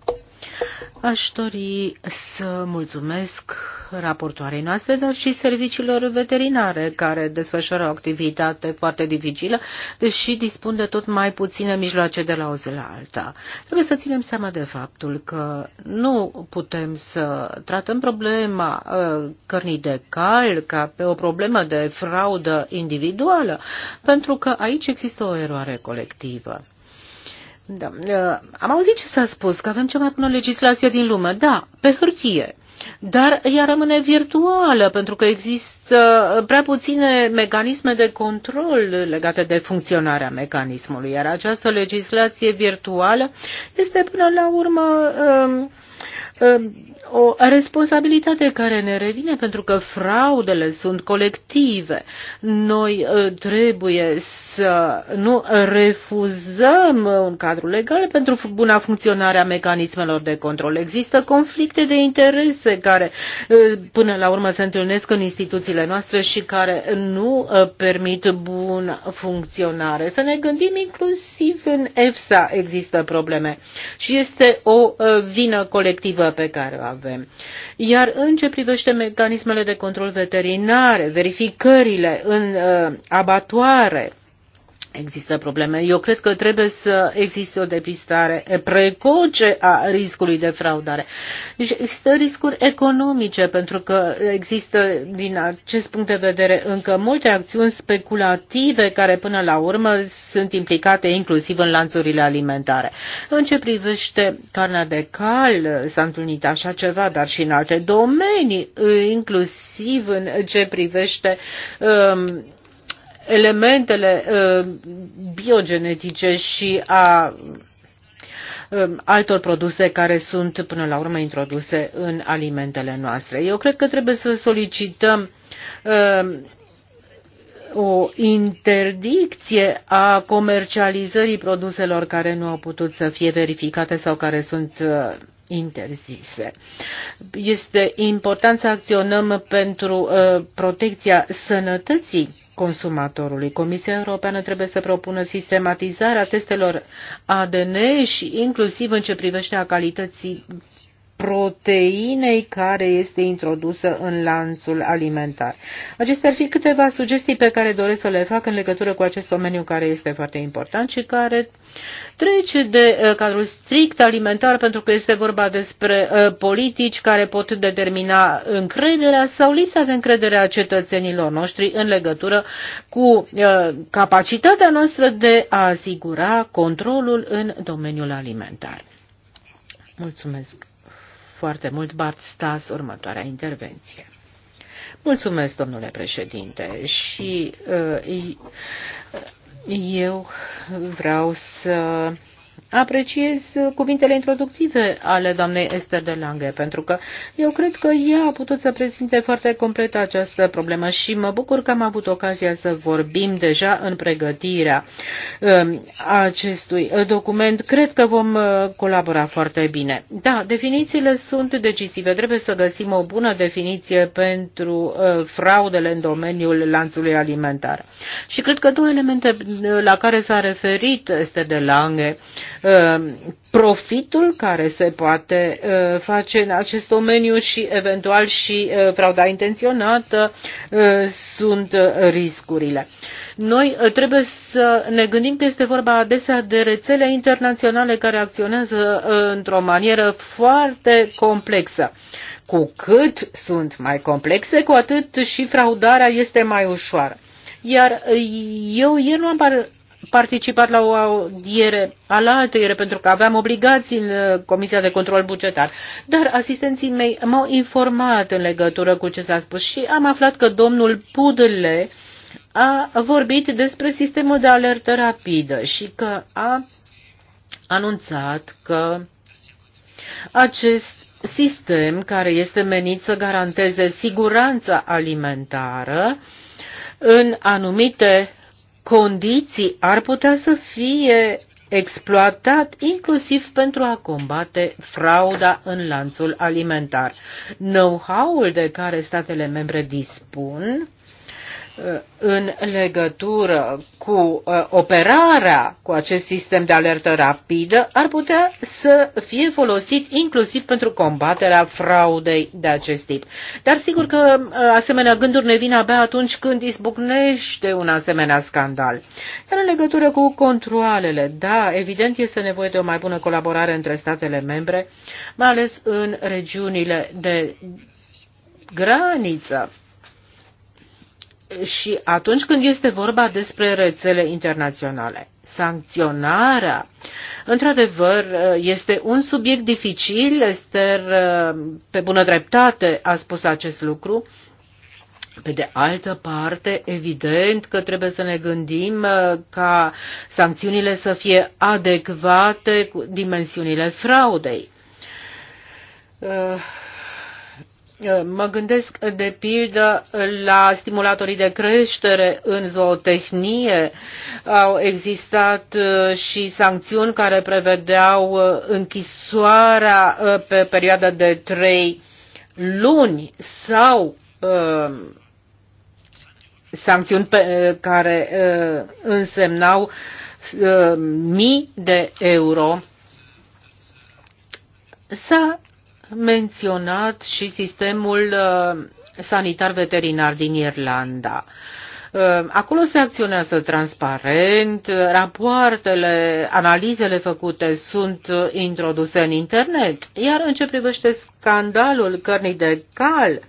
Aș dori să mulțumesc raportoarei noastre, dar și serviciilor veterinare care desfășoară o activitate foarte dificilă, deși dispun de tot mai puține mijloace de la o zi la alta. Trebuie să ținem seama de faptul că nu putem să tratăm problema ă, cărnii de cal ca pe o problemă de fraudă individuală, pentru că aici există o eroare colectivă. Da. Uh, am auzit ce s-a spus, că avem cea mai bună legislație din lume. Da, pe hârtie. Dar ea rămâne virtuală, pentru că există uh, prea puține mecanisme de control legate de funcționarea mecanismului, iar această legislație virtuală este până la urmă um, um, o responsabilitate care ne revine pentru că fraudele sunt colective. Noi uh, trebuie să nu refuzăm uh, un cadru legal pentru buna funcționare a mecanismelor de control. Există conflicte de interese care uh, până la urmă se întâlnesc în instituțiile noastre și care nu permit bună funcționare. Să ne gândim inclusiv în EFSA există probleme și este o vină colectivă pe care o avem grave. Iar în ce privește mecanismele de control veterinare, verificările în uh, abatoare, există probleme. Eu cred că trebuie să existe o depistare precoce a riscului de fraudare. Deci există riscuri economice, pentru că există, din acest punct de vedere, încă multe acțiuni speculative care, până la urmă, sunt implicate inclusiv în lanțurile alimentare. În ce privește carnea de cal, s-a întâlnit așa ceva, dar și în alte domenii, inclusiv în ce privește um, elementele uh, biogenetice și a um, altor produse care sunt până la urmă introduse în alimentele noastre. Eu cred că trebuie să solicităm um, o interdicție a comercializării produselor care nu au putut să fie verificate sau care sunt uh, interzise. Este important să acționăm pentru uh, protecția sănătății consumatorului. Comisia Europeană trebuie să propună sistematizarea testelor ADN și inclusiv în ce privește a calității proteinei care este introdusă în lanțul alimentar. Acestea ar fi câteva sugestii pe care doresc să le fac în legătură cu acest domeniu care este foarte important și care trece de uh, cadrul strict alimentar pentru că este vorba despre uh, politici care pot determina încrederea sau lipsa de încredere a cetățenilor noștri în legătură cu uh, capacitatea noastră de a asigura controlul în domeniul alimentar. Mulțumesc foarte mult, Bart Stas, următoarea intervenție. Mulțumesc, domnule președinte, și uh, eu vreau să apreciez uh, cuvintele introductive ale doamnei Esther de Lange, pentru că eu cred că ea a putut să prezinte foarte complet această problemă și mă bucur că am avut ocazia să vorbim deja în pregătirea um, acestui uh, document. Cred că vom uh, colabora foarte bine. Da, definițiile sunt decisive. Trebuie să găsim o bună definiție pentru fraudele în domeniul lanțului alimentar. Și cred că două elemente la care s-a referit Esther de Lange, Ehm, profitul care se poate eh, face în acest domeniu și eventual și eh, frauda intenționată eh, sunt riscurile. Noi trebuie să ne gândim că este vorba adesea de rețele internaționale care acționează într-o manieră foarte complexă. Cu cât sunt mai complexe, cu atât și fraudarea este mai ușoară. Iar eu ieri nu am participat la o audiere alaltăiere pentru că aveam obligații în uh, Comisia de Control Bugetar, dar asistenții mei m-au informat în legătură cu ce s-a spus și am aflat că domnul Pudle a vorbit despre sistemul de alertă rapidă și că a anunțat că acest sistem care este menit să garanteze siguranța alimentară în anumite condiții ar putea să fie exploatat inclusiv pentru a combate frauda în lanțul alimentar. Know-how-ul de care statele membre dispun în legătură cu uh, operarea cu acest sistem de alertă rapidă ar putea să fie folosit inclusiv pentru combaterea fraudei de acest tip. Dar sigur că uh, asemenea gânduri ne vin abia atunci când izbucnește un asemenea scandal. Iar în legătură cu controalele, da, evident este nevoie de o mai bună colaborare între statele membre, mai ales în regiunile de graniță și atunci când este vorba despre rețele internaționale. Sancționarea, într-adevăr, este un subiect dificil, este pe bună dreptate a spus acest lucru. Pe de altă parte, evident că trebuie să ne gândim uh, ca sancțiunile să fie adecvate cu dimensiunile fraudei uh, Eh, mă gândesc de pildă la stimulatorii de creștere în zootehnie. Au existat eh, și sancțiuni care prevedeau eh, închisoarea pe perioada de trei luni sau sancțiuni pe care însemnau mii de euro. S-a menționat și sistemul uh, sanitar veterinar din Irlanda. Uh, acolo se acționează transparent, rapoartele, analizele făcute sunt uh, introduse în internet, iar în ce privește scandalul cărnii de cal,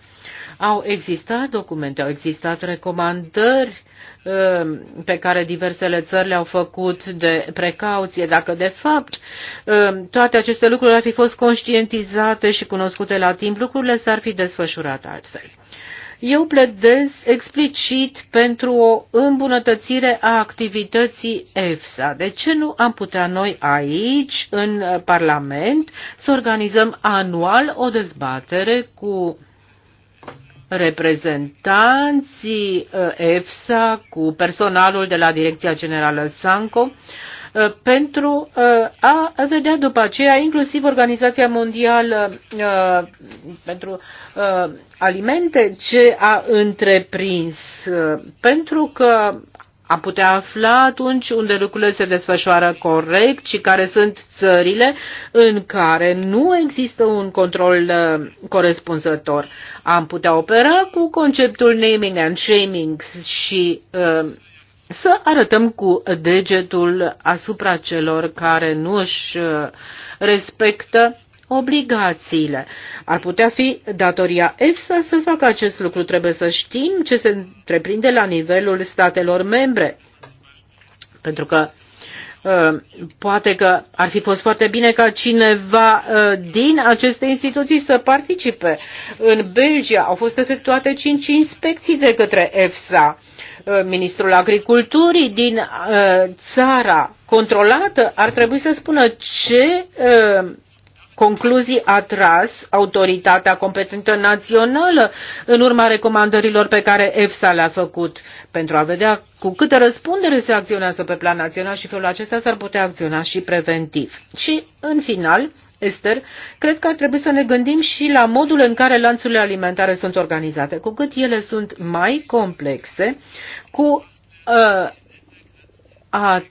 au existat documente, au existat recomandări Um, pe care diversele țări le-au făcut de precauție, dacă de fapt um, toate aceste lucruri ar fi fost conștientizate și cunoscute la timp, lucrurile s-ar fi desfășurat altfel. Eu pledez explicit pentru o îmbunătățire a activității EFSA. De ce nu am putea noi aici, în Parlament, să organizăm anual o dezbatere cu reprezentanții uh, EFSA cu personalul de la Direcția Generală Sanco uh, pentru uh, a vedea după aceea inclusiv Organizația Mondială pentru Alimente ce a întreprins, pentru că am putea afla atunci unde lucrurile se desfășoară corect și care sunt țările în care nu există un control uh, corespunzător. Am putea opera cu conceptul naming and shaming și uh, să arătăm cu degetul asupra celor care nu își uh, respectă obligațiile. Ar putea fi datoria EFSA să facă acest lucru. Trebuie să știm ce se întreprinde la nivelul statelor membre. Pentru că ă, poate că ar fi fost foarte bine ca cineva ă, din aceste instituții să participe. În Belgia au fost efectuate cinci inspecții de către EFSA. Ă, Ministrul Agriculturii din țara controlată ar trebui să spună ce concluzii a tras autoritatea competentă națională în urma recomandărilor pe care EFSA le-a făcut pentru a vedea cu câtă răspundere se acționează pe plan național și felul acesta s-ar putea acționa și preventiv. Și, în final, Esther, cred că ar trebui să ne gândim și la modul în care lanțurile alimentare sunt organizate. Cu cât ele sunt mai complexe, cu uh, a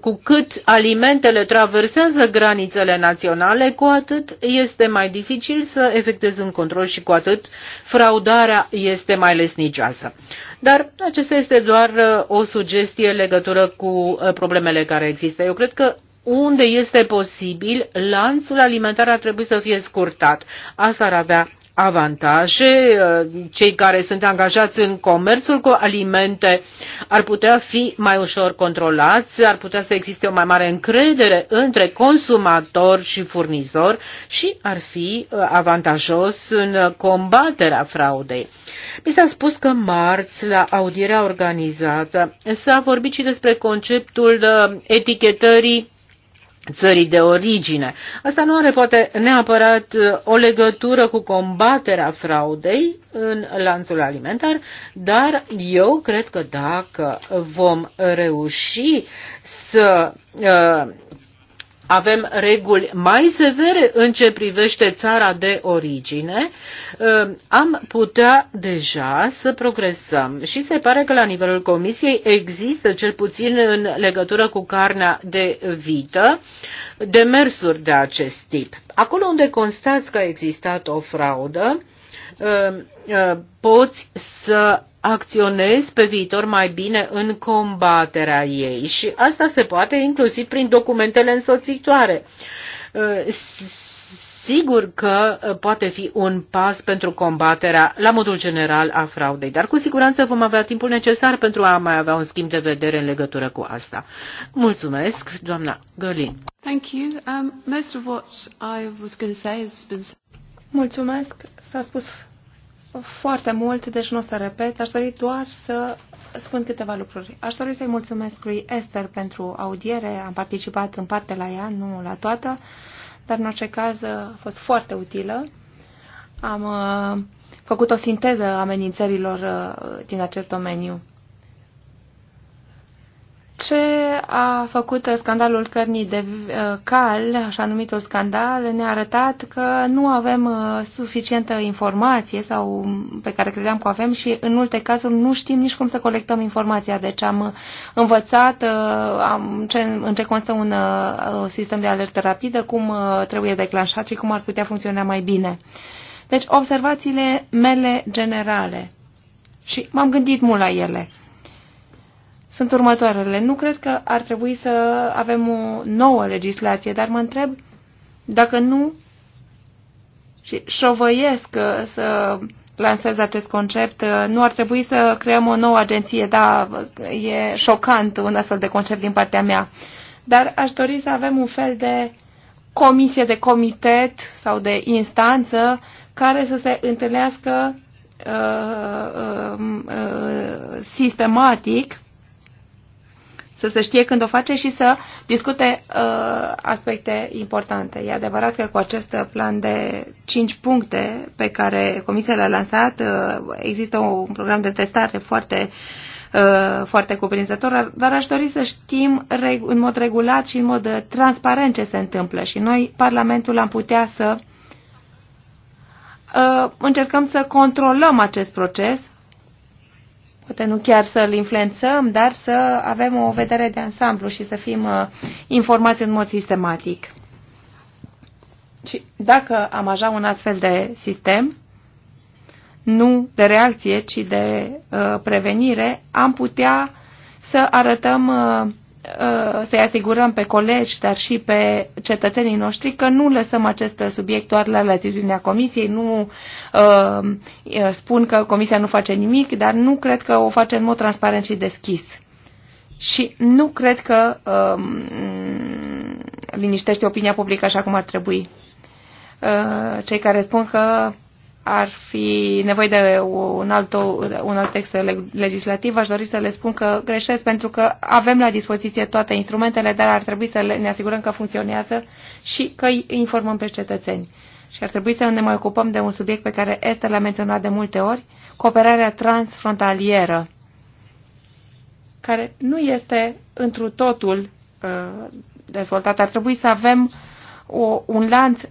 cu cât alimentele traversează granițele naționale, cu atât este mai dificil să efectuezi un control și cu atât fraudarea este mai lesnicioasă. Dar acesta este doar uh, o sugestie în legătură cu uh, problemele care există. Eu cred că unde este posibil, lanțul alimentar ar trebui să fie scurtat. Asta ar avea avantaje. Uh, cei care sunt angajați în comerțul cu alimente ar putea fi mai ușor controlați, ar putea să existe o mai mare încredere între consumator și furnizor și ar fi uh, avantajos în combaterea fraudei. Mi s-a spus că marți, la audierea organizată, s-a vorbit și despre conceptul uh, etichetării țării de origine. Asta nu are poate neapărat uh, o legătură cu combaterea fraudei în lanțul alimentar, dar eu cred că dacă vom reuși să uh, avem reguli mai severe în ce privește țara de origine, ă, am putea deja să progresăm. Și se pare că la nivelul Comisiei există, cel puțin în legătură cu carnea de vită, demersuri de acest tip. Acolo unde constați că a existat o fraudă, Uh, uh, poți să acționezi pe viitor mai bine în combaterea ei. Și asta se poate inclusiv prin documentele însoțitoare. Uh, sigur că poate fi un pas pentru combaterea, la modul general, a fraudei, dar cu siguranță vom avea timpul necesar pentru a mai avea un schimb de vedere în legătură cu asta. Mulțumesc, doamna Gălin. Thank you. Um, most of what I was going to say has been Mulțumesc, s-a spus foarte mult, deci nu o să repet. Aș dori doar să spun câteva lucruri. Aș dori să-i mulțumesc lui Esther pentru audiere. Am participat în parte la ea, nu la toată, dar în orice caz a fost foarte utilă. Am uh, făcut o sinteză a amenințărilor uh, din acest domeniu ce a făcut scandalul cărnii de uh, cal, așa numitul scandal, ne-a arătat că nu avem uh, suficientă informație sau mm, pe care credeam că o avem și în multe cazuri nu știm nici cum să colectăm informația. Deci am uh, învățat am, ce, în ce constă un sistem de alertă rapidă, cum trebuie declanșat și cum ar putea funcționa mai bine. Deci observațiile mele generale și m-am gândit mult la ele sunt următoarele. Nu cred că ar trebui să avem o nouă legislație, dar mă întreb dacă nu și șovăiesc să lansez acest concept. Nu ar trebui să creăm o nouă agenție, da, e șocant un astfel de concept din partea mea. Dar aș dori să avem un fel de comisie, de comitet sau de instanță care să se întâlnească uh, uh, uh, uh sistematic să se știe când o face și să discute uh, aspecte importante. E adevărat că cu acest plan de 5 puncte pe care Comisia l-a lansat, uh, există un program de testare foarte uh, foarte cuprinzător, dar aș dori să știm în mod regulat și în mod uh, transparent ce se întâmplă și noi, Parlamentul, am putea să uh, încercăm să controlăm acest proces poate nu chiar să-l influențăm, dar să avem o vedere de ansamblu și să fim uh, informați în mod sistematic. Și dacă am așa un astfel de sistem, nu de reacție, ci de uh, prevenire, am putea să arătăm uh, Uh, să-i asigurăm pe colegi, dar și pe cetățenii noștri că nu lăsăm acest subiect doar la latitudinea comisiei, nu uh, spun că comisia nu face nimic, dar nu cred că o face în mod transparent și deschis. Și nu cred că um, liniștește opinia publică așa cum ar trebui. Uh, cei care spun că ar fi nevoie de un alt, un alt text legislativ, aș dori să le spun că greșesc pentru că avem la dispoziție toate instrumentele, dar ar trebui să ne asigurăm că funcționează și că îi informăm pe cetățeni. Și ar trebui să ne mai ocupăm de un subiect pe care Esther l-a menționat de multe ori, cooperarea transfrontalieră, care nu este întru totul uh, dezvoltată. Ar trebui să avem o, un lanț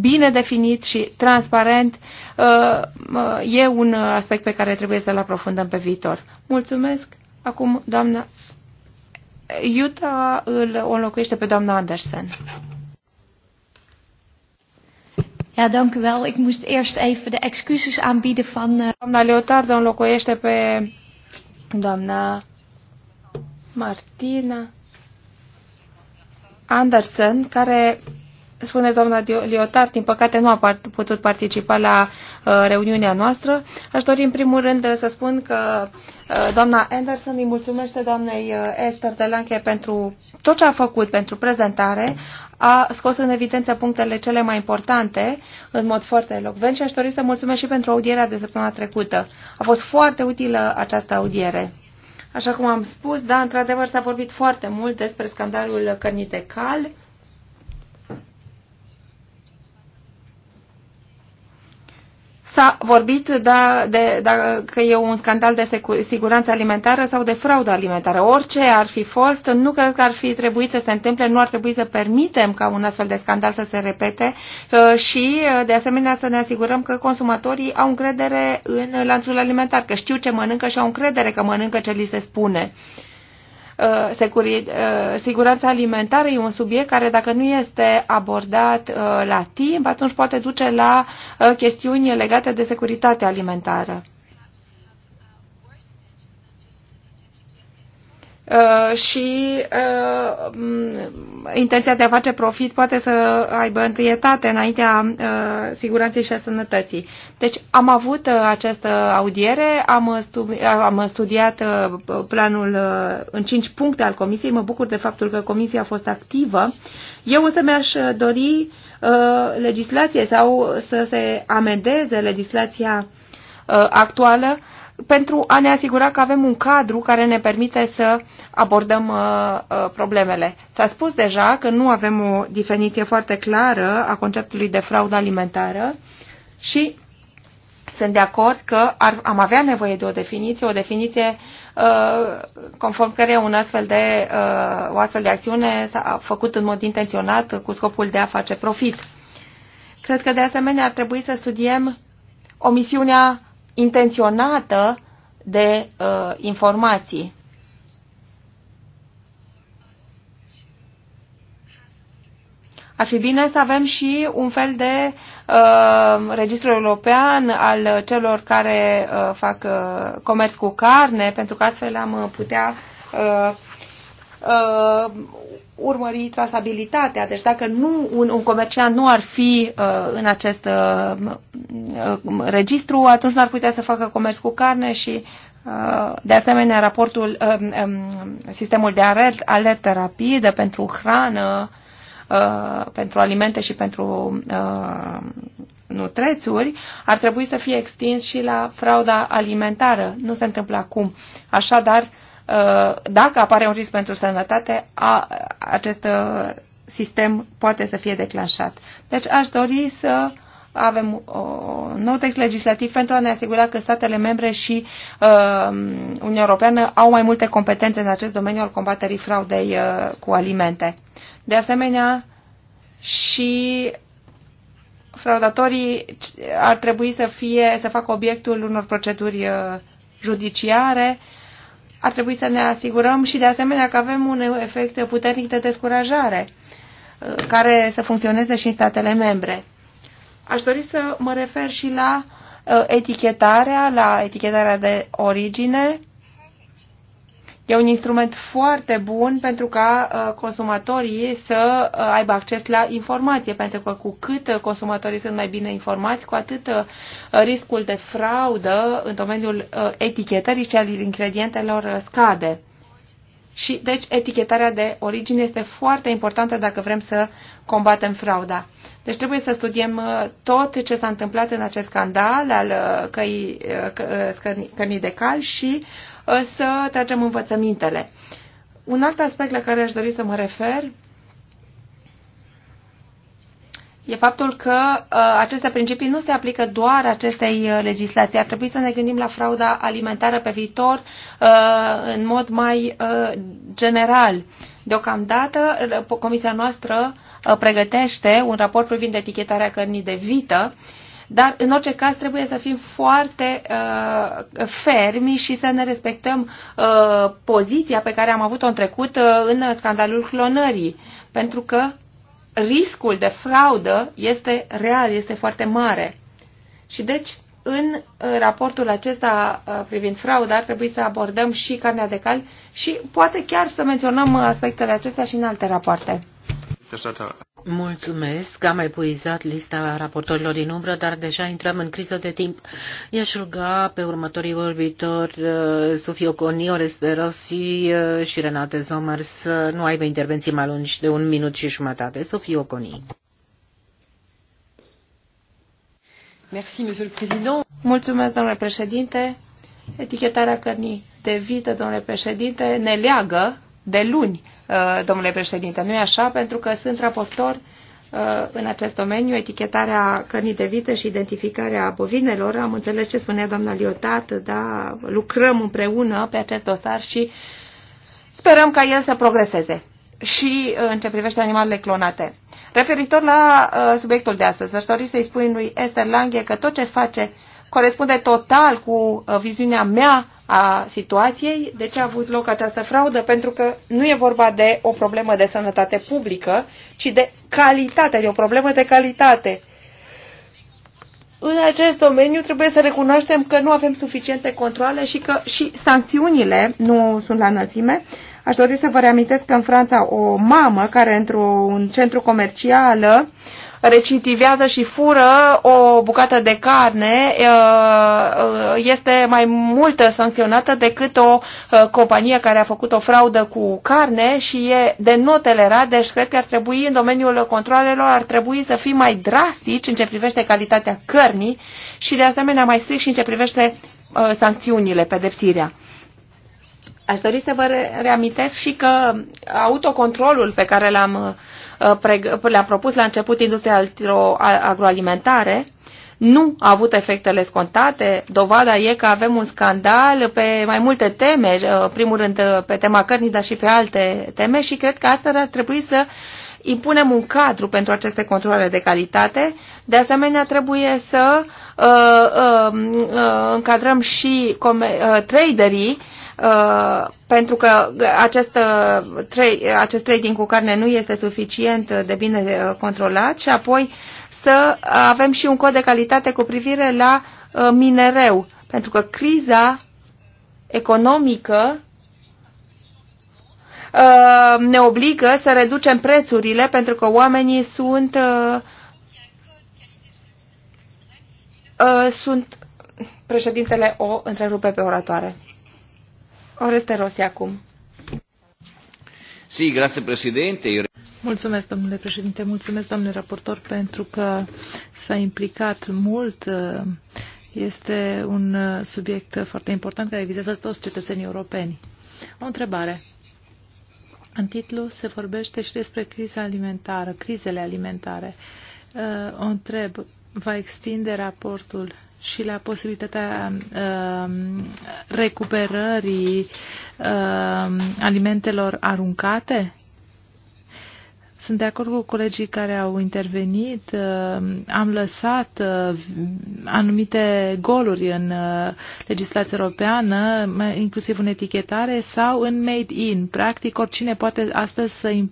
bine definit și transparent uh, uh, e un aspect pe care trebuie să-l aprofundăm pe viitor. Mulțumesc. Acum, doamna Iuta îl înlocuiește pe doamna Andersen. Ja, dank u wel. Ik moest eerst even de excuses aanbieden van... Uh... Doamna Leotard înlocuiește pe doamna Martina Andersen, care spune doamna Liotar, din păcate nu a putut participa la uh, reuniunea noastră. Aș dori în primul rând uh, să spun că uh, doamna Anderson îi mulțumește doamnei Esther Delanche pentru tot ce a făcut pentru prezentare. A scos în evidență punctele cele mai importante în mod foarte elocvent și aș dori să mulțumesc și pentru audierea de săptămâna trecută. A fost foarte utilă această audiere. Așa cum am spus, da, într-adevăr s-a vorbit foarte mult despre scandalul cărnii de cal S-a vorbit da, de, de, da, de, că e un scandal de siguranță alimentară sau de fraudă alimentară. Orice ar fi fost, nu cred că ar fi trebuit să se întâmple, nu ar trebui să permitem ca un astfel de scandal să se repete uh, și, uh, de asemenea, să ne asigurăm că consumatorii au încredere în lanțul alimentar, că știu ce mănâncă și au încredere că mănâncă ce li se spune. Uh, Uh, uh, siguranța alimentară e un subiect care, dacă nu este abordat uh, la timp, atunci poate duce la chestiuni legate de securitate alimentară. Uh, și uh, intenția de a face profit poate să aibă întâietate înaintea uh, siguranței și a sănătății. Deci am avut uh, această audiere, am, am studiat uh, planul uh, în cinci puncte al Comisiei, mă bucur de faptul că Comisia a fost activă. Eu însă mi-aș dori uh, legislație sau să se amendeze legislația uh, actuală uh, pentru a ne asigura că avem un cadru care ne permite să abordăm uh, uh, problemele. S-a spus deja că nu avem o definiție foarte clară a conceptului de fraudă alimentară și sunt de acord că ar, am avea nevoie de o definiție, o definiție uh, conform care un astfel de, uh, o astfel de acțiune s-a făcut în mod intenționat cu scopul de a face profit. Cred că de asemenea ar trebui să studiem omisiunea intenționată de uh, informații. Ar fi bine să avem și un fel de uh, registru european al celor care uh, fac uh, comerț cu carne, pentru că astfel am putea uh, uh urmări trasabilitatea. Deci dacă nu un, un comerciant nu ar fi uh, în acest uh, uh, registru, atunci n-ar putea să facă comerț cu carne și uh, de asemenea raportul uh, um, sistemul de alert, alertă rapidă pentru hrană, uh, pentru alimente și pentru uh, nutrețuri ar trebui să fie extins și la frauda alimentară. Nu se întâmplă acum. Așadar, uh, Uh, dacă apare un risc pentru sănătate, a, acest uh, sistem poate să fie declanșat. Deci aș dori să avem un uh, nou text legislativ pentru a ne asigura că statele membre și uh, Uniunea Europeană au mai multe competențe în acest domeniu al combaterii fraudei uh, cu alimente. De asemenea, și fraudatorii ar trebui să, fie, să facă obiectul unor proceduri uh, judiciare uh, ar trebui să ne asigurăm și de asemenea că avem un efect puternic de descurajare uh, care să funcționeze și în statele membre. Aș dori să mă refer și la uh, etichetarea, la etichetarea de origine, E un instrument foarte bun pentru ca uh, consumatorii să uh, aibă acces la informație, pentru că cu cât uh, consumatorii sunt mai bine informați, cu atât riscul de fraudă în domeniul etichetării și al ingredientelor scade. Și deci etichetarea de origine este foarte importantă dacă vrem să combatem frauda. Deci trebuie să studiem tot ce s-a întâmplat în acest scandal al căi, cărnii de cal și uh, Ă, să tragem învățămintele. Un alt aspect la care aș dori să mă refer e faptul că uh, aceste principii nu se aplică doar acestei uh, legislații. Ar trebui să ne gândim la frauda alimentară pe viitor uh, în mod mai uh, general. Deocamdată, comisia noastră uh, pregătește un raport privind etichetarea cărnii de vită uh, dar, în orice caz, trebuie să fim foarte uh, fermi și să ne respectăm uh, poziția pe care am avut-o în trecut uh, în scandalul clonării. Pentru că riscul de fraudă este real, este foarte mare. Și deci, în uh, raportul acesta uh, privind fraudă ar trebui să abordăm și carnea de cal și poate chiar să menționăm uh, aspectele acestea și în alte rapoarte. Mulțumesc, am epuizat lista raportorilor din umbră, dar deja intrăm în criză de timp. I-aș ruga pe următorii vorbitori, uh, Sofio Coni, Oreste Rossi uh, și Renate Zomer, să nu aibă intervenții mai lungi de un minut și jumătate. Sofio Coni. Mulțumesc, domnule președinte. Etichetarea cărnii de vită, domnule președinte, ne leagă de luni Uh, domnule președinte. Nu e așa, pentru că sunt raportor uh, în acest domeniu, etichetarea cărnii de vită și identificarea bovinelor. Am înțeles ce spunea doamna Liotat, da, lucrăm împreună pe acest dosar și sperăm ca el să progreseze. Și uh, în ce privește animalele clonate. Referitor la uh, subiectul de astăzi, aș dori să-i spun lui Esther Lange că tot ce face uh, corespunde total cu uh, viziunea mea a situației, de ce a avut loc această fraudă, pentru că nu e vorba de o problemă de sănătate publică, ci de calitate, de o problemă de calitate. În acest domeniu trebuie să recunoaștem că nu avem suficiente controle și că și sancțiunile nu sunt la înălțime. Aș dori să vă reamintesc că în Franța o mamă care într-un centru comercial uh, recitivează și fură o bucată de carne uh, uh, este mai mult sancționată decât o uh, companie care a făcut o fraudă cu carne și e de notelerat, deci cred că ar trebui în domeniul controlelor ar trebui să fie mai drastici în ce privește calitatea cărnii și de asemenea mai strict și în ce privește sancțiunile, pedepsirea. Aș dori să vă reamintesc și că autocontrolul pe care l-am Uh, le-a propus la început industria agroalimentare, nu a avut efectele scontate. Dovada e că avem un scandal pe mai multe teme, uh, primul rând uh, pe tema cărnii, dar și pe alte teme și cred că asta ar trebui să impunem un cadru pentru aceste controle de calitate. De asemenea, trebuie să uh, uh, uh, încadrăm și traderii Uh, pentru că acest, uh, acest trading cu carne nu este suficient de bine uh, controlat și apoi să avem și un cod de calitate cu privire la minereu, pentru că criza economică ne obligă să reducem prețurile pentru că oamenii sunt sunt președintele o întrerupe pe oratoare. Oreste Rossi acum. Si, grazie Presidente. Mulțumesc, domnule președinte, mulțumesc, domnule raportor, pentru că s-a implicat mult. Este un subiect foarte important care vizează toți cetățenii europeni. O întrebare. În titlu se vorbește și despre criza alimentară, crizele alimentare. Ă, o întreb, va extinde raportul și la posibilitatea uh, recuperării uh, alimentelor aruncate? Sunt de acord cu colegii care au intervenit. Um, am lăsat uh, anumite goluri în uh, legislația europeană, inclusiv în etichetare sau în made in. Practic, oricine poate astăzi să uh,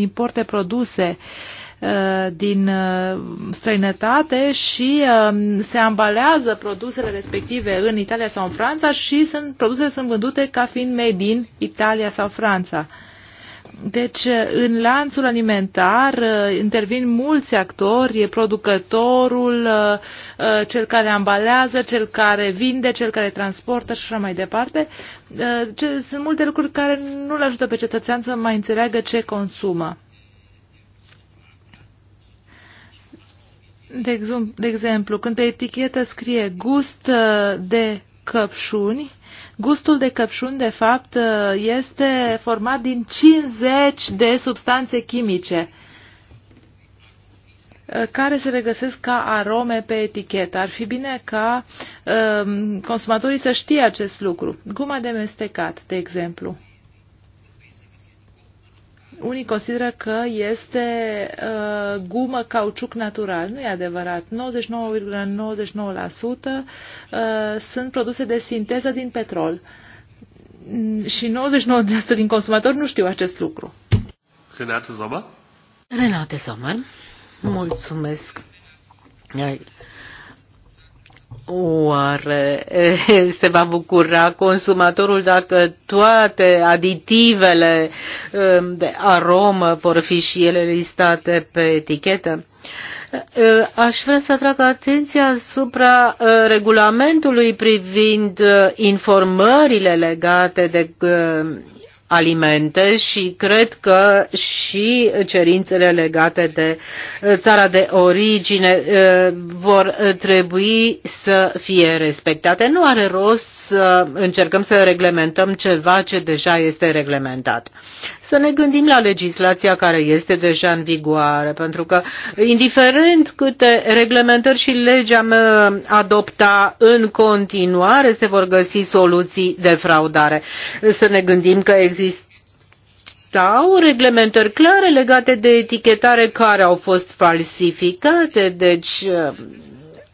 importe produse uh, Uh, din uh, străinătate și um, se ambalează produsele respective în Italia sau în Franța și sunt, produsele sunt vândute ca fiind made in Italia sau Franța. Deci, uh, în lanțul alimentar intervin mulți actori, e producătorul, cel care ambalează, cel care vinde, cel care transportă și așa mai departe. Sunt multe lucruri care nu le ajută pe cetățean să mai înțeleagă ce consumă. De, de exemplu, când pe etichetă scrie gust uh, de căpșuni, gustul de căpșuni, de fapt, uh, este format din 50 de substanțe chimice uh, care se regăsesc ca arome pe etichetă. Ar fi bine ca um, consumatorii să știe acest lucru. Guma de mestecat, de exemplu unii consideră că este uh, gumă cauciuc natural. Nu e adevărat. 99,99% ,99%, uh, sunt produse de sinteză din petrol. Mm, și 99% din consumatori nu știu acest lucru. Renate Sommer. Renate Sommer. Mulțumesc. Oare (laughs) se va bucura consumatorul dacă toate aditivele um, de aromă vor fi și ele listate pe etichetă? Uh, aș vrea să atrag atenția asupra uh, regulamentului privind uh, informările legate de alimente și cred că și cerințele legate de țara de origine vor trebui să fie respectate. Nu are rost să încercăm să reglementăm ceva ce deja este reglementat să ne gândim la legislația care este deja în vigoare, pentru că indiferent câte reglementări și legea uh, adopta în continuare, se vor găsi soluții de fraudare. Să ne gândim că există sau reglementări clare legate de etichetare care au fost falsificate, deci uh,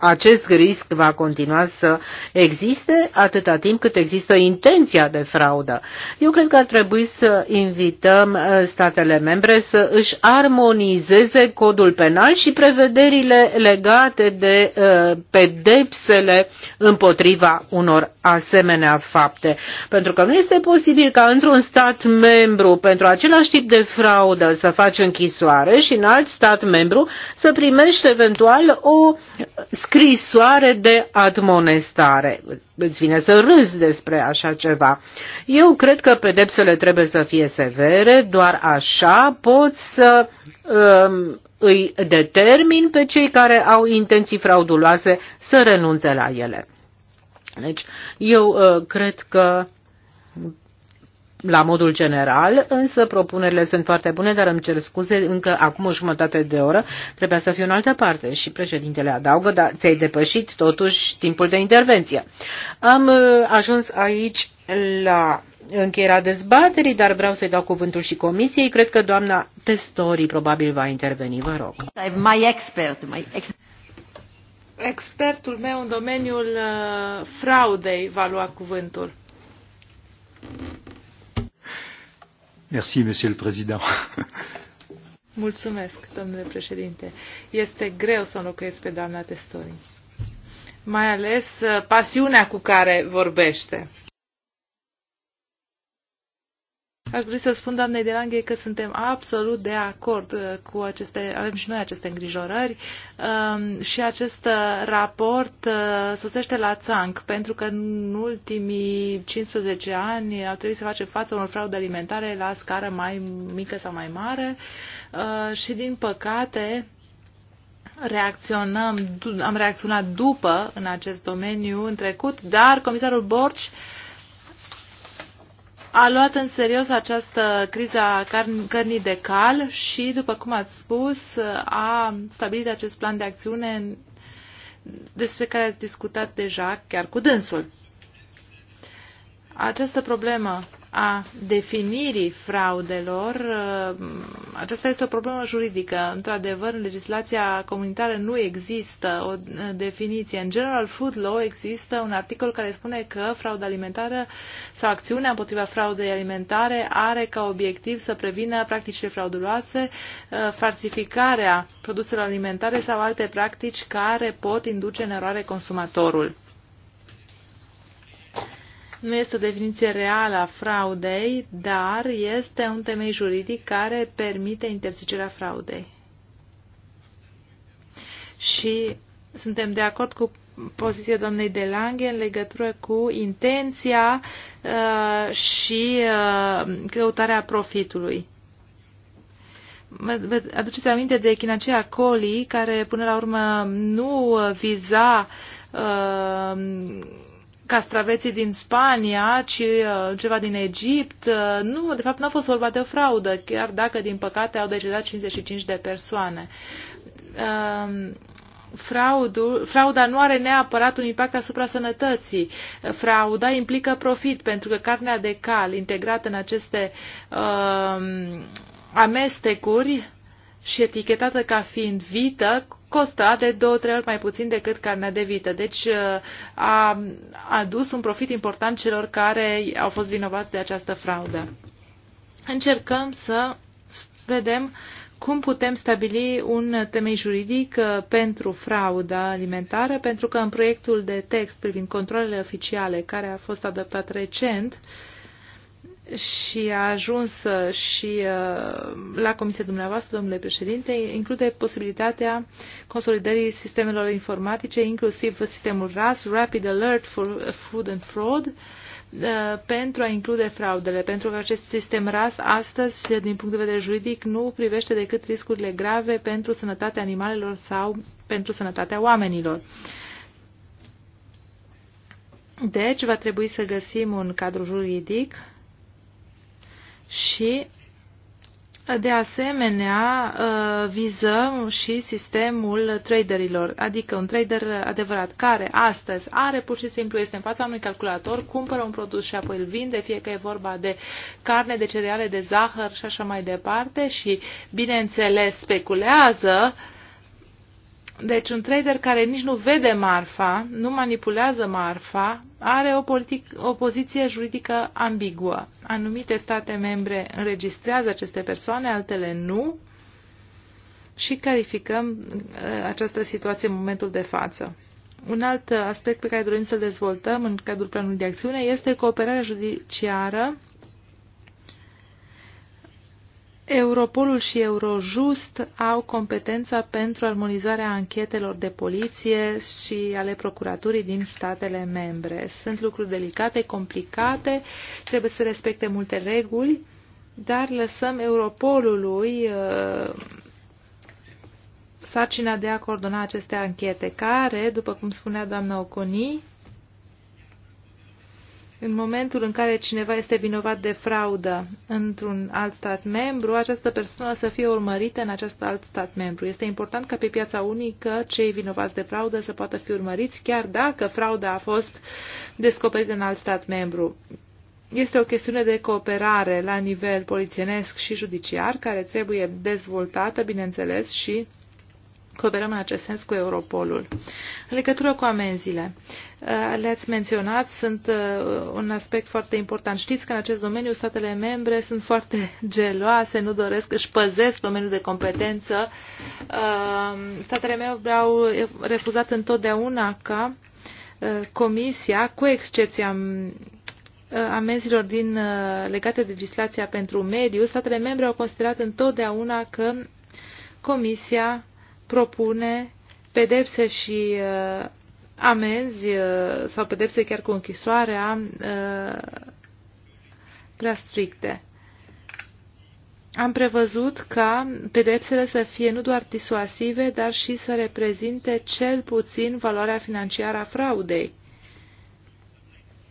acest risc va continua să existe atâta timp cât există intenția de fraudă. Eu cred că ar trebui să invităm uh, statele membre să își armonizeze codul penal și prevederile legate de uh, pedepsele împotriva unor asemenea fapte. Pentru că nu este posibil ca într-un stat membru pentru același tip de fraudă să faci închisoare și în alt stat membru să primești eventual o scrisoare de admonestare. Îți vine să râzi despre așa ceva. Eu cred că pedepsele trebuie să fie severe, doar așa poți să um, îi determin pe cei care au intenții frauduloase să renunțe la ele. Deci, eu uh, cred că la modul general, însă propunerile sunt foarte bune, dar îmi cer scuze, încă acum o jumătate de oră trebuia să fiu în altă parte și președintele adaugă, dar ți-ai depășit totuși timpul de intervenție. Am uh, ajuns aici la încheierea dezbaterii, dar vreau să-i dau cuvântul și comisiei. Cred că doamna Testori probabil va interveni, vă rog. Mai expert, mai expert. Expertul meu în domeniul uh, fraudei va lua cuvântul. Merci, Monsieur le Président. (laughs) Mulțumesc, domnule președinte. Este greu să înlocuiesc pe doamna Testori. Mai ales uh, pasiunea cu care vorbește. Aș dori să spun, doamnei de că suntem absolut de acord uh, cu aceste, avem și noi aceste îngrijorări um, și acest uh, raport uh, sosește la țanc, pentru că în ultimii 15 ani au trebuit să facem față unor fraude alimentare la scară mai mică sau mai mare și, din păcate, reacționăm, am reacționat după în acest domeniu în trecut, dar comisarul Borci a luat în serios această a cărnii de cal și, după cum ați spus, a stabilit acest plan de acțiune despre care ați discutat deja chiar cu dânsul. Această problemă a definirii fraudelor, uh, aceasta este o problemă juridică. Într-adevăr, în legislația comunitară nu există o uh, definiție. În General Food Law există un articol care spune că frauda alimentară sau acțiunea împotriva fraudei alimentare are ca obiectiv să prevină practicile frauduloase, uh, falsificarea produselor alimentare sau alte practici care pot induce în eroare consumatorul. Nu este o definiție reală a fraudei, dar este un temei juridic care permite interzicerea fraudei. Și suntem de acord cu poziția doamnei de Lange în legătură cu intenția uh, și uh, căutarea profitului. Vă aduceți aminte de Chinacea Coli, care până la urmă nu viza uh, castraveții din Spania, ci uh, ceva din Egipt. Uh, nu, de fapt, nu a fost vorba de o fraudă, chiar dacă, din păcate, au decedat 55 de persoane. Um, fraudul, frauda nu are neapărat un impact asupra sănătății. Frauda implică profit, pentru că carnea de cal integrată în aceste uh, amestecuri și etichetată ca fiind vită, costă, de două, trei ori mai puțin decât carnea de vită. Deci uh, a adus un profit important celor care au fost vinovați de această fraudă. Încercăm să vedem cum putem stabili un temei juridic uh, pentru frauda alimentară, pentru că în proiectul de text privind controlele oficiale, care a fost adoptat recent, uh, și a ajuns uh, și uh, la comisia dumneavoastră, domnule președinte, include posibilitatea consolidării sistemelor informatice, inclusiv sistemul RAS, Rapid Alert for Food and Fraud, uh, pentru a include fraudele, pentru că acest sistem RAS astăzi, din punct de vedere juridic, nu privește decât riscurile grave pentru sănătatea animalelor sau pentru sănătatea oamenilor. Deci, va trebui să găsim un cadru juridic și de asemenea, ă, vizăm și sistemul traderilor, adică un trader adevărat care astăzi are pur și simplu, este în fața unui calculator, cumpără un produs și apoi îl vinde, fie că e vorba de carne, de cereale, de zahăr și așa mai departe și, bineînțeles, speculează uh, deci un trader care nici nu vede marfa, nu manipulează marfa, are o, politic, o poziție juridică ambiguă. Anumite state membre înregistrează aceste persoane, altele nu și clarificăm uh, această situație în momentul de față. Un alt aspect pe care dorim să-l dezvoltăm în cadrul planului de acțiune este cooperarea judiciară Europolul și Eurojust au competența pentru armonizarea anchetelor de poliție și ale procuraturii din statele membre. Sunt lucruri delicate, complicate, trebuie să respecte multe reguli, dar lăsăm Europolului uh, sarcina de a coordona aceste anchete, care, după cum spunea doamna Oconi, în momentul în care cineva este vinovat de fraudă într-un alt stat membru, această persoană să fie urmărită în acest alt stat membru. Este important ca pe piața unică cei vinovați de fraudă să poată fi urmăriți, chiar dacă frauda a fost descoperită în alt stat membru. Este o chestiune de cooperare la nivel polițienesc și judiciar, care trebuie dezvoltată, bineînțeles, și Cooperăm în acest sens cu Europolul. În legătură cu amenziile, uh, le-ați menționat, sunt uh, un aspect foarte important. Știți că în acest domeniu statele membre sunt foarte (laughs) geloase, nu doresc, își păzesc domeniul de competență. Uh, statele membre au refuzat întotdeauna ca Comisia, cu excepția mm, amenzilor din legate de legislația pentru mediu, statele membre au considerat întotdeauna că Comisia propune pedepse și uh, amenzi uh, sau pedepse chiar cu închisoarea uh, prea stricte. Am prevăzut ca pedepsele să fie nu doar disuasive, dar și să reprezinte cel puțin valoarea financiară a fraudei.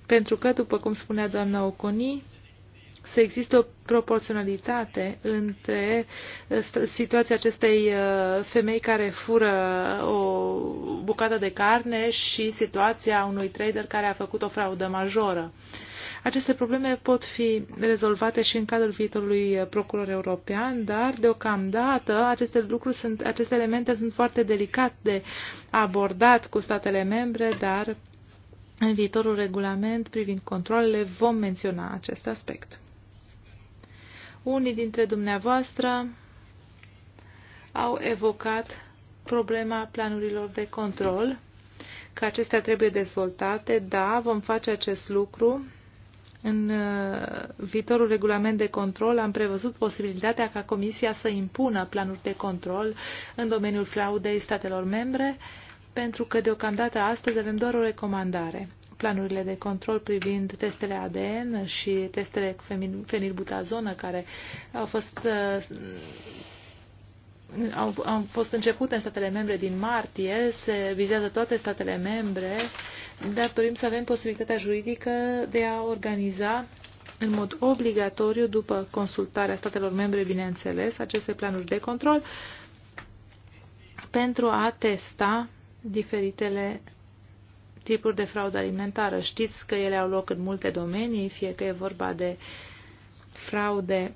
Pentru că, după cum spunea doamna Oconi, să existe o proporționalitate între uh, situația acestei uh, femei care fură o bucată de carne și situația unui trader care a făcut o fraudă majoră. Aceste probleme pot fi rezolvate și în cadrul viitorului uh, procuror european, dar deocamdată aceste lucruri sunt, aceste elemente sunt foarte delicat de abordat cu statele membre, dar în viitorul regulament privind controlele vom menționa acest aspect. Unii dintre dumneavoastră au evocat problema planurilor de control, că acestea trebuie dezvoltate. Da, vom face acest lucru. În uh, viitorul regulament de control am prevăzut posibilitatea ca Comisia să impună planuri de control în domeniul fraudei statelor membre, pentru că deocamdată astăzi avem doar o recomandare planurile de control privind testele ADN și testele fenilbutazonă care au fost uh, au, au fost începute în statele membre din martie, se vizează toate statele membre, dar dorim să avem posibilitatea juridică de a organiza în mod obligatoriu, după consultarea statelor membre, bineînțeles, aceste planuri de control pentru a testa diferitele tipuri de fraudă alimentară. Știți că ele au loc în multe domenii, fie că e vorba de fraude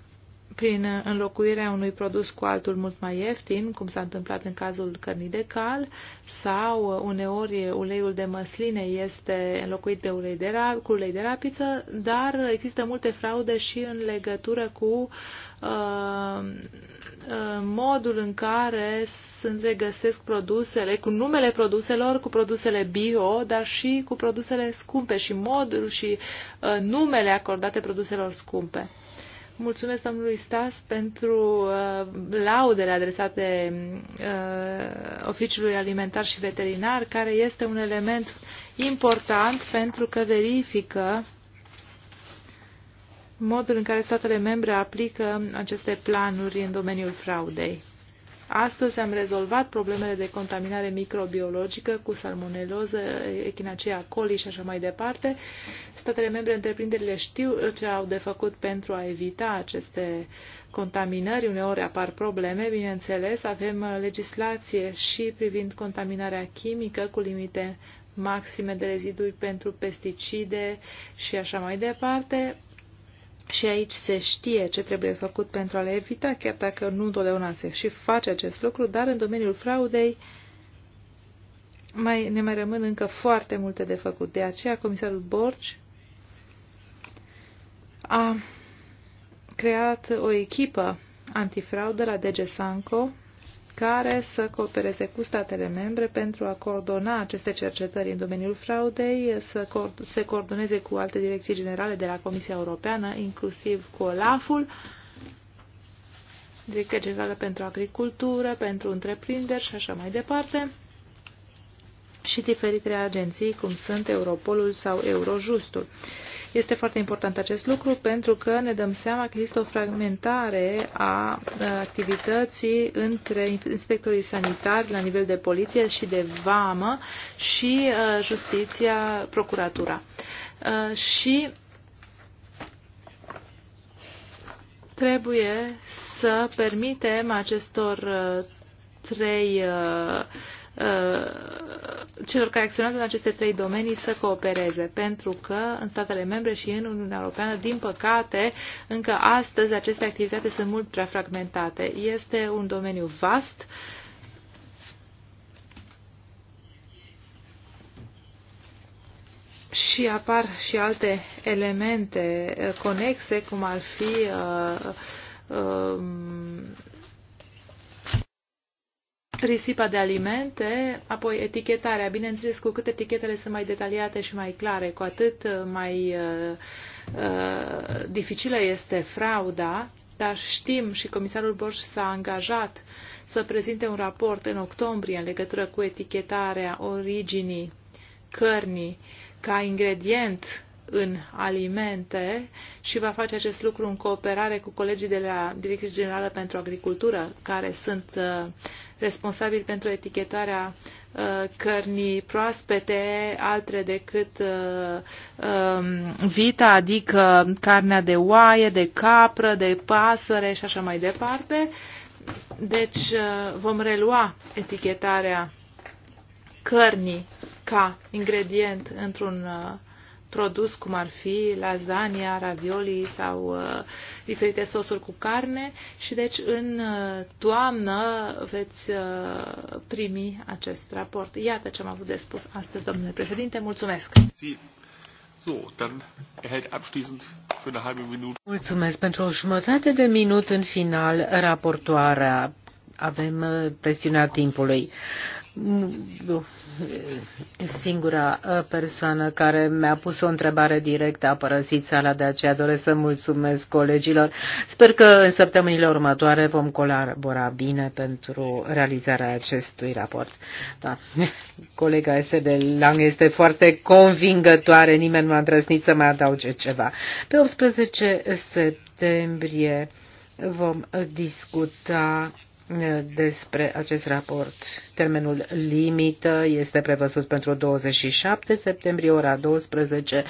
prin înlocuirea unui produs cu altul mult mai ieftin, cum s-a întâmplat în cazul cărnii de cal, sau uneori uleiul de măsline este înlocuit de ulei de rap, cu ulei de rapiță, dar există multe fraude și în legătură cu uh, Uh, modul în care sunt regăsesc produsele, cu numele produselor, cu produsele bio, dar și cu produsele scumpe și modul și uh, numele acordate produselor scumpe. Mulțumesc domnului Stas pentru uh, laudele adresate uh, Oficiului Alimentar și Veterinar, care este un element important pentru că verifică uh, modul în care statele membre aplică aceste planuri în domeniul fraudei. Astăzi am rezolvat problemele de contaminare microbiologică cu salmoneloză, echinacea coli și așa mai departe. Statele membre, întreprinderile știu ce au de făcut pentru a evita aceste contaminări. Uneori apar probleme, bineînțeles. Avem legislație și privind contaminarea chimică cu limite maxime de rezidui pentru pesticide și așa mai departe. Și aici se știe ce trebuie făcut pentru a le evita, chiar dacă nu întotdeauna se și face acest lucru, dar în domeniul fraudei mai, ne mai rămân încă foarte multe de făcut. De aceea, comisarul Borci a creat o echipă antifraudă la DG Sanco care să coopereze cu statele membre pentru a coordona aceste cercetări în domeniul fraudei, să se coordoneze cu alte direcții generale de la Comisia Europeană, inclusiv cu OLAF-ul, Direcția Generală pentru Agricultură, pentru Întreprinderi și așa mai departe și diferitele agenții, cum sunt Europolul sau Eurojustul. Este foarte important acest lucru pentru că ne dăm seama că există o fragmentare a activității între inspectorii sanitari la nivel de poliție și de vamă și justiția, procuratura. Și trebuie să permitem acestor trei uh, Uh, celor care acționează în aceste trei domenii să coopereze, pentru că în statele membre și în Uniunea Europeană, din păcate, încă astăzi aceste activitate sunt mult prea fragmentate. Este un domeniu vast. Și apar și alte elemente uh, conexe, cum ar fi uh, uh, risipa de alimente, apoi etichetarea. Bineînțeles, cu cât etichetele sunt mai detaliate și mai clare, cu atât uh, mai uh, uh, dificilă este frauda, dar știm și comisarul Borș s-a angajat să prezinte un raport în octombrie în legătură cu etichetarea originii cărnii ca ingredient în alimente și va face acest lucru în cooperare cu colegii de la Direcția Generală pentru Agricultură, care sunt uh, responsabil pentru etichetarea uh, cărnii proaspete, altre decât uh, um, vita, adică carnea de oaie, de capră, de pasăre și așa mai departe. Deci uh, vom relua etichetarea cărnii ca ingredient într-un produs, cum ar fi lasagna, ravioli sau uh, diferite sosuri cu carne și deci în uh, toamnă veți uh, primi acest raport. Iată ce am avut de spus astăzi, domnule președinte. Mulțumesc! So, dann erhält abschließend für eine halbe Minute. Mulțumesc pentru o jumătate de minut în final raportoarea. Avem uh, presiunea timpului. Singura uh, persoană care mi-a pus o întrebare directă a părăsit sala, de aceea doresc să mulțumesc colegilor. Sper că în săptămânile următoare vom colabora bine pentru realizarea acestui raport. Da. Colega este de Lang este foarte convingătoare, nimeni nu a îndrăznit să mai adauge ceva. Pe 18 septembrie vom discuta despre acest raport. Termenul limită este prevăzut pentru 27 septembrie, ora 12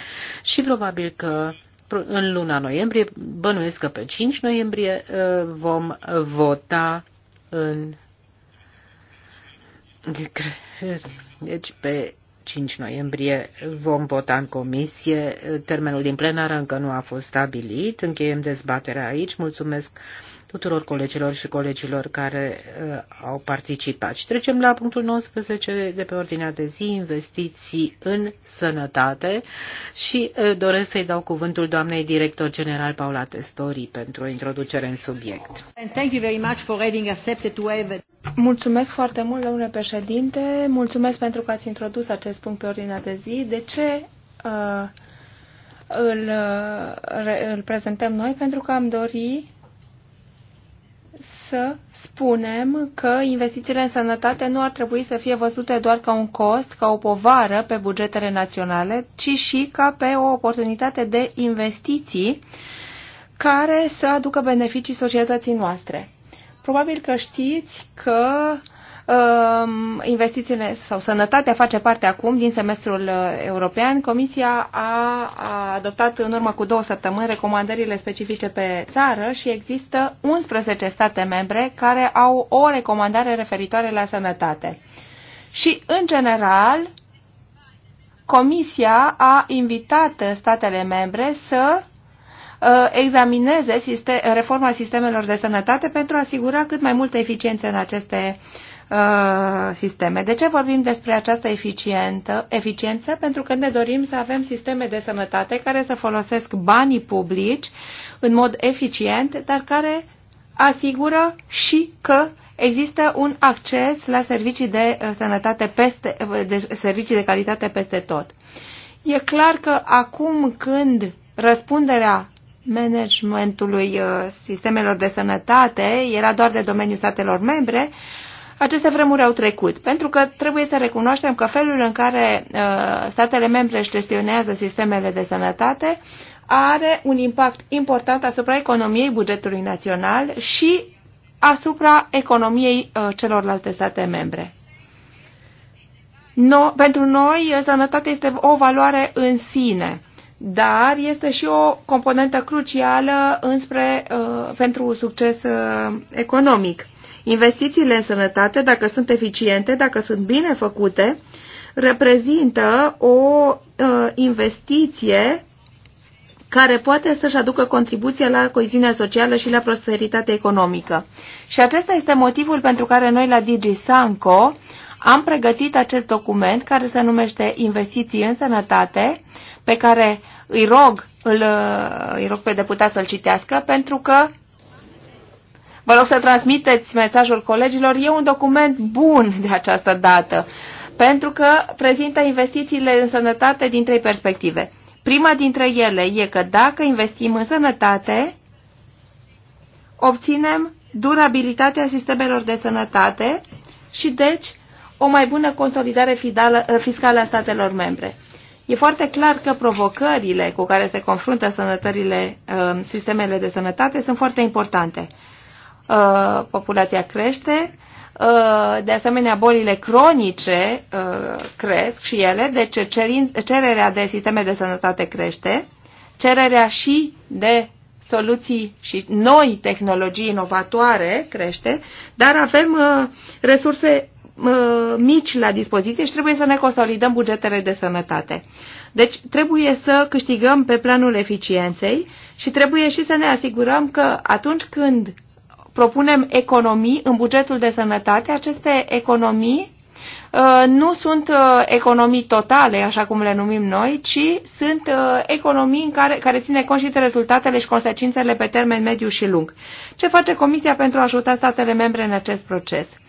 și probabil că în luna noiembrie, bănuiesc că pe 5 noiembrie uh, vom vota în... Deci pe 5 noiembrie vom vota în comisie. Termenul din plenară încă nu a fost stabilit. Încheiem dezbaterea aici. Mulțumesc tuturor colegilor și colegilor care uh, au participat. Și trecem la punctul 19 de pe ordinea de zi, investiții în sănătate și uh, doresc să-i dau cuvântul doamnei director general Paula Testori pentru o introducere în subiect. Thank you very much for having accepted to have... Mulțumesc foarte mult, domnule președinte, mulțumesc pentru că ați introdus acest punct pe ordinea de zi. De ce uh, îl, uh, îl prezentăm noi? Pentru că am dori să spunem că investițiile în sănătate nu ar trebui să fie văzute doar ca un cost, ca o povară pe bugetele naționale, ci și ca pe o oportunitate de investiții care să aducă beneficii societății noastre. Probabil că știți că Um, investițiile sau sănătatea face parte acum din semestrul uh, european. Comisia a, adoptat în urmă cu două săptămâni recomandările specifice pe țară și există 11 state membre care au o recomandare referitoare la sănătate. Și, în general, Comisia a invitat statele membre să uh, examineze reforma sistemelor de sănătate pentru a asigura cât mai multă eficiență în aceste uh, Uh, sisteme. De ce vorbim despre această eficientă, eficiență? Pentru că ne dorim să avem sisteme de sănătate care să folosesc banii publici în mod eficient, dar care asigură și că există un acces la servicii de uh, sănătate peste, uh, de servicii de calitate peste tot. E clar că acum când răspunderea managementului sistemelor de sănătate era doar de domeniul statelor membre, aceste vremuri au trecut, pentru că trebuie să recunoaștem că felul în care uh, statele membre își gestionează sistemele de sănătate are un impact important asupra economiei bugetului național și asupra economiei uh, celorlalte state membre. No, pentru noi, uh, sănătatea este o valoare în sine, dar este și o componentă crucială înspre, uh, pentru succes uh, economic. Investițiile în sănătate, dacă sunt eficiente, dacă sunt bine făcute, reprezintă o uh, investiție care poate să-și aducă contribuție la coeziunea socială și la prosperitatea economică. Și acesta este motivul pentru care noi la DigiSanco am pregătit acest document care se numește Investiții în Sănătate, pe care îi rog, îl, uh, îi rog pe deputat să-l citească, pentru că Vă rog să transmiteți mesajul colegilor. E un document bun de această dată, pentru că prezintă investițiile în sănătate din trei perspective. Prima dintre ele e că dacă investim în sănătate, obținem durabilitatea sistemelor de sănătate și, deci, o mai bună consolidare fiscală a statelor membre. E foarte clar că provocările cu care se confruntă sănătările, uh, sistemele de sănătate sunt foarte importante. Uh, populația crește, uh, de asemenea, bolile cronice uh, cresc și ele, deci cererea de sisteme de sănătate crește, cererea și de soluții și noi tehnologii inovatoare crește, dar avem resurse mici la dispoziție și trebuie să ne consolidăm bugetele de sănătate. Deci trebuie să câștigăm pe planul eficienței și trebuie și să ne asigurăm că atunci când propunem economii în bugetul de sănătate, aceste economii uh, nu sunt uh, economii totale, așa cum le numim noi, ci sunt uh, economii în care, care ține cont și de rezultatele și consecințele pe termen mediu și lung. Ce face Comisia pentru a ajuta statele membre în acest proces?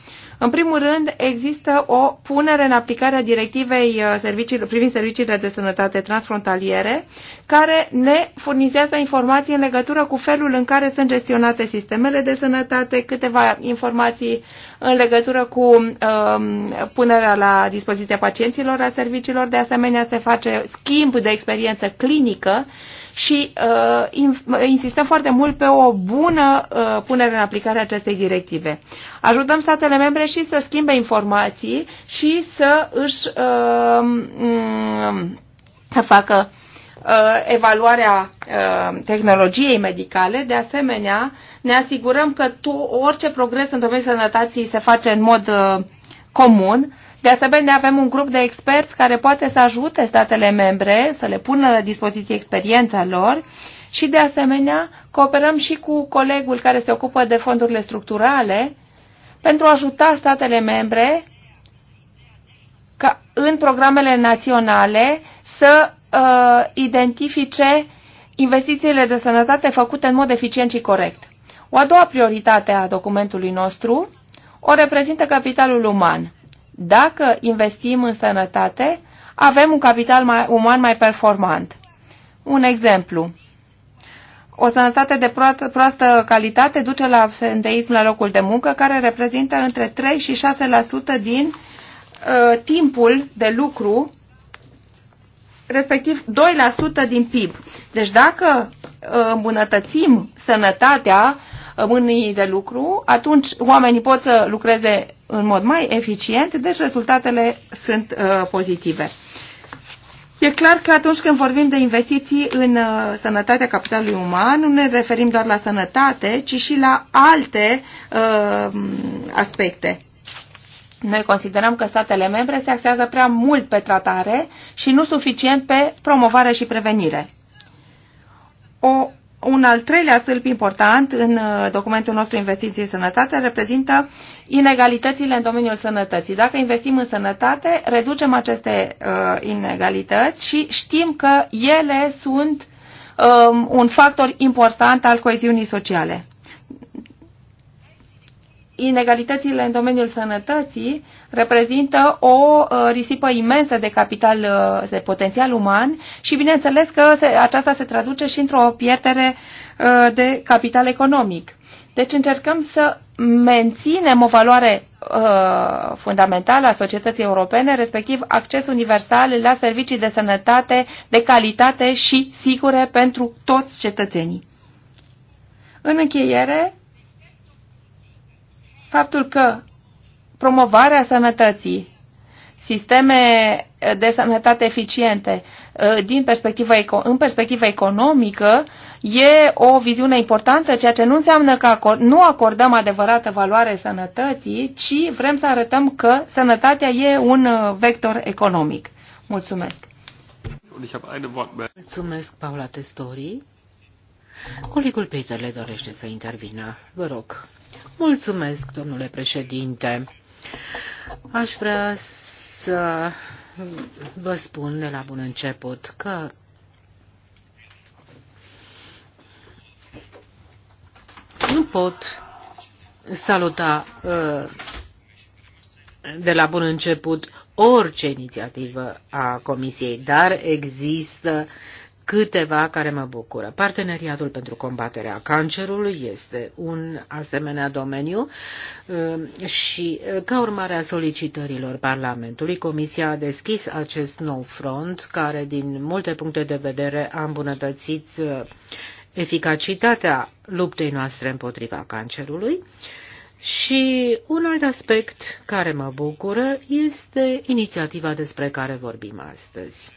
În primul rând, există o punere în aplicare a directivei uh, serviciilor, privind serviciile de sănătate transfrontaliere, care ne furnizează informații în legătură cu felul în care sunt gestionate sistemele de sănătate, câteva informații în legătură cu um, punerea la dispoziția pacienților a serviciilor. De asemenea, se face schimb de experiență clinică și uh, insistăm foarte mult pe o bună uh, punere în aplicare a acestei directive. Ajutăm statele membre și să schimbe informații și să își uh, um, să facă uh, evaluarea uh, tehnologiei medicale. De asemenea, ne asigurăm că tu, orice progres în domeniul sănătății se face în mod uh, comun de asemenea, avem un grup de experți care poate să ajute statele membre să le pună la dispoziție experiența lor și, de asemenea, cooperăm și cu colegul care se ocupă de fondurile structurale pentru a ajuta statele membre ca în programele naționale să uh, identifice investițiile de sănătate făcute în mod eficient și corect. O a doua prioritate a documentului nostru o reprezintă capitalul uman. Dacă investim în sănătate, avem un capital mai, uman mai performant. Un exemplu. O sănătate de proastă, proastă calitate duce la absenteism la locul de muncă, care reprezintă între 3 și 6% din uh, timpul de lucru, respectiv 2% din PIB. Deci dacă uh, îmbunătățim sănătatea, mânii de lucru, atunci oamenii pot să lucreze în mod mai eficient, deci rezultatele sunt uh, pozitive. E clar că atunci când vorbim de investiții în uh, sănătatea capitalului uman, nu ne referim doar la sănătate, ci și la alte uh, aspecte. Noi considerăm că statele membre se axează prea mult pe tratare și nu suficient pe promovare și prevenire. O un al treilea stâlp important în uh, documentul nostru Investiții în Sănătate reprezintă inegalitățile în domeniul sănătății. Dacă investim în sănătate, reducem aceste uh, inegalități și știm că ele sunt um, un factor important al coeziunii sociale inegalitățile în domeniul sănătății reprezintă o uh, risipă imensă de capital, uh, de potențial uman și bineînțeles că aceasta se traduce și într-o pierdere uh, de capital economic. Deci încercăm să menținem o valoare uh, fundamentală a societății europene, respectiv acces universal la servicii de sănătate, de calitate și sigure pentru toți cetățenii. În încheiere, faptul că promovarea sănătății, sisteme de sănătate eficiente uh, din perspectiva, în perspectiva economică e o viziune importantă, ceea ce nu înseamnă că nu acordăm adevărată valoare sănătății, ci vrem să arătăm că sănătatea e un uh, vector economic. Mulțumesc! Mulțumesc, Paula Testori. Colegul Peter le dorește să intervină. Vă rog. Mulțumesc, domnule președinte. Aș vrea să vă spun de la bun început că nu pot saluta uh, de la bun început orice inițiativă a Comisiei, dar există câteva care mă bucură. Parteneriatul pentru combaterea cancerului este un asemenea domeniu uh, și uh, ca urmare a solicitărilor Parlamentului, Comisia a deschis acest nou front care din multe puncte de vedere a îmbunătățit uh, eficacitatea luptei noastre împotriva cancerului. Și un alt aspect care mă bucură este inițiativa despre care vorbim astăzi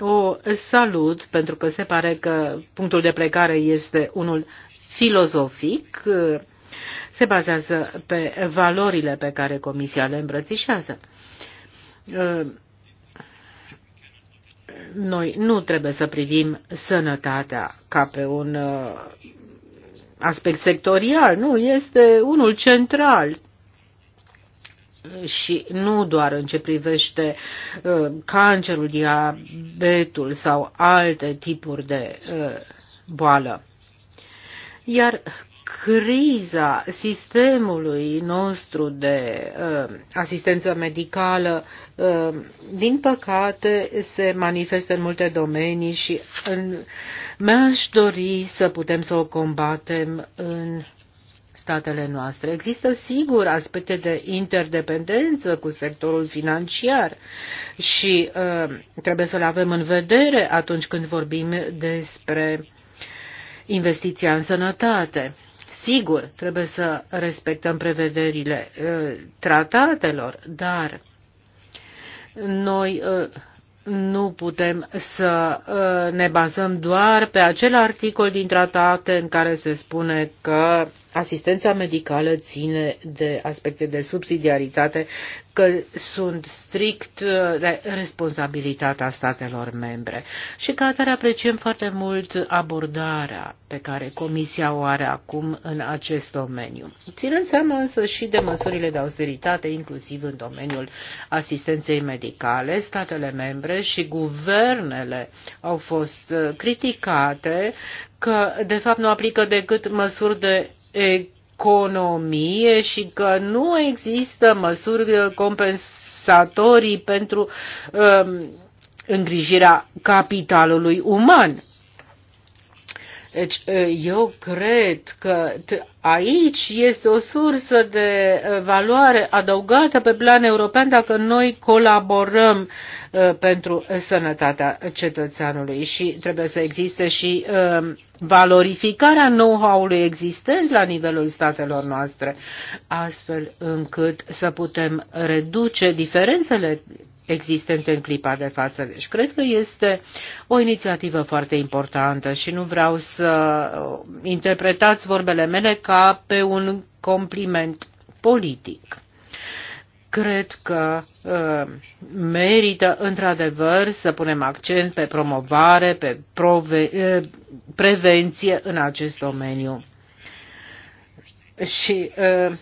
o salut pentru că se pare că punctul de plecare este unul filozofic, se bazează pe valorile pe care Comisia le îmbrățișează. Noi nu trebuie să privim sănătatea ca pe un uh, aspect sectorial, nu, este unul central și nu doar în ce privește uh, cancerul, diabetul sau alte tipuri de uh, boală. Iar criza sistemului nostru de uh, asistență medicală, uh, din păcate, se manifestă în multe domenii și mi-aș dori să putem să o combatem în statele noastre. Există sigur aspecte de interdependență cu sectorul financiar și uh, trebuie să le avem în vedere atunci când vorbim despre investiția în sănătate. Sigur, trebuie să respectăm prevederile uh, tratatelor, dar noi uh, nu putem să uh, ne bazăm doar pe acel articol din tratate în care se spune că asistența medicală ține de aspecte de subsidiaritate, că sunt strict uh, de responsabilitatea statelor membre. Și ca atare apreciem foarte mult abordarea pe care Comisia o are acum în acest domeniu. Ținând seama însă și de măsurile de austeritate, inclusiv în domeniul asistenței medicale, statele membre și guvernele au fost uh, criticate că, de fapt, nu aplică decât măsuri de economie și că nu există măsuri compensatorii pentru um, îngrijirea capitalului uman. Deci, eu cred că aici este o sursă de valoare adăugată pe plan european dacă noi colaborăm pentru sănătatea cetățeanului și trebuie să existe și valorificarea know-how-ului existent la nivelul statelor noastre, astfel încât să putem reduce diferențele existente în clipa de față. Deci cred că este o inițiativă foarte importantă și nu vreau să interpretați vorbele mele ca pe un compliment politic. Cred că uh, merită într-adevăr să punem accent pe promovare, pe prove, uh, prevenție în acest domeniu. Și uh,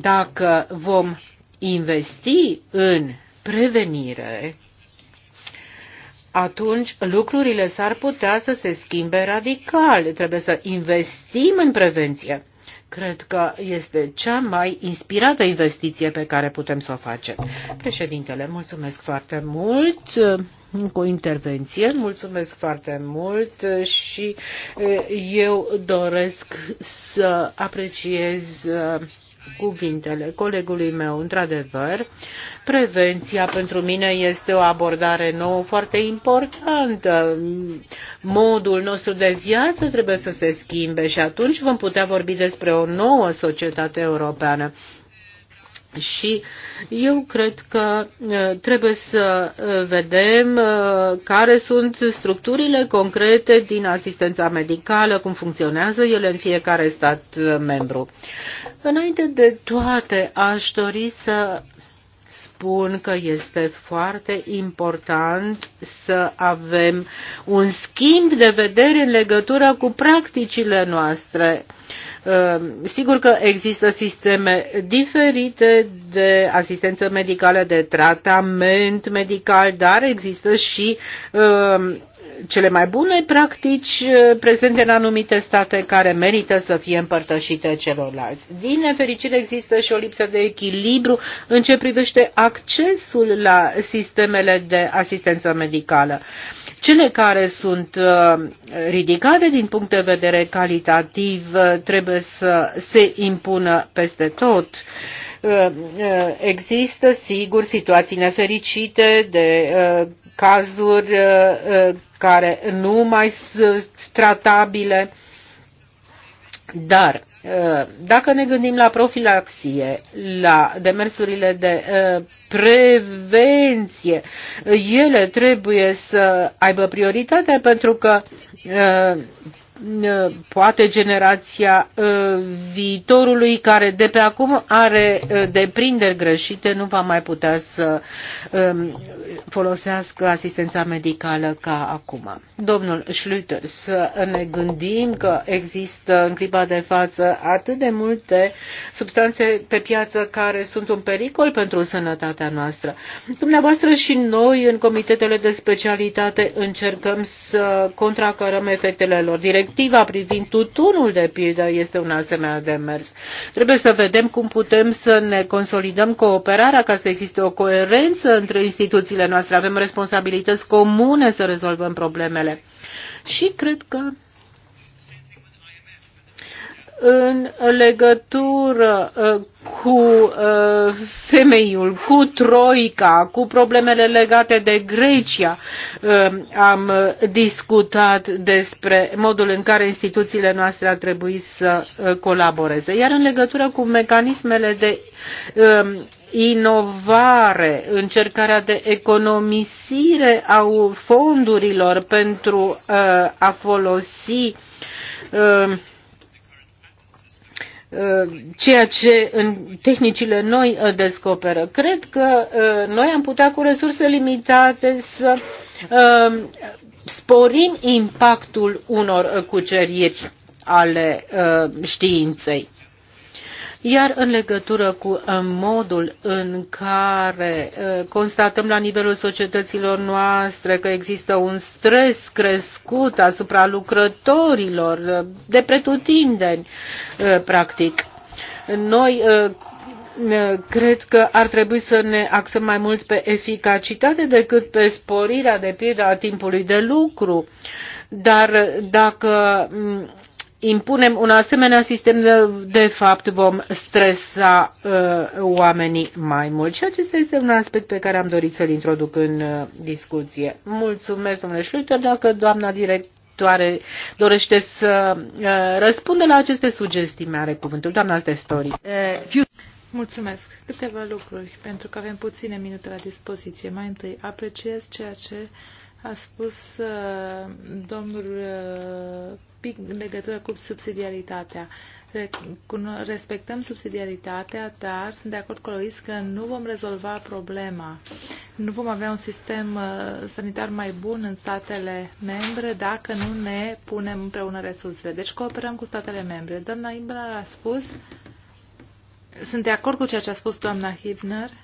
dacă vom investi în prevenire, atunci lucrurile s-ar putea să se schimbe radical. Trebuie să investim în prevenție. Cred că este cea mai inspirată investiție pe care putem să o facem. Președintele, mulțumesc foarte mult uh, cu intervenție, mulțumesc foarte mult și uh, eu doresc să apreciez uh, cuvintele colegului meu. Într-adevăr, prevenția pentru mine este o abordare nouă foarte importantă. Modul nostru de viață trebuie să se schimbe și atunci vom putea vorbi despre o nouă societate europeană. Și eu cred că uh, trebuie să uh, vedem uh, care sunt structurile concrete din asistența medicală, cum funcționează ele în fiecare stat membru. Înainte de toate, aș dori să spun că este foarte important să avem un schimb de vedere în legătură cu practicile noastre Ehm, sigur că există sisteme diferite de asistență medicală, de tratament medical, dar există și ehm, cele mai bune practici eh, prezente în anumite state care merită să fie împărtășite celorlalți. Din nefericire există și o lipsă de echilibru în ce privește accesul la sistemele de asistență medicală. Uh, cele care sunt uh, ridicate din punct de vedere calitativ uh, trebuie să se impună peste tot uh, există, sigur, situații nefericite de cazuri care nu mai sunt tratabile, dar Eh, dacă ne gândim la profilaxie, la demersurile de eh, prevenție, ele trebuie să aibă prioritate pentru că eh, poate generația uh, viitorului care de pe acum are uh, deprinderi greșite nu va mai putea să um, folosească asistența medicală ca acum. Domnul Schlüter, să ne gândim că există în clipa de față atât de multe substanțe pe piață care sunt un pericol pentru sănătatea noastră. Dumneavoastră și noi în comitetele de specialitate încercăm să contracarăm efectele lor direct directiva privind tutunul de pildă este un asemenea demers. Trebuie să vedem cum putem să ne consolidăm cooperarea ca să existe o coerență între instituțiile noastre. Avem responsabilități comune să rezolvăm problemele. Și cred că în legătură uh, cu uh, femeiul, cu Troica, cu problemele legate de Grecia, uh, am discutat despre modul în care instituțiile noastre ar trebui să colaboreze. Iar în legătură cu mecanismele de um, inovare, încercarea de economisire a fondurilor pentru a folosi um, Uh, ceea ce în tehnicile noi uh, descoperă. Cred că uh, noi am putea cu resurse limitate să sporim impactul unor cuceriri ale științei. Iar în legătură cu uh, modul în care uh, constatăm la nivelul societăților noastre că există un stres crescut asupra lucrătorilor, uh, de pretutindeni, practic. Noi cred că ar trebui să ne axăm mai mult pe eficacitate decât pe sporirea de pildă a timpului de lucru. Dar dacă mm, impunem un asemenea sistem, de fapt vom stresa uh, oamenii mai mult. Și acesta este un aspect pe care am dorit să-l introduc în uh, discuție. Mulțumesc, domnule Schluter, dacă doamna directoare dorește să uh, răspundă la aceste sugestii, mi are cuvântul. Doamna Testori. Mulțumesc. Câteva lucruri, pentru că avem puține minute la dispoziție. Mai întâi, apreciez ceea ce uh, a spus uh, domnul uh, Pic în legătură cu subsidiaritatea. Respectăm subsidiaritatea, dar sunt de acord cu Lois că nu vom rezolva problema. Nu vom avea un sistem uh, sanitar mai bun în statele membre dacă nu ne punem împreună resursele. Deci cooperăm cu statele membre. Doamna Imbra a spus, sunt de acord cu ceea ce a spus doamna Hibner, uh,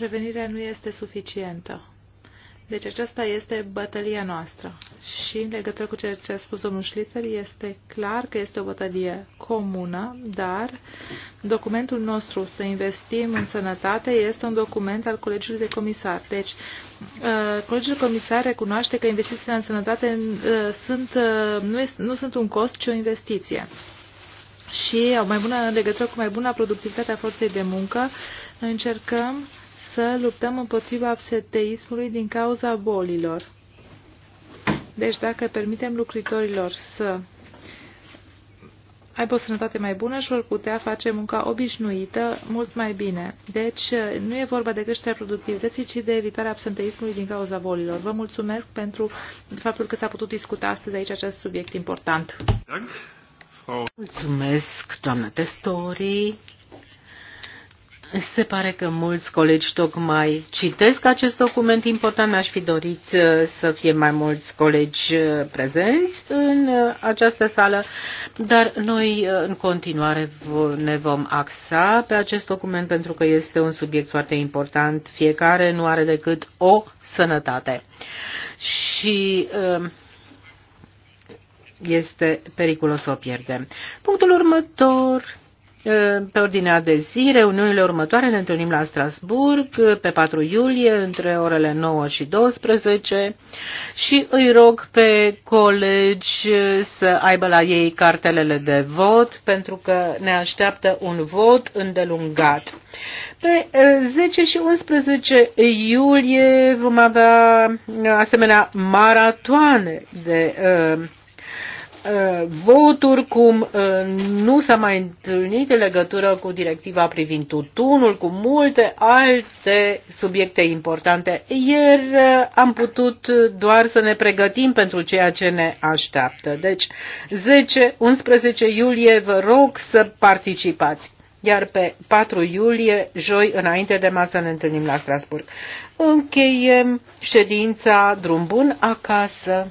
prevenirea nu este suficientă. Deci aceasta este bătălia noastră. Și în legătură cu ceea ce a spus domnul Schlitter, este clar că este o bătălie comună, dar documentul nostru să investim în sănătate este un document al Colegiului de Comisar. Deci, uh, Colegiul de Comisar recunoaște că investițiile în sănătate uh, sunt, uh, nu, este, nu sunt un cost, ci o investiție și o mai bună legătură cu mai bună productivitatea forței de muncă, încercăm să luptăm împotriva absenteismului din cauza bolilor. Deci dacă permitem lucrătorilor să aibă o sănătate mai bună și vor putea face munca obișnuită mult mai bine. Deci nu e vorba de creșterea productivității, ci de evitarea absenteismului din cauza bolilor. Vă mulțumesc pentru faptul că s-a putut discuta astăzi aici acest subiect important. Mulțumesc, doamna testorii. Se pare că mulți colegi tocmai citesc acest document important. Mi-aș fi dorit uh, să fie mai mulți colegi uh, prezenți în uh, această sală, dar noi în continuare ne vom axa pe acest document pentru că este un subiect foarte important. Fiecare nu are decât o sănătate. Și este periculos să o pierdem. Punctul următor pe ordinea de zi, reuniunile următoare ne întâlnim la Strasburg pe 4 iulie între orele 9 și 12 și îi rog pe colegi să aibă la ei cartelele de vot pentru că ne așteaptă un vot îndelungat. Pe 10 și 11 iulie vom avea asemenea maratoane de uh, Uh, voturi cum uh, nu s-a mai întâlnit în legătură cu directiva privind tutunul, cu multe alte subiecte importante. Ieri uh, am putut doar să ne pregătim pentru ceea ce ne așteaptă. Deci 10-11 iulie vă rog să participați iar pe 4 iulie, joi, înainte de masă, ne întâlnim la Strasburg. Încheiem ședința drum bun acasă.